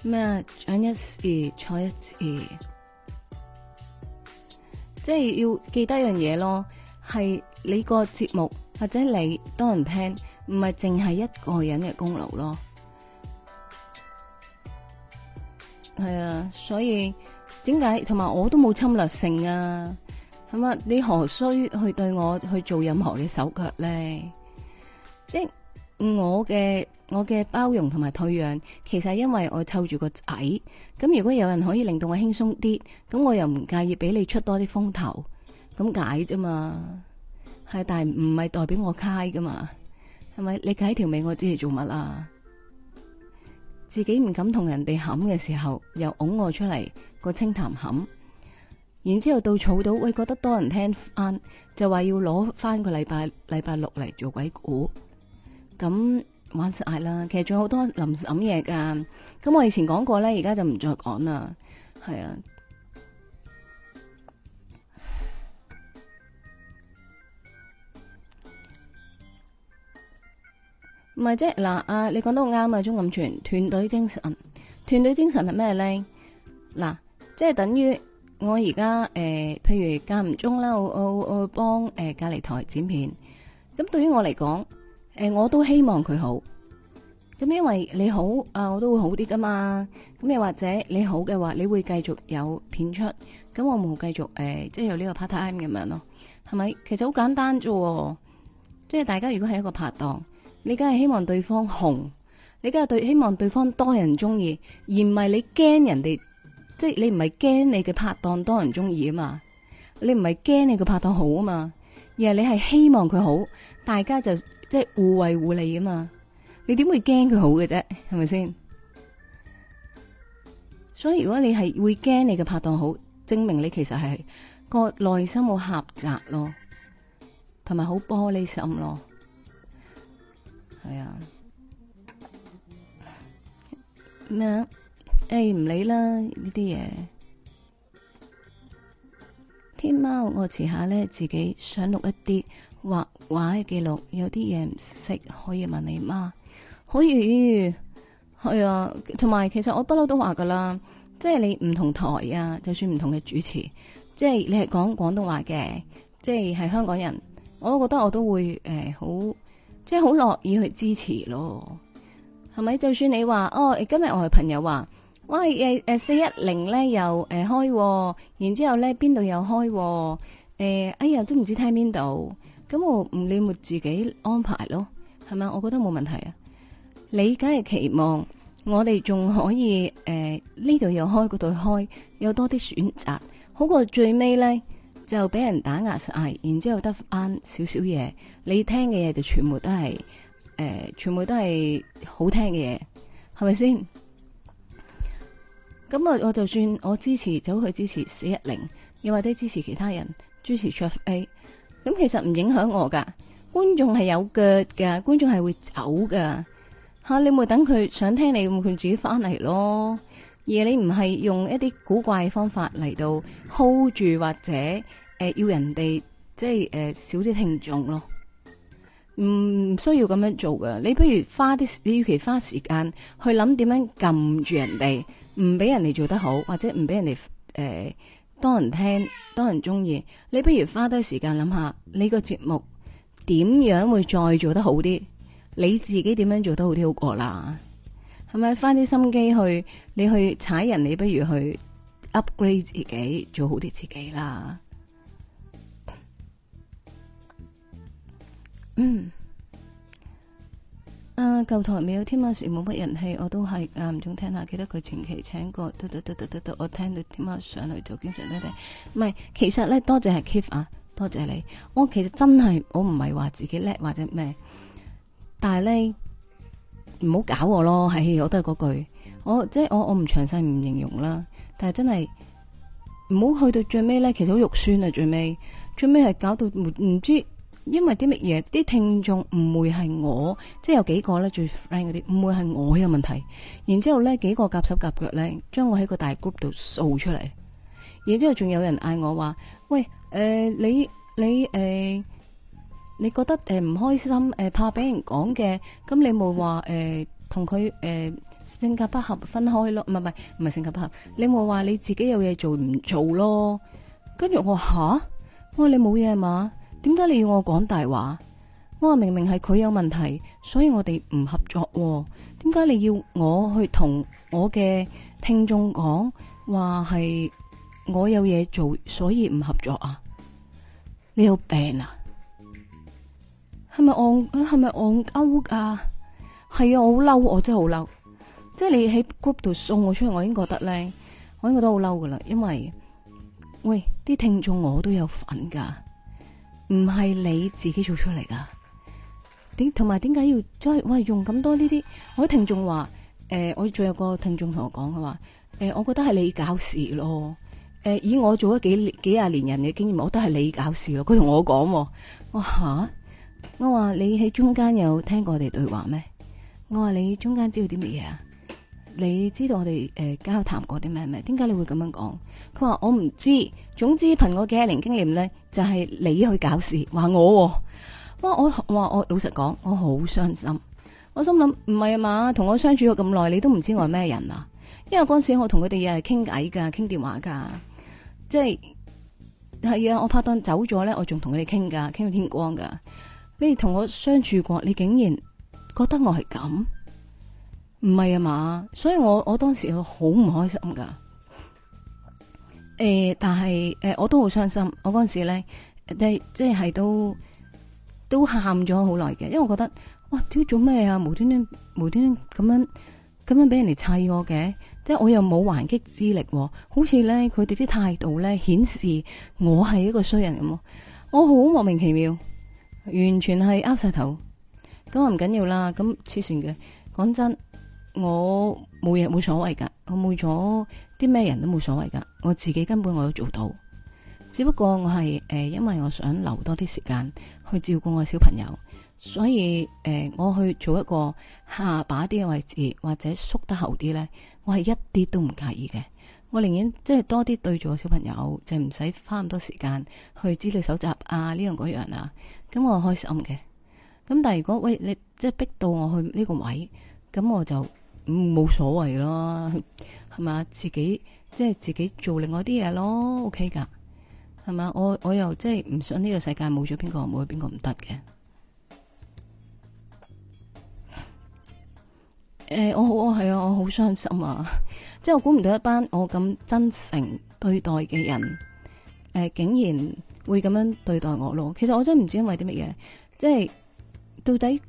咩、這、啊、個？講一次，錯一次，即係要記得一樣嘢咯。係你個節目或者你多人聽，唔係淨係一個人嘅功勞咯。係啊，所以點解同埋我都冇侵略性啊？係咪？你何須去對我去做任何嘅手腳呢？即我嘅我嘅包容同埋退讓，其實是因為我湊住個仔。咁如果有人可以令到我輕鬆啲，咁我又唔介意俾你出多啲風頭。咁解啫嘛，係但係唔係代表我揩噶嘛，係咪？你睇條尾，我知係做乜啊？自己唔敢同人哋冚嘅時候，又拱我出嚟個清談冚，然之後到嘈到，喂，覺得多人聽翻，就話要攞翻個禮拜禮拜六嚟做鬼故，咁玩晒嗌啦。其實仲有好多臨時諗嘢噶，咁我以前講過咧，而家就唔再講啦。係啊。唔係即係嗱，你講得好啱啊！鐘錦全團隊精神，團隊精神係咩咧？嗱、啊，即係等於我而家誒，譬如間唔中啦，我我我幫誒、呃、隔離台剪片，咁對於我嚟講，誒、呃、我都希望佢好。咁因為你好啊，我都會好啲噶嘛。咁你或者你好嘅話，你會繼續有片出，咁我冇繼續誒、呃，即係有呢個 part time 咁樣咯，係咪？其實好簡單啫，即係大家如果係一個拍檔。你梗係希望對方紅，你梗係對希望對方多人中意，而唔係你驚人哋，即係你唔係驚你嘅拍檔多人中意啊嘛，你唔係驚你嘅拍檔好啊嘛，而係你係希望佢好，大家就即係互惠互利啊嘛，你點會驚佢好嘅啫，係咪先？所以如果你係會驚你嘅拍檔好，證明你其實係個內心好狹窄咯，同埋好玻璃心咯。係啊，咩？誒、欸，唔理啦，呢啲嘢。天貓，我遲下呢自己想錄一啲畫畫嘅記錄，有啲嘢唔識可以問你嗎？可以，係啊。同埋其實我不嬲都話噶啦，即係你唔同台啊，就算唔同嘅主持，即係你係講廣東話嘅，即係係香港人，我都覺得我都會誒好。欸即係好樂意去支持咯，係咪？就算你話哦，今日我嘅朋友話，喂，誒，誒，四一零咧又誒開，然之後咧邊度又開，誒、呃，哎呀，都唔知睇邊度，咁我唔理，咪自己安排咯，係咪？我覺得冇問題啊，你梗係期望我哋仲可以誒呢度又開嗰度又開，有多啲選擇，好過最尾咧。就俾人打壓晒，然之後得翻少少嘢。你聽嘅嘢就全部都係誒、呃，全部都係好聽嘅嘢，係咪先？咁啊，我就算我支持，走去支持四一零，又或者支持其他人支持 Truff A，咁其實唔影響我噶。觀眾係有腳噶，觀眾係會走噶。吓、啊，你咪等佢想聽你，佢自己翻嚟咯。而你唔係用一啲古怪的方法嚟到 hold 住或者誒、呃、要人哋即係誒、呃、少啲聽眾咯，唔、嗯、需要咁樣做噶。你不如花啲你與其花時間去諗點樣撳住人哋，唔俾人哋做得好，或者唔俾人哋誒、呃、多人聽、多人中意，你不如花多時間諗下呢個節目點樣會再做得好啲，你自己點樣做得好啲好過啦。係咪翻啲心機去？你去踩人，你不如去 upgrade 自己，做好啲自己啦。嗯，啊舊台廟天喵時冇乜人氣，我都係啊唔中聽下。記得佢前期請過，我聽到天喵、啊、上嚟做 Sir, 噠噠噠，經常都哋，唔係，其實咧，多謝係 Kev 啊，多謝你。我、哦、其實真係我唔係話自己叻或者咩，但係咧。唔好搞我咯，係我都係嗰句，我即係我我唔詳細唔形容啦。但係真係唔好去到最尾咧，其實好肉酸啊！最尾最尾係搞到唔知，因為啲乜嘢，啲聽眾誤會係我，即係有幾個咧最 friend 嗰啲，誤會係我有問題。然之後咧幾個夾手夾腳咧，將我喺個大 group 度掃出嚟。然之後仲有人嗌我話：喂，誒、呃，你你誒。呃你覺得誒唔、呃、開心誒、呃，怕俾人講嘅，咁你咪話誒同佢誒性格不合分開咯。唔係唔係唔係性格不合，你咪話你自己有嘢做唔做咯？跟住我吓，我話你冇嘢嘛？點解你要我講大話？我話明明係佢有問題，所以我哋唔合作，點解你要我去同我嘅聽眾講話係我有嘢做，所以唔合作啊？你有病啊？係咪戇？係咪戇鳩啊？係啊！我好嬲，我真係好嬲。即係你喺 group 度送我出去，我已經覺得咧，我已經覺得好嬲噶啦。因為喂，啲聽眾我都有份噶，唔係你自己做出嚟噶。點同埋點解要即係喂用咁多呢啲？我啲聽眾話誒，我仲有個聽眾同我講佢話誒，我覺得係你搞事咯。誒、呃，以我做咗幾年幾廿年人嘅經驗，我覺得係你搞事咯。佢同我講，我吓。啊我話你喺中間有聽過我哋對話咩？我話你中間知道啲乜嘢啊？你知道我哋誒、呃、交談過啲咩咩？點解你會咁樣講？佢話我唔知，總之憑我幾多年經驗咧，就係、是、你去搞事，話我、啊、我。我我我，我老實講，我好傷心。我心諗唔係啊嘛，同我相處咗咁耐，你都唔知我係咩人啊？因為嗰陣時我同佢哋又係傾偈噶，傾電話噶，即係係啊，我拍檔走咗咧，我仲同佢哋傾噶，傾到天光噶。你同我相處過，你竟然覺得我係咁，唔係啊嘛？所以我我當時好唔開心噶，誒，但係誒，我都好傷心。我嗰陣時咧，即係即係都都喊咗好耐嘅，因為我覺得哇，都做咩啊？無端端，無端端咁樣咁樣俾人哋砌我嘅，即係我又冇還擊之力，好似咧佢哋啲態度咧顯示我係一個衰人咁，我好莫名其妙。完全係拗晒頭，咁我唔緊要啦。咁黐線嘅。講真，我冇嘢冇所謂噶，我冇咗啲咩人都冇所謂噶。我自己根本我都做到，只不過我係誒、呃，因為我想留多啲時間去照顧我小朋友，所以誒、呃，我去做一個下巴啲嘅位置或者縮得厚啲呢。我係一啲都唔介意嘅。我寧願即係多啲對住個小朋友，就唔、是、使花咁多時間去資料搜集啊呢樣嗰樣啊，咁我開心嘅。咁但係如果喂你即係逼到我去呢個位，咁我就冇、嗯、所謂咯，係嘛？自己即係自己做另外啲嘢咯，OK 噶，係嘛？我我又即係唔想呢個世界冇咗邊個，冇邊個唔得嘅。誒、嗯，我好係啊，我好傷心啊！ 即係我估唔到一班我咁真誠對待嘅人，誒、呃，竟然會咁樣對待我咯。其實我真唔知因為啲乜嘢，即係到底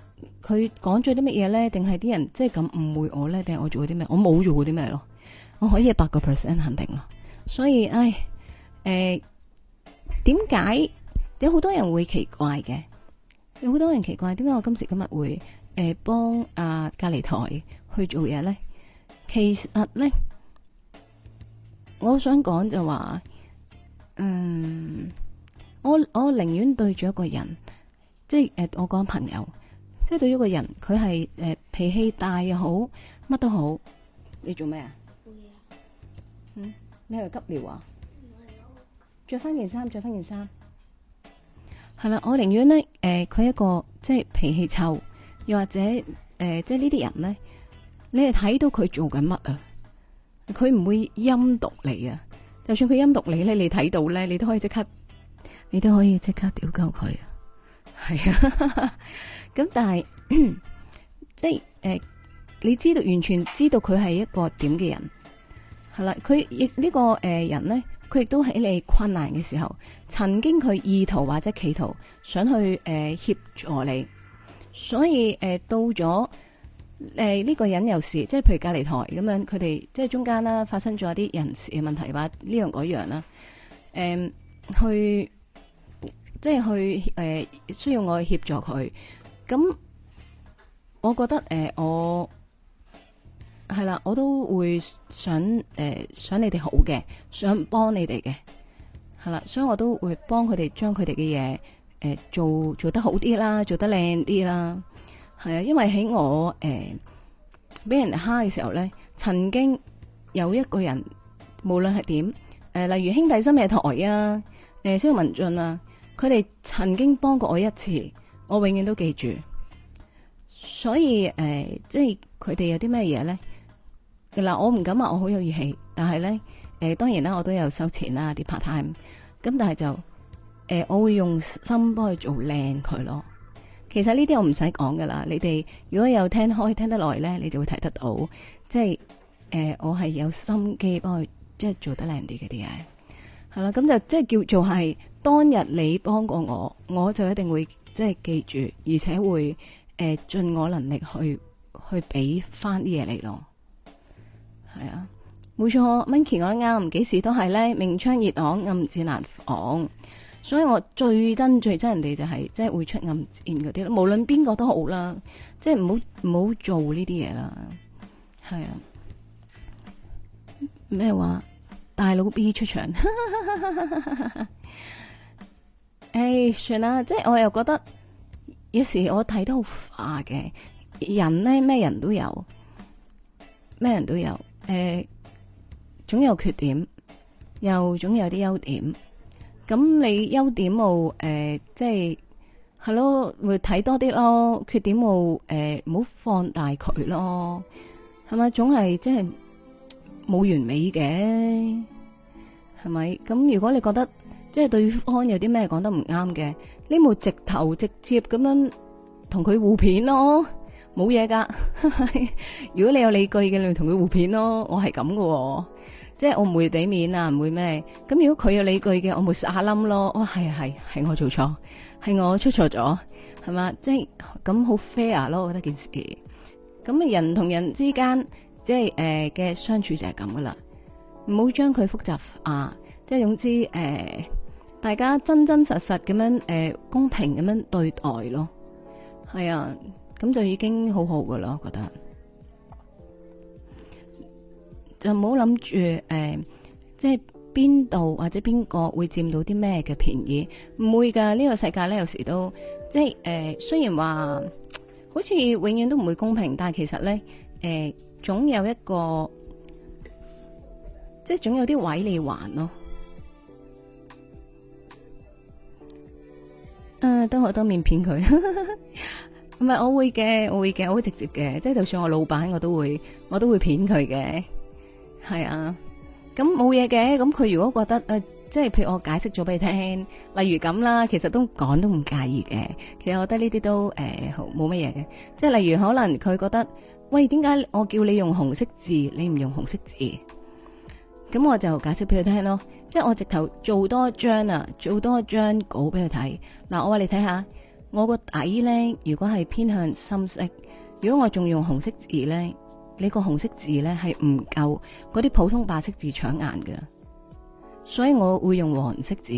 佢講咗啲乜嘢咧？定係啲人即係咁誤會我咧？定係我做咗啲咩？我冇做過啲咩咯？我可以百個 percent 肯定咯。所以，唉，誒、呃，點解有好多人會奇怪嘅？有好多人奇怪，點解我今時今日會？誒，幫、啊、阿隔離台去做嘢咧。其實咧，我想講就話，嗯，我我寧願對住一個人，即係誒、啊，我講朋友，即係對住一個人，佢係誒脾氣大又好，乜都好，你做咩啊？嗯，你係度急尿啊？着翻件衫，着翻件衫。係啦，我寧願咧，誒、啊，佢一個即係脾氣臭。又或者誒、呃，即係呢啲人咧，你係睇到佢做緊乜啊？佢唔會陰毒你啊！就算佢陰毒你咧，你睇到咧，你都可以即刻，你都可以他 是的 即刻屌鳩佢啊！係啊，咁但係即係誒，你知道完全知道佢係一個點嘅人，係啦，佢亦、這個呃、呢個誒人咧，佢亦都喺你困難嘅時候，曾經佢意圖或者企圖想去誒、呃、協助你。所以誒、呃，到咗誒呢個人有時，即係譬如隔籬台咁樣，佢哋即係中間啦，發生咗一啲人事嘅問題嘅話，呢樣嗰樣啦，誒、呃，去即係去誒、呃，需要我去協助佢。咁我覺得誒、呃，我係啦，我都會想誒、呃，想你哋好嘅，想幫你哋嘅，係啦，所以我都會幫佢哋將佢哋嘅嘢，誒，做做得好啲啦，做得靚啲啦，係啊，因為喺我誒俾、呃、人哋蝦嘅時候咧，曾經有一個人，無論係點，誒、呃，例如兄弟深夜台啊，誒、呃，蕭文進啊，佢哋曾經幫過我一次，我永遠都記住。所以誒、呃，即係佢哋有啲咩嘢咧？嗱、呃，我唔敢話我好有義氣，但係咧，誒、呃，當然啦，我都有收錢啦，啲 part time，咁但係就。誒、呃，我會用心幫佢做靚佢咯。其實呢啲我唔使講噶啦，你哋如果有聽開聽得耐咧，你就會睇得到。即係誒、呃，我係有心機幫佢，即係做得靚啲嗰啲嘢。係啦，咁、嗯、就即係叫做係當日你幫過我，我就一定會即係記住，而且會誒盡、呃、我能力去去俾翻啲嘢你咯。係啊，冇錯，Micky 講得啱，幾時都係咧，明槍熱巷暗箭難防。所以我最憎最憎人哋就係、是、即係會出暗箭嗰啲咯，無論邊個都好啦，即係唔好唔好做呢啲嘢啦，係啊。咩話？大佬 B 出場， 哎算啦，即係我又覺得有時我睇得好化嘅人呢，咩人都有，咩人都有，誒、呃，總有缺點，又總有啲優點。咁你優點冇誒，即係係咯，會睇多啲咯。缺點冇誒，唔好放大佢咯。係咪？總係即係冇完美嘅，係咪？咁如果你覺得即係對方有啲咩講得唔啱嘅，你冇直頭直接咁樣同佢互片咯，冇嘢噶。如果你有理據嘅，你同佢互片咯，我係咁噶喎。即係我唔會俾面啊，唔會咩？咁如果佢有理據嘅，我冇殺下冧咯。哦，係啊係，係我做錯，係我出錯咗，係嘛？即係咁好 fair 咯，我覺得件事。咁人同人之間，即係誒嘅相處就係咁噶啦。唔好將佢複雜啊！即係總之誒，大家真真實實咁樣誒，公平咁樣對待咯。係啊，咁就已經好好噶啦，我覺得。就唔好諗住誒，即係邊度或者邊個會佔到啲咩嘅便宜？唔會噶，呢、這個世界咧有時都即係誒、呃，雖然話好似永遠都唔會公平，但係其實咧誒、呃，總有一個即係總有啲位你還咯。誒、啊，當可當面騙佢，唔係我會嘅，我會嘅，我會直接嘅，即係就算我老闆，我都會我都會騙佢嘅。係啊，咁冇嘢嘅。咁佢如果覺得誒、呃，即係譬如我解釋咗俾你聽，例如咁啦，其實都講都唔介意嘅。其實我覺得呢啲都誒好冇乜嘢嘅。即係例如可能佢覺得，喂，點解我叫你用紅色字，你唔用紅色字？咁我就解釋俾佢聽咯，即係我直頭做多一張啊，做多一張稿俾佢睇。嗱，我話你睇下，我個底咧，如果係偏向深色，如果我仲用紅色字咧？你個紅色字咧，係唔夠嗰啲普通白色字搶眼嘅，所以我會用黃色字。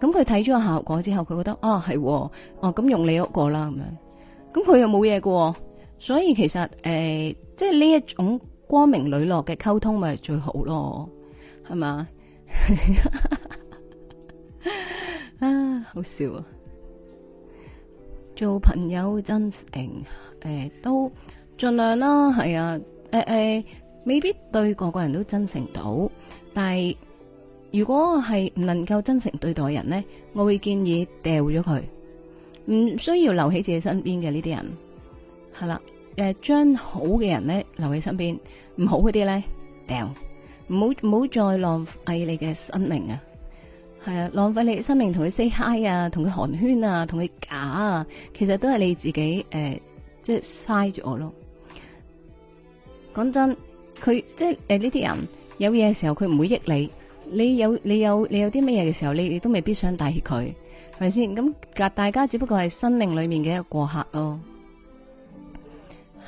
咁佢睇咗個效果之後，佢覺得哦係，哦、啊、咁、啊、用你嗰個啦咁樣。咁佢又冇嘢㗎，所以其實誒、呃，即係呢一種光明磊落嘅溝通，咪最好咯，係嘛？ 啊，好笑啊！做朋友真誠誒、呃，都。盡量啦，係啊，誒誒、啊哎哎，未必對個個人都真誠到，但係如果係唔能夠真誠對待人咧，我會建議丟掉咗佢，唔需要留喺自己身邊嘅呢啲人，係啦、啊，誒將好嘅人咧留喺身邊，唔好嗰啲咧掉，唔好唔好再浪費你嘅生命啊，係啊，浪費你嘅生命同佢 say hi 啊，同佢寒暄啊，同佢假啊，其實都係你自己誒，即係嘥咗我咯。講真，佢即係誒呢啲人有嘢嘅時候，佢唔會益你。你有你有你有啲乜嘢嘅時候，你你都未必想帶挈佢，係咪先？咁大家只不過係生命裏面嘅一個過客咯。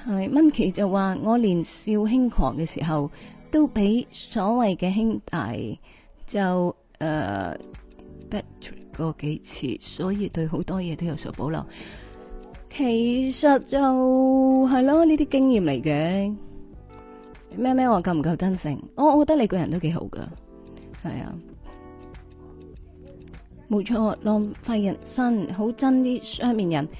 係，蚊奇就話 我年少輕狂嘅時候，都俾所謂嘅兄弟就誒逼、呃、 過幾次，所以對好多嘢都有所保留。其實就係、是、咯，呢啲經驗嚟嘅。咩咩，我夠唔夠真誠？我我覺得你個人都幾好噶。係啊，冇錯，浪費人生好憎啲雙面人。誒、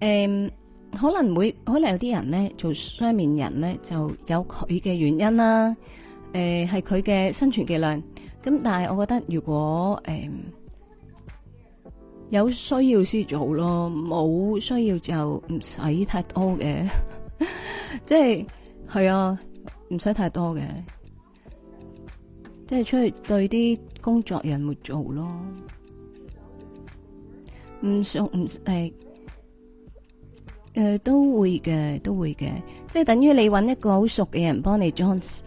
嗯，可能會可能有啲人咧做雙面人咧，就有佢嘅原因啦。誒、嗯，係佢嘅生存技能。咁但係我覺得如果誒、嗯、有需要先做咯，冇需要就唔使太多嘅，即係。係啊。唔使太多嘅，即係出去對啲工作人員冇做咯。唔熟唔誒誒都會嘅，都會嘅。即係等於你揾一個好熟嘅人幫你裝修，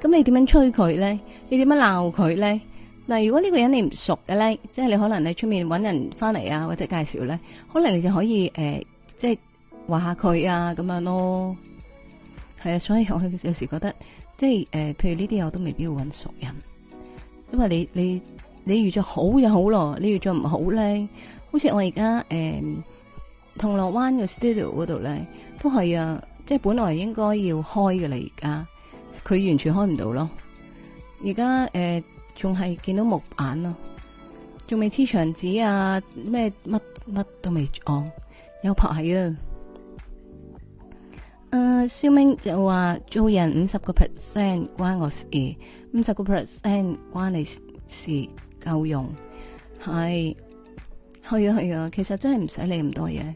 咁你點樣吹佢咧？你點樣鬧佢咧？嗱，如果呢個人你唔熟嘅咧，即係你可能你出面揾人翻嚟啊，或者介紹咧，可能你就可以誒，即係話下佢啊，咁樣咯。係、嗯、啊，所以我有有時覺得，即係誒、呃，譬如呢啲我都未必要揾熟人，因為你你你遇著好就好咯，你遇咗唔好咧，好似我而家誒，銅鑼灣嘅 studio 嗰度咧，都係啊，即係本來應該要開嘅啦，而家佢完全開唔到咯，而家誒仲係見到木板咯，仲未黐牆紙啊，咩乜乜都未裝，有排啊！誒，肖明就話做人五十個 percent 關我事，五十個 percent 關你事夠用，係，係啊係啊，其實真係唔使理咁多嘢，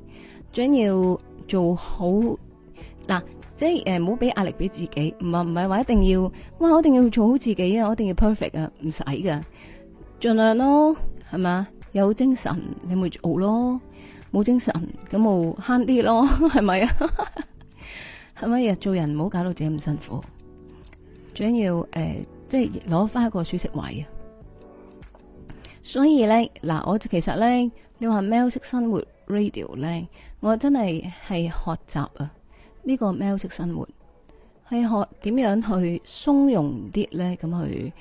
只要做好，嗱，即係誒，唔好俾壓力俾自己，唔係唔係話一定要，哇，我一定要做好自己啊，我一定要 perfect 啊，唔使㗎，盡量咯，係嘛，有精神你咪做咯，冇精神咁冇慳啲咯，係咪啊？係咪啊？做人唔好搞到自己咁辛苦，最緊要誒、呃，即係攞翻一個舒適位啊。所以咧，嗱，我其實咧，你話喵式生活 radio 咧，我真係係學習啊。呢、這個喵式生活係學點樣去鬆容啲咧，咁去誒、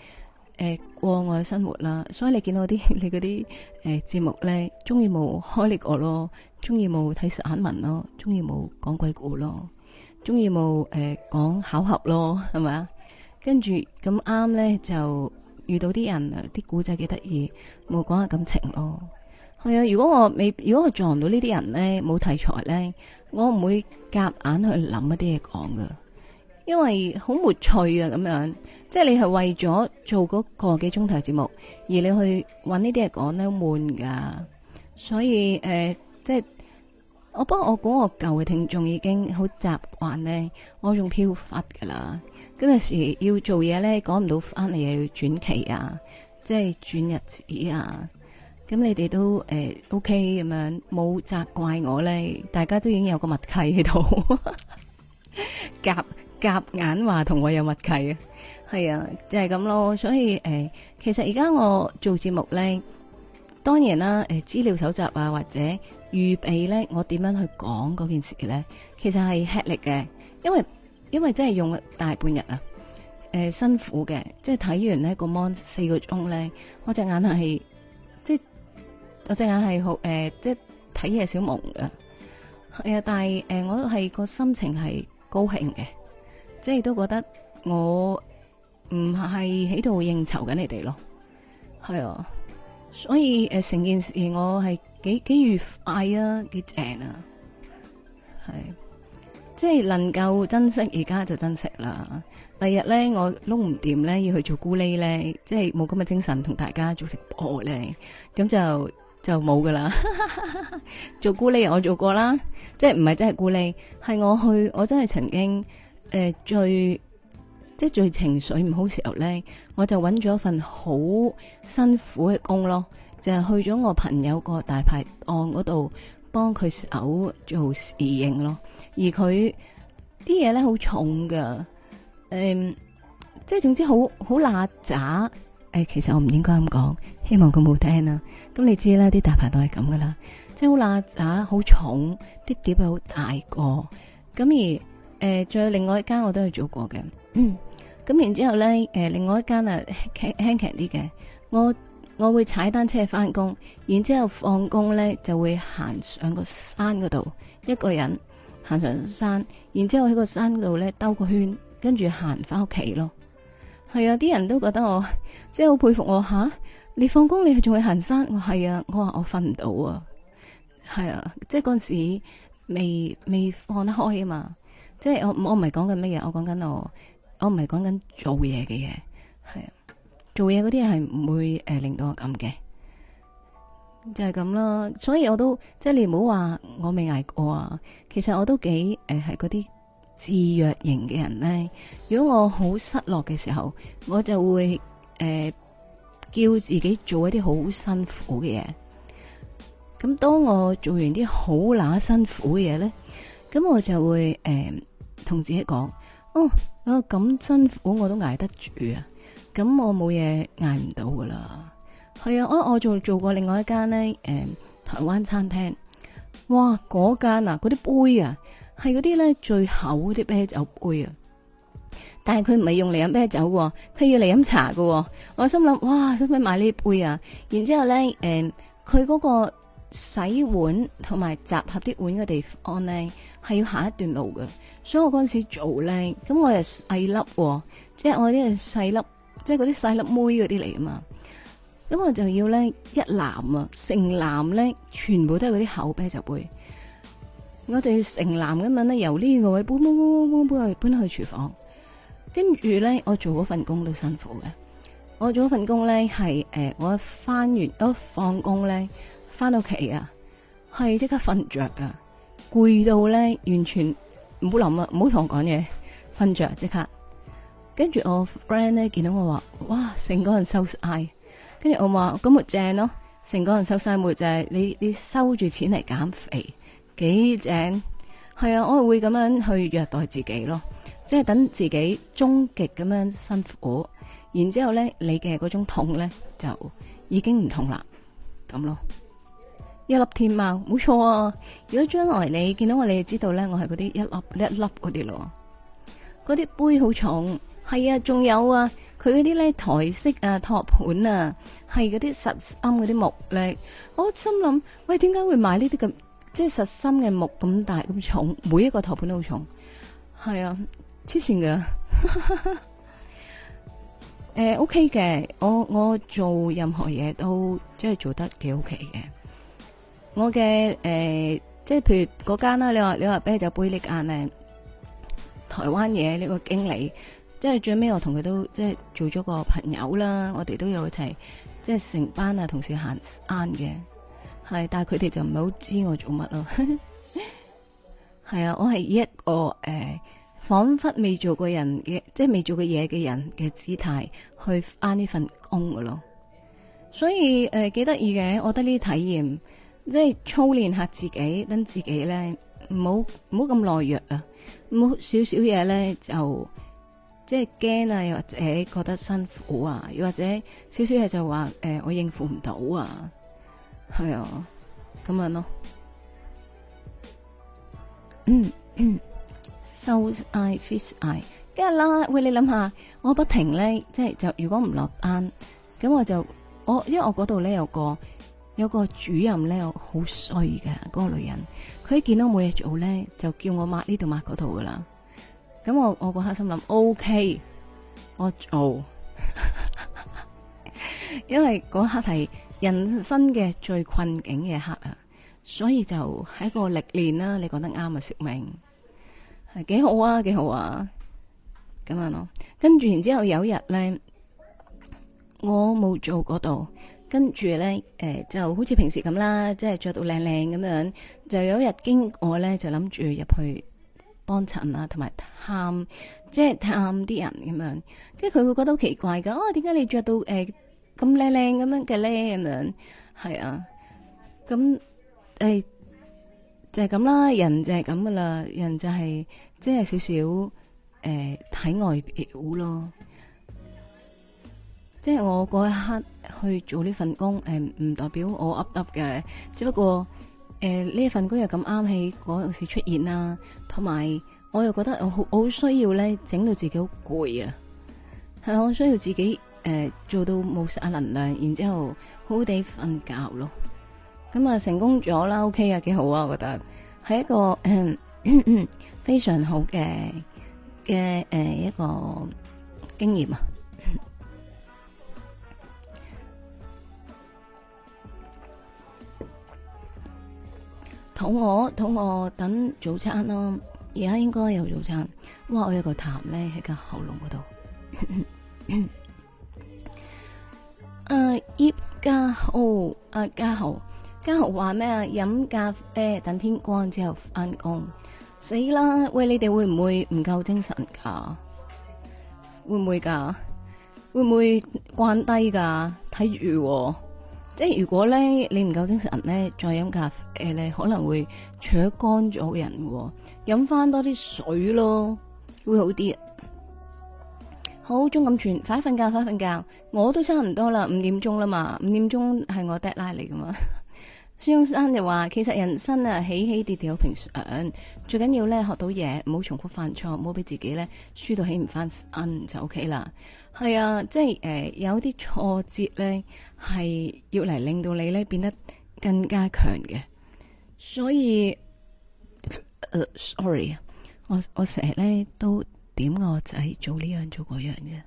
呃、過我嘅生活啦。所以你見到啲你嗰啲誒節目咧，中意冇開力樂咯，中意冇睇散文咯，中意冇講鬼故咯。中意冇誒講巧合咯，係咪？跟住咁啱呢，就遇到啲人，啲古仔幾得意，冇講下感情咯。係啊，如果我未如果我撞唔到呢啲人呢，冇題材呢，我唔會夾硬去諗一啲嘢講噶，因為好沒趣啊咁樣。即係你係為咗做嗰個幾個鐘頭節目，而你去揾呢啲嘢講好悶噶。所以誒、呃，即係。不過我不幫我估我舊嘅聽眾已經好習慣咧，我仲飄忽噶啦，咁有時要做嘢咧，趕唔到翻嚟，又要轉期啊，即係轉日子啊，咁你哋都誒 OK 咁樣，冇責怪我咧，大家都已經有個默契喺度，夾 夾硬話同我有默契啊，係啊，就係、是、咁咯，所以誒、欸，其實而家我做節目咧，當然啦，誒、欸、資料搜集啊或者。預備咧，我點樣去講嗰件事咧？其實係吃力嘅，因為因為真係用咗大半日啊，誒、呃、辛苦嘅，即係睇完呢個 mon 四個鐘咧，我隻眼係即係我隻眼係好誒，即係睇嘢少蒙噶，係啊，但係誒、呃、我都係個心情係高興嘅，即係都覺得我唔係喺度應酬緊你哋咯，係啊，所以誒呃、成件事我係。幾幾愉快啊，幾正啊，係，即係能夠珍惜，而家就珍惜啦。第日咧，我撈唔掂咧，要去做咕喱咧，即係冇咁嘅精神同大家做食播咧，咁就就冇噶啦。 做咕喱我做過啦，即係唔係真係咕喱，係我去，我真係曾經誒、呃、最即係最情緒唔好時候咧，我就揾咗份好辛苦嘅工咯。就係去咗我朋友個大排檔嗰度幫佢手做侍應咯而他，而佢啲嘢咧好重噶，誒、嗯，即係總之好好邋遢。誒、哎，其實我唔應該咁講，希望佢冇聽、啊、啦。咁你知啦，啲大排檔係咁噶啦，即係好邋遢，好重，啲碟又好大個。咁而誒，仲、呃、有另外一間我都係做過嘅。咁、嗯、然之後咧，誒、呃，另外一間啊，輕輕鬆啲嘅，我。我會踩單車翻工，然之後放工呢就會行上個山嗰度，一個人行上山，然之後喺個山嗰度呢兜個圈，跟住行翻屋企咯。係啊，啲人都覺得我即係好佩服我吓、啊。你放工你仲會行山？我係啊，我話我瞓唔到啊，係啊，即係嗰陣時未未放得開啊嘛。即係我我唔係講緊乜嘢，我講緊我我唔係講緊做嘢嘅嘢，係啊。做嘢嗰啲係唔會誒、呃、令到我咁嘅，就係咁啦。所以我都即係你唔好話我未挨過啊。其實我都幾誒係嗰啲自虐型嘅人咧。如果我好失落嘅時候，我就會誒、呃、叫自己做一啲好辛苦嘅嘢。咁當我做完啲好乸辛苦嘅嘢咧，咁我就會誒同、呃、自己講：哦，咁、呃、辛苦我都挨得住啊！咁我冇嘢捱唔到噶啦，係啊，我我仲做過另外一間咧，誒、嗯，台灣餐廳，哇，嗰間啊，嗰啲杯啊，係嗰啲咧最厚嗰啲啤酒杯啊，但係佢唔係用嚟飲啤酒嘅，佢要嚟飲茶嘅，啊，我心諗哇，使唔使買呢杯啊？然之後咧，誒、嗯，佢嗰個洗碗同埋集合啲碗嘅地方咧，係要行一段路嘅，所以我嗰陣時做咧，咁我又細粒，啊，即係我啲係細粒。即係嗰啲細粒妹嗰啲嚟啊嘛，咁我就要咧一男啊，成男咧全部都係嗰啲口啤酒杯，我就要成男咁樣咧，由呢個位搬搬搬搬搬去搬廚房，跟住咧我做嗰份工都辛苦嘅，我做嗰份工咧係誒我翻完一放工咧，翻到屋企啊係即刻瞓着噶，攰到咧完全唔好諗啊，唔好同我講嘢，瞓着即刻。跟住我 friend 咧見到我話，哇，成個人收晒。跟住我話，咁咪正咯，成個人收晒，咪就係、是、你你收住錢嚟減肥，幾正？係啊，我係會咁樣去虐待自己咯，即係等自己終極咁樣辛苦，然之後咧你嘅嗰種痛咧就已經唔痛啦，咁咯。一粒天喵，冇錯、啊。如果將來你見到我，你就知道咧，我係嗰啲一粒一粒嗰啲咯。嗰啲杯好重。係啊，仲有啊，佢嗰啲咧，台式啊托盤啊，係嗰啲實心嗰啲木咧。我心諗，喂，點解會買呢啲咁即係實心嘅木咁大咁重？每一個托盤都好重。係啊，黐線嘅。誒，OK 嘅，我我做任何嘢都即係做得幾 OK 嘅。我嘅誒、呃，即係譬如嗰間啦，你話你話啤酒杯力啊，台灣嘢呢個經理。即係最尾我同佢都即係做咗個朋友啦。我哋都有一齊，即係成班啊同事行啱嘅係，但係佢哋就唔係好知我做乜咯。係 啊，我係以一個誒，仿、呃、佛未做過人嘅，即係未做過嘢嘅人嘅姿態去啱呢份工噶咯。所以誒，幾得意嘅，我覺得呢啲體驗即係操練下自己，等自己咧，唔好咁懦弱啊，冇少少嘢咧就。即係驚啊，又或者覺得辛苦啊，又或者少少嘢就話誒、呃，我應付唔到啊，係啊，咁樣咯。嗯嗯，so I fix I，梗係啦，喂，你諗下，我不停咧，即係就如果唔落單，咁我就我因為我嗰度咧有個有個主任咧，又好衰嘅嗰、嗰個女人，佢見到我冇嘢做咧，就叫我抹呢度抹嗰度噶啦。咁我我嗰刻心諗，O K，我做， 因為嗰刻係人生嘅最困境嘅刻啊，所以就係個歷練啦。你講得啱啊，食明係幾好啊，幾好啊。咁樣囉。跟住然之後有一日咧，我冇做嗰度，跟住咧，誒、呃、就好似平時咁啦，即係着到靚靚咁樣，就有一日經過咧，就諗住入去。幫襯啊，同埋探，即係探啲人咁樣，跟住佢會覺得好奇怪噶，哦，點解你着到誒咁靚靚咁樣嘅呢咁樣？係、呃、啊，咁誒、呃、就係、是、咁啦，人就係咁噶啦，人就係、是、即係少少誒、呃、睇外表咯。即係我嗰一刻去做呢份工，誒、呃、唔代表我噏噏嘅，只不過。誒、呃，呢一份工又咁啱喺嗰陣時出現啦，同埋我又覺得我好需要咧，整到自己好攰啊，係我需要自己誒、呃、做到冇晒能量，然之後好好地瞓覺咯。咁、嗯、啊，成功咗啦，OK 啊，幾好啊，我覺得係一個、嗯、誒非常好嘅嘅誒一個經驗啊。肚餓，肚餓，等早餐咯。而家應該有早餐。哇，我有個痰咧喺個喉嚨嗰度。誒，葉、 啊、家豪，阿家豪，家豪話咩啊？飲咖啡，等天光之後返工。死啦！喂，你哋會唔會唔夠精神噶？會唔會噶？會唔會關低噶？睇住。即係如果咧你唔夠精神咧，再飲咖啡咧、呃，可能會灼乾咗人嘅。飲翻多啲水咯，會好啲啊！好鐘咁轉，快瞓覺，快瞓覺，我都差唔多啦，五點鐘啦嘛，五點鐘係我 deadline 嚟噶嘛。孫中山就話：其實人生啊，起起跌跌好平常，最緊要咧學到嘢，唔好重複犯錯，唔好俾自己咧輸到起唔翻身就 OK 啦。係啊，即係誒、呃，有啲挫折咧係要嚟令到你咧變得更加強嘅。所以、呃，sorry 啊，我我成日咧都點我仔做呢樣做嗰樣嘅，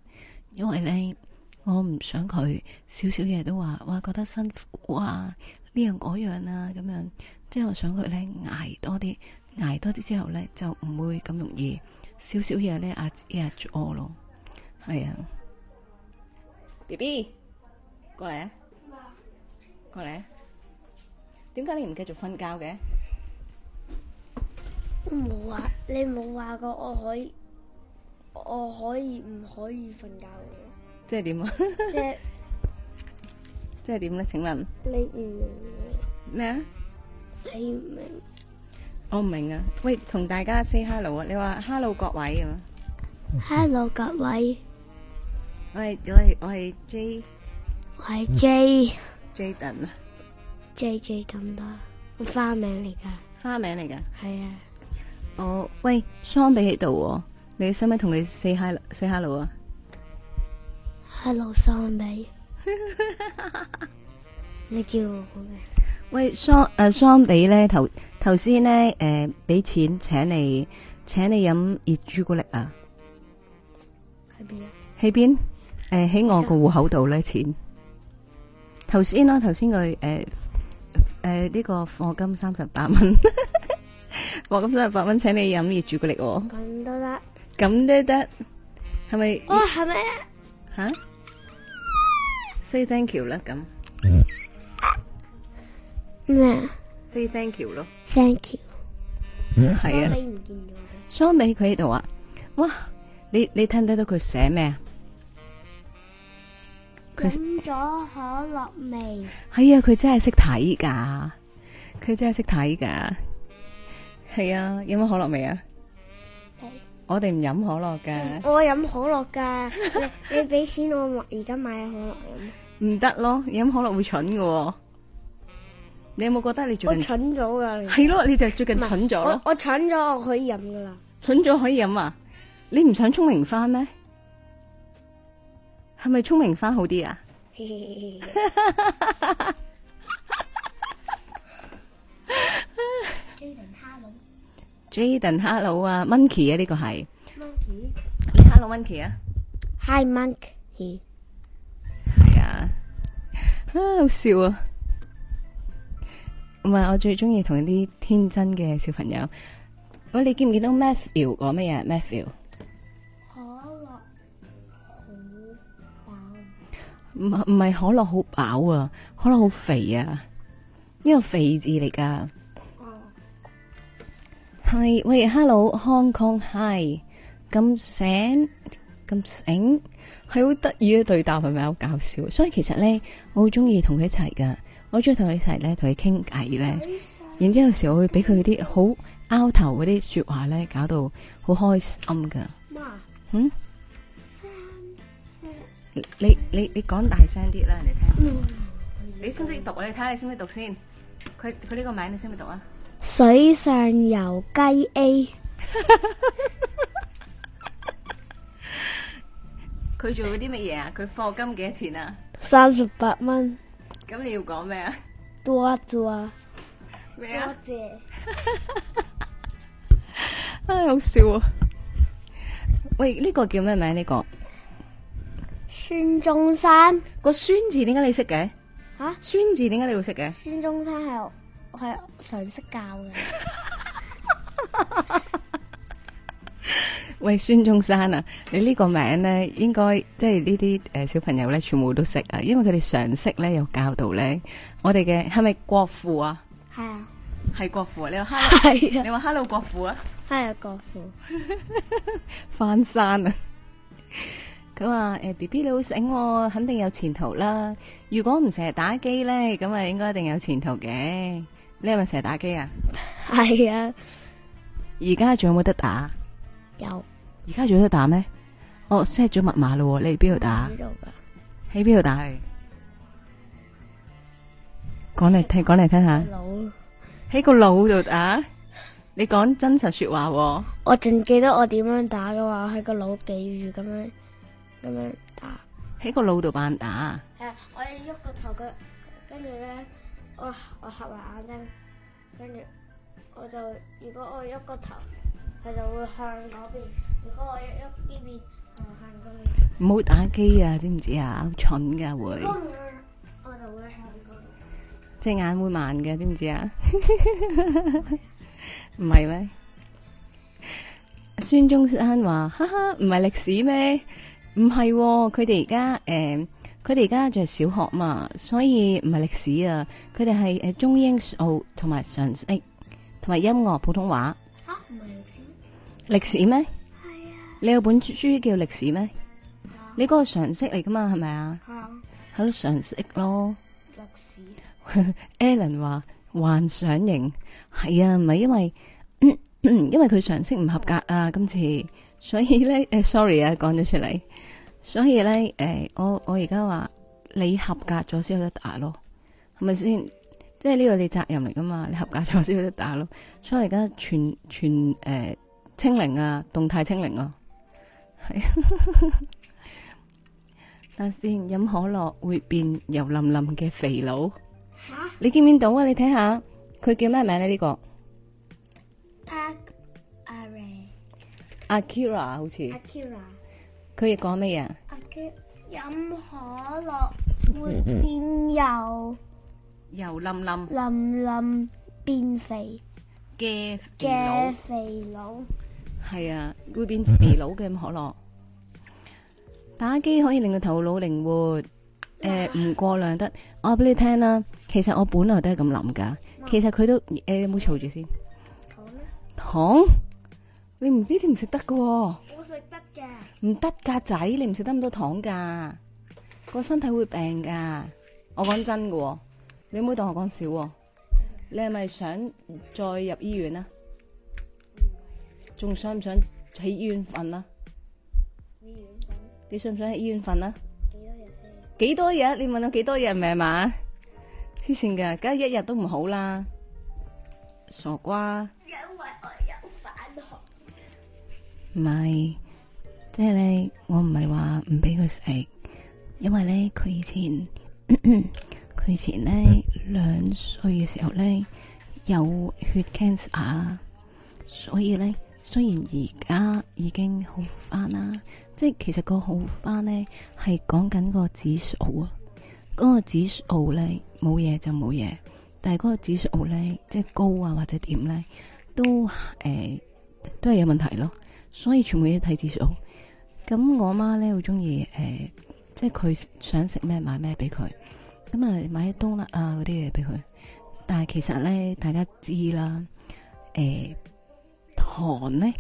因為咧我唔想佢少少嘢都話哇覺得辛苦啊。呢樣嗰樣啊，咁樣，之後我想佢咧挨多啲，挨多啲之後咧就唔會咁容易，少少嘢咧啊壓住我囉，係啊。B B，過嚟，過嚟，點解你唔繼續瞓覺嘅？我冇話，你冇話過我可以，我可以唔可以瞓覺嘅？即係點啊？即係 即係點咧？請問你唔明咩啊？你唔明？我唔明啊！喂，同大家 say hello 啊！你話 hello 各位咁啊？Hello 各位。我係我係我係 J。係 J。Jaden 啊？J J 等啦，我花名嚟噶。花名嚟噶？係啊。我喂，雙比喺度，你使唔使同佢 say hello？say hello 啊？Hello 雙比。你叫我講咩。喂，桑誒，桑比咧，頭頭先咧，誒，俾錢請你，請你飲熱朱古力啊。喺邊？喺邊？誒，喺我個戶口度咧，錢。頭先咯，頭先佢誒誒呢個貨金三十八蚊，貨金三十八蚊，請你飲熱朱古力，咁都得，咁都得，係咪？哇，係咪？吓？Say thank you 啦，咁咩？Say thank you 咯，thank you。係啊，雙美唔見咗。雙美佢喺度啊，哇！你你聽唔聽到佢寫咩啊？佢飲咗可樂味。係啊，佢真係識睇㗎，佢真係識睇㗎。係啊，有冇可樂味啊？我哋唔飲可樂嘅。嗯，我飲可樂嘅， 你俾錢我而家買可樂飲。唔得咯，飲可樂會蠢嘅。你有冇覺得你最近我蠢咗噶？係咯，你就最近蠢咗咯。我蠢咗，我可以飲噶啦。蠢咗可以飲啊？你唔想聰明翻咩？係咪聰明翻好啲啊？ Jaden，hello 啊，Monkey 啊，呢、呢個係 Monkey，hello Monkey 啊，Hi Monkey，係、哎、啊，好笑啊，唔係我最中意同一啲天真嘅小朋友。喂，你見唔見到 Matthew 講咩嘢？Matthew，可樂好飽，唔唔係可樂好飽啊，可樂好肥啊，呢個肥字嚟㗎。係喂，Hello，Hong Kong，Hi，咁醒咁醒，係好得意嘅對答，係咪好搞笑？所以其實咧，我好中意同佢一齊噶，我中意同佢一齊咧，同佢傾偈咧，然之後有時我會俾佢嗰啲好拗頭嗰啲說話咧，搞到好開心噶、嗯。嗯，你你你講大聲啲啦，你聽。你識唔識讀？你睇下你識唔識讀先。佢佢呢個名你識唔識讀啊？水上游雞 A，佢做嗰啲乜嘢啊？佢課金幾多錢啊？三十八蚊。咁你要講咩啊？多啊，多啊。咩啊？多謝。唉，好笑啊！喂，呢個叫咩名？呢個孫中山。個孫字點解你識嘅？吓？孫字點解你會識嘅？孫中山係我。係常識教嘅。喂，孫中山啊，你呢個名咧，應該即係呢啲誒小朋友咧，全部都識啊，因為佢哋常識咧有教導咧。我哋嘅係咪國父啊？係啊，係國父。你話哈？係啊。你話 hello 國父啊？係啊，國父。翻山啊！佢話，誒，B B 你好醒，肯定有前途啦。如果唔成日打機咧，咁啊，應該一定有前途嘅。你係咪成日打機啊？係啊！而家仲有冇得打？有。而家仲有得打咩？哦，我 set 咗密碼咯。你邊度打？喺邊度打？講嚟聽，講嚟聽下。腦喺個腦度打。你講真實說話。我仲記得我點樣打嘅話，喺個腦記住，咁樣，咁樣打。喺個腦度扮打。係啊，我要喐個頭腳，跟住咧。我我合埋眼睛，跟住我就如果我喐個頭，佢就會向嗰邊；如果我喐喐呢邊，就向嗰邊。唔好打機啊，知唔知啊？好蠢噶會，我就會向嗰度。隻眼會慢嘅，知唔知啊？唔係咩？孫中山話：，哈哈，唔係歷史咩？唔係，佢哋而家誒。佢哋而家就係小學嘛，所以唔係歷史啊，佢哋係誒中英數同埋常識同埋音樂普通話，吓，唔係歷史歷史咩？係、啊、你有本書叫歷史咩？啊？你嗰個常識嚟噶嘛係咪啊？係啊，常識咯。歷史。 Alan 話幻想型係啊，唔係因為 因為佢常識唔合格啊，啊今次所以咧誒、啊，sorry 啊，講咗出嚟。所以咧，誒、欸，我我而家話你合格咗先有得打咯，係咪先？即係呢個你責任嚟噶嘛？你合格咗先有得打咯。所以我而家全全誒、欸，清零啊，動態清零啊。係，睇下先。飲可樂會變油淋淋嘅肥佬。吓？你見唔見到啊？你睇下，佢叫咩名呢、啊？呢、這個。Akira、啊啊。Akira 好似。Akira 佢要講咩嘢？阿基飲可樂會變油，油淋淋，淋淋變肥嘅肥佬，係啊，會變肥佬嘅咁可樂。打機可以令到頭腦靈活，誒，唔過量得。我話俾你聽啦，其實我本來都係咁諗噶，其實佢都誒，你唔好嘈住先。好嘞，糖，你唔知點唔食得噶？我食得嘅，唔得噶仔，你唔食得咁多糖噶，個身體會病噶。我講真噶，你唔好當我講笑。你係咪想再入醫院啊？仲想唔想喺醫院瞓啊？醫院瞓？你想唔想喺醫院瞓啊？幾多日先？幾多日？你問到幾多日咪係嘛？黐線噶，梗係一日都唔好啦，傻瓜。咪即係咧，我唔係話唔俾佢食，因為咧佢以前佢咳咳以前咧兩歲嘅時候咧有血 cancer，所以咧雖然而家已經好翻啦，即係其實個好翻咧係講緊個指數啊，嗰個指數咧冇嘢就冇嘢，但係嗰個指數咧即係高啊或者點咧都誒、欸、都係有問題咯。所以全部一睇字數，咁我媽咧好中意誒，即係佢想食咩買咩俾佢，咁啊買一東立啊嗰啲嘢俾佢。但係其實咧，大家知啦，誒、呃、糖咧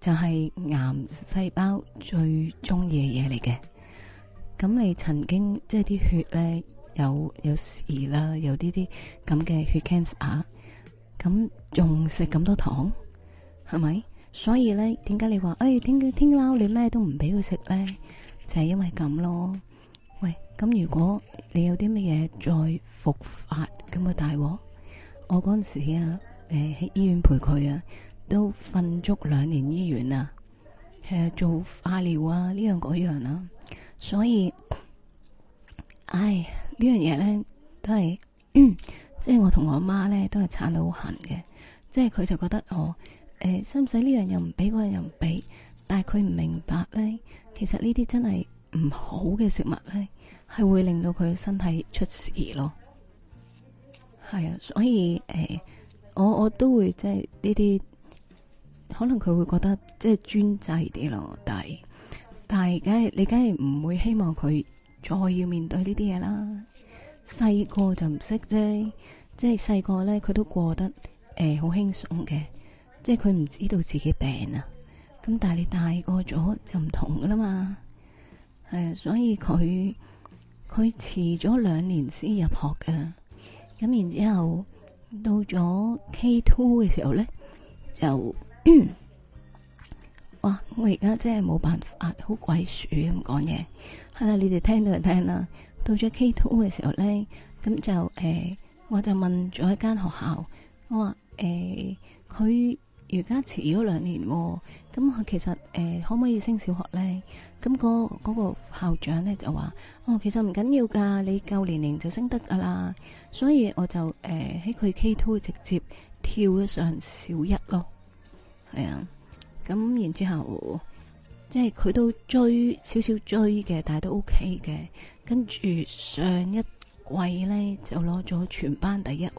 就係、是、癌細胞最中意嘅嘢嚟嘅。咁你曾經即係啲血咧有有事啦，有呢啲咁嘅血 cancer，咁仲食咁多糖，係咪？所以咧，點解你話誒，哎、天喵你咩都唔俾佢食咧？就係、是、因為咁咯。喂，咁如果你有啲乜嘢再復發咁嘅大鑊，我嗰陣時啊，誒、呃、喺醫院陪佢啊，都瞓足兩年醫院啊，其、呃、做化療啊呢樣嗰樣啊，所以，唉、這個、呢樣嘢咧都係，即 係、就是、我同我媽咧都係撐到好痕嘅，即係佢就覺得我。誒、呃，使唔使呢樣又唔俾嗰樣又唔俾？但係佢唔明白呢，其實呢啲真係唔好嘅食物呢，係會令到佢身體出事咯。係啊，所以誒、呃，我我都會即係呢啲，可能佢會覺得即係專制啲咯。但係但係，梗係你梗係唔會希望佢再要面對呢啲嘢啦。細個就唔識啫，即係細個呢，佢都過得誒好輕鬆嘅。呃即係佢唔知道自己病啊，咁但係你大個咗就唔同噶啦嘛，係啊，所以佢佢遲咗兩年先入學噶，咁然之後到咗 K two 嘅時候咧，就 哇我而家真係冇辦法，好鬼鼠咁講嘢，係啦，你哋聽到就聽啦。到咗 K two 嘅時候咧，咁就誒、欸，我就問咗一間學校，我話誒佢。欸而家遲咗兩年，咁其實誒、呃、可唔可以升小學呢？咁、那個嗰、那個校長咧就話：哦，其實唔緊要噶，你夠年齡就升得噶啦。所以我就誒喺佢 K2 直接跳咗上小一咯。係啊，咁然之後即係佢都追少少追嘅，但係都 OK 嘅。跟住上一季呢，就攞咗全班第一，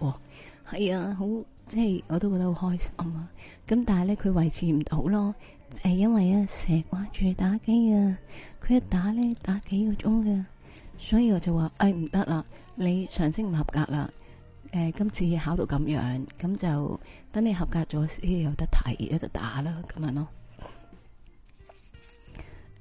係啊好。即係我都覺得好開心啊！咁但係咧，佢維持唔到咯，係因為啊，成日掛住打機啊，佢一打咧打幾個鐘㗎，所以我就話：哎唔得啦，你常識唔合格啦，誒、呃、今次考到咁樣，咁就等你合格咗先有得睇，一就打啦，咁樣咯。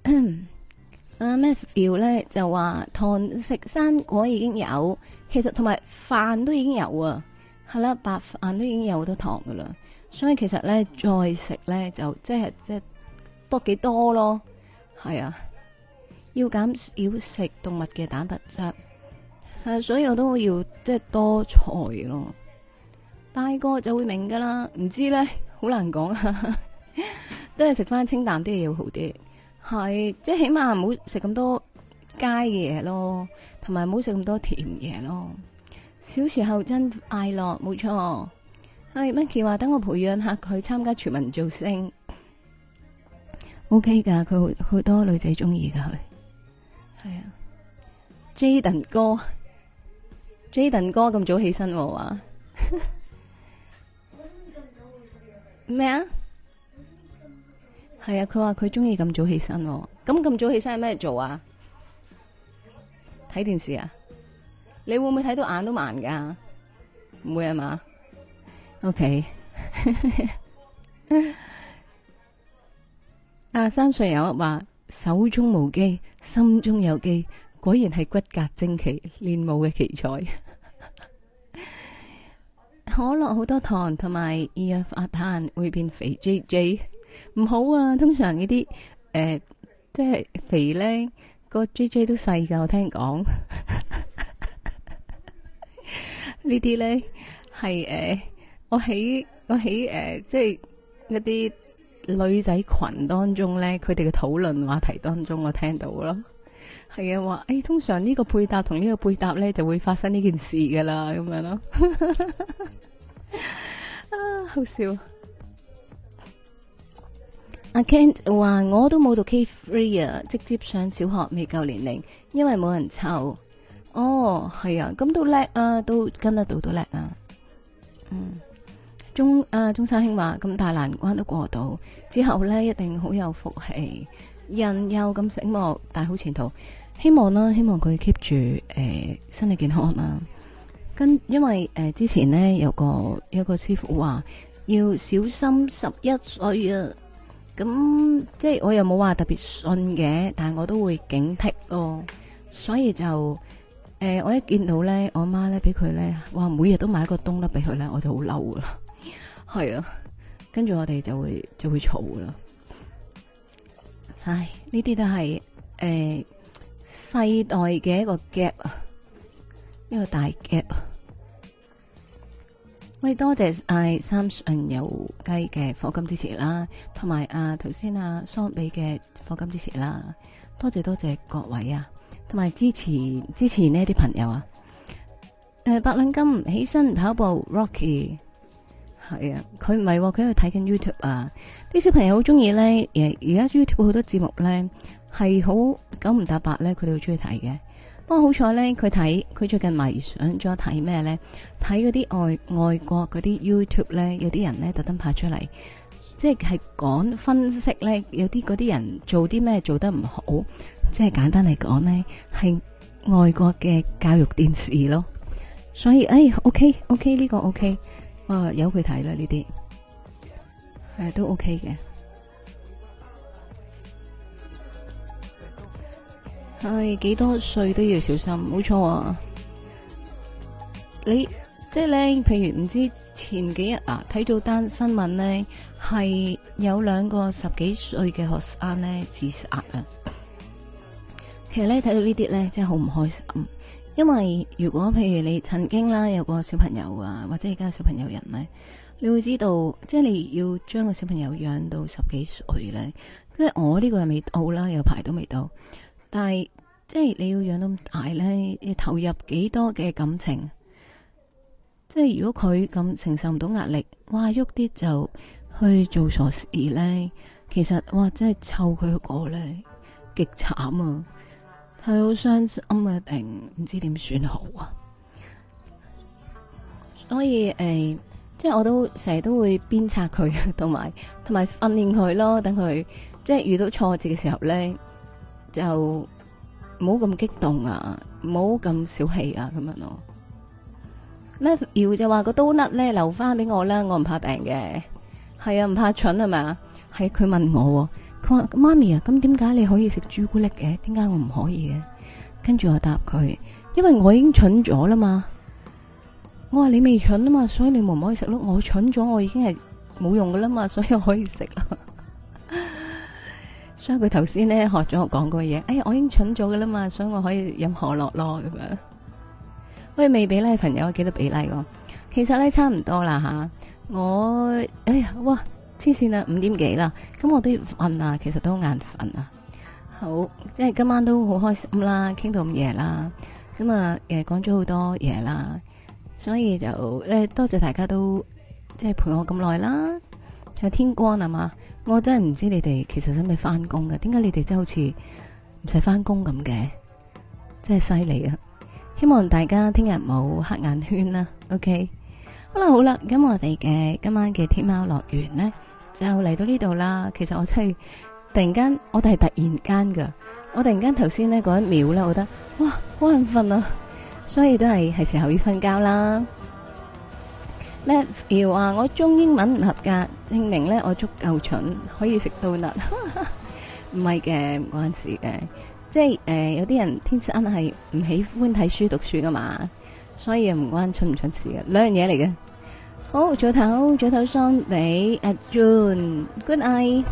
啊咩 feel 咧？就話糖食生果已經有，其實同埋飯都已經有啊！係啦，白飯都已經有好多糖㗎啦，所以其實咧再食咧就即係即係多幾多咯，係啊，要減少食動物嘅蛋白質，啊，所以我都要即係、就是、多菜咯。大個就會明㗎啦，唔知咧好難講、啊， 都係食翻清淡啲嘢、就是、要好啲。係，即係起碼唔好食咁多街嘅嘢咯，同埋唔好食咁多甜嘢咯。小時候真快樂，冇錯。係 Micky 話，等我培養下佢參加全民造星。O K 噶，佢、okay、好多女仔中意噶佢。係啊，Jaden 哥，Jaden 哥咁早起身喎。話咩啊？係 啊，佢話佢中意咁早起身、啊。咁咁早起身係咩做啊？睇電視啊？你會唔會睇到眼都盲噶？唔會吖嘛？OK。啊，三歲有一話，手中無機，心中有機，果然係骨骼精奇，練武嘅奇才。可樂好多糖同埋二氧化碳會變肥 JJ，唔好啊！通常呢啲誒，即係肥咧，個 JJ 都細噶，我聽講。這些呢啲咧係誒，我喺我喺誒、呃，即係一啲女仔群當中咧，佢哋嘅討論話題當中，我聽到咯，係啊話，誒、哎、通常呢個配搭同呢個配搭咧，就會發生呢件事噶啦，咁樣咯， 啊好笑！阿 Ken 話我都冇讀 K3 啊，直接上小學未夠年齡，因為冇人湊。哦，係啊，咁都叻啊，都跟得到都叻啊，嗯，鍾啊，鍾生兄話咁大難關都過到，之後呢，一定好有福氣，人又咁醒目，大好前途，希望啦，希望佢 keep 住誒身體健康啦。跟因為誒、呃、之前呢，有個一個師傅話要小心十一歲啊，咁、嗯、即係我又冇話特別信嘅，但我都會警惕咯、哦，所以就。誒，我一見到咧，我媽咧俾佢咧，哇，每日都買一個冬粒俾佢咧，我就好嬲噶啦，係 啊，跟住我哋就會就會吵噶啦。唉，呢啲都係誒、呃、世代嘅一個 gap 啊，一個大 gap 啊。喂，多謝誒三上有雞嘅課金支持啦，同埋啊頭先阿桑比嘅課金支持啦，多謝多謝各位啊！同埋支持支持呢啲朋友啊！誒、呃，白領金起身跑步，Rocky 係啊，佢唔係佢喺度睇緊 YouTube 啊！啲小朋友好中意咧，而家 YouTube 好多節目咧係好九唔搭八咧，佢哋好中意睇嘅。不過好彩咧，佢睇佢最近迷上咗睇咩咧？睇嗰啲外外國嗰啲 YouTube 咧，有啲人咧特登拍出嚟，即係講分析咧，有啲嗰啲人做啲咩做得唔好。即係簡單嚟講呢係外國嘅教育電視咯。所以，誒、哎、，OK，OK OK, OK, 呢個 OK，誒，有佢睇啦呢啲，係、啊、都 OK 嘅。係、哎、幾多歲都要小心，冇錯、啊。你即係咧，譬如唔知前幾日啊睇咗單新聞呢係有兩個十幾歲嘅學生呢自殺啊。其實咧睇到呢啲咧，真係好唔開心。因為如果譬如你曾經啦有個小朋友啊，或者而家小朋友人咧，你會知道，即係你要將個小朋友養到十幾歲咧。即係我呢個又未到啦，有排都未到。但係即係你要養到咁大咧，你投入幾多嘅感情？即係如果佢咁承受唔到壓力，哇喐啲就去做傻事咧。其實哇，真係湊佢過咧，極慘啊！佢好傷心啊，定唔知點算好啊？所以誒、欸，即係我都成日都會鞭策佢，同埋同埋訓練佢咯。等佢即係遇到挫折嘅時候咧，就唔好咁激動啊，唔好咁小氣啊，咁樣咯。咩？姚就話個刀甩咧留翻俾我啦，我唔怕病嘅。係啊，唔怕蠢係嘛？係佢、啊、問我。佢話媽咪啊，咁點解你可以食朱古力嘅？點解我唔可以嘅？跟住我答佢，因為我已經蠢咗啦嘛。我話你未蠢啊嘛，所以你唔可以食咯。我蠢咗，我已經係冇用噶啦嘛、， 哎、嘛，所以我可以食咯。所以佢頭先咧學咗我講過嘢，哎呀，我已經蠢咗噶啦嘛，所以我可以飲可樂咯咁樣。喂，未俾禮朋友，幾多俾例我？其實咧差唔多啦吓、啊。我哎呀，哇！黐線啊，五點幾啦，咁我都要瞓啦，其實都好眼瞓啊。好，即係今晚都好開心啦，傾到咁夜啦，咁啊，誒，講咗好多嘢啦，所以就誒，多謝大家都即係陪我咁耐啦。就天光啊嘛，我真係唔知你哋其實使唔使翻工嘅？點解你哋真係好似唔使翻工咁嘅，真係犀利啊！希望大家聽日冇黑眼圈啦，OK。好啦，好啦，咁我哋嘅今晚嘅天喵樂，樂園呢，就嚟到呢度啦。其實我真、就、係、是、突然間，我哋係突然間噶。我突然間頭先呢嗰一秒呢，我覺得哇，好眼瞓啊，所以都係係時候要瞓覺啦。咩話啊！我中英文唔合格，證明呢我足夠蠢，可以食到辣。唔 係嘅，唔關事嘅。即係誒、呃，有啲人天生係唔喜歡睇書讀書噶嘛。所以唔關出唔出事嘅，兩樣嘢嚟嘅。好，早唞早唞送畀阿 June，good eye。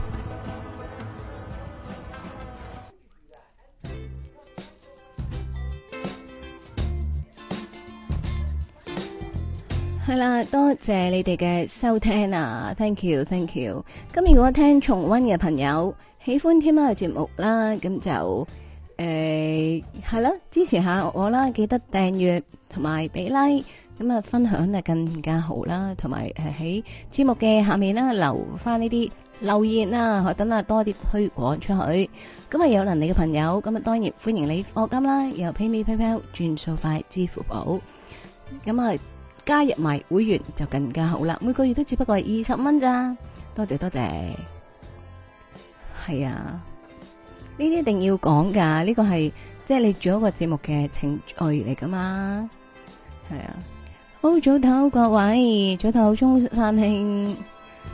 係啦，多謝你哋嘅收聽啊！Thank you，Thank you。咁如果聽重溫嘅朋友，喜歡天喵嘅節目啦，咁就。誒，係啦，支持下我啦，記得訂閱同埋俾 like，咁啊分享啊更加好啦，同埋係喺節目嘅下面啦留翻呢啲留言啊，等啊多啲推廣出去。咁啊有能力嘅朋友，咁啊當然歡迎你課金啦，由 PayMe PayPal 轉數快支付寶，咁啊加入埋會員就更加好啦，每個月都只不過係二十蚊咋，多謝多謝，係啊。呢啲一定要講噶，呢個係即係你做一個節目嘅情緒嚟噶嘛，係啊。好、哦、早唞，各位早唞中散慶，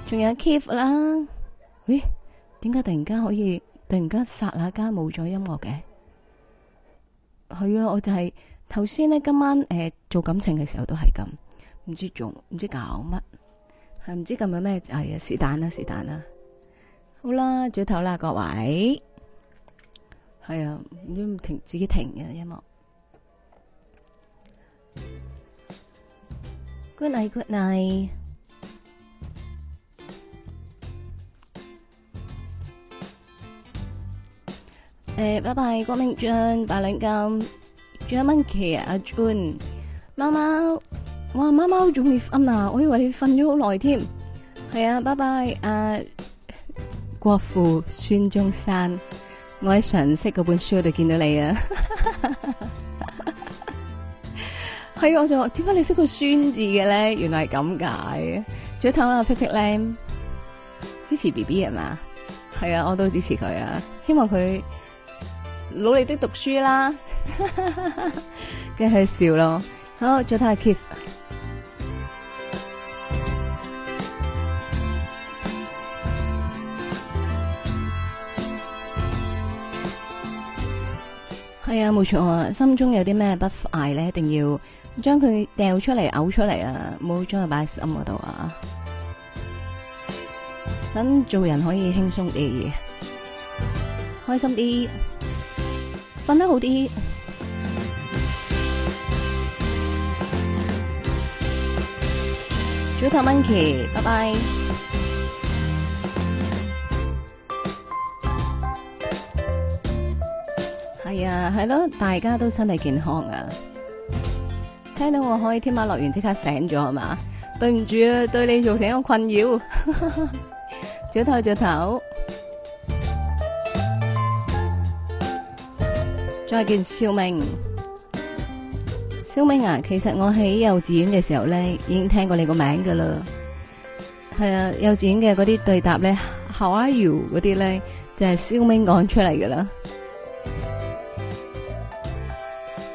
仲有 Keep 啦。咦、哎？點解突然間可以突然間剎那間冇咗音樂嘅？係啊，我就係頭先呢，今晚誒、呃、做感情嘅時候都係咁，唔知做唔知搞乜，係唔知咁嘅咩？係啊，是但啦，是但啦。好啦、啊，早唞啦，各位。係啊，咁都唔停自己停嘅音樂。Good night，good night。誒，拜拜，郭明俊、白領金、仲有 monkey、阿 Jun，貓貓，哇，貓貓仲未瞓啊，我以為你瞓咗好耐添。係啊，拜拜，阿國父孫中山。我喺常識嗰本書度見到你啊， 係我仲，點解你識個孫字嘅咧？原來係咁解嘅。再睇下 Twitter 皮皮靚，支持 B B 係嘛？係啊，我都支持佢啊！希望佢努力的讀書啦，繼續笑咯。好，再睇下 Keith。係、哎、啊，冇錯啊！心中有啲咩不快咧，一定要將佢掉出嚟，嘔出嚟啊！唔好將佢擺喺心嗰度啊！等做人可以輕鬆啲，開心啲，瞓得好啲。早抖 monkey，拜拜。係、哎、啊，係咯，大家都身體健康啊！聽到我可以天喵樂園即刻醒咗係嘛？對唔住啊，對你造成一個困擾。早唞早唞，再見，肖明。肖明啊，其實我喺幼稚園嘅時候咧，已經聽過你個名噶啦。係啊，幼稚園嘅嗰啲對答咧，How are you 嗰啲咧，就係、是、肖明講出嚟噶啦。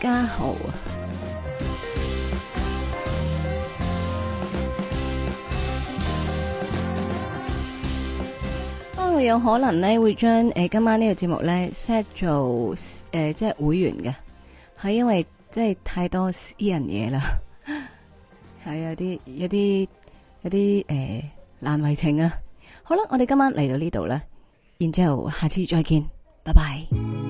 家豪，啊，都會有可能咧，會將誒今晚呢個節目咧 set 做誒即係會員嘅，係因為即係太多私人嘢啦，係有啲有啲有啲誒、欸、難為情啊！好啦，我哋今晚嚟到呢度啦，然之後下次再見，拜拜。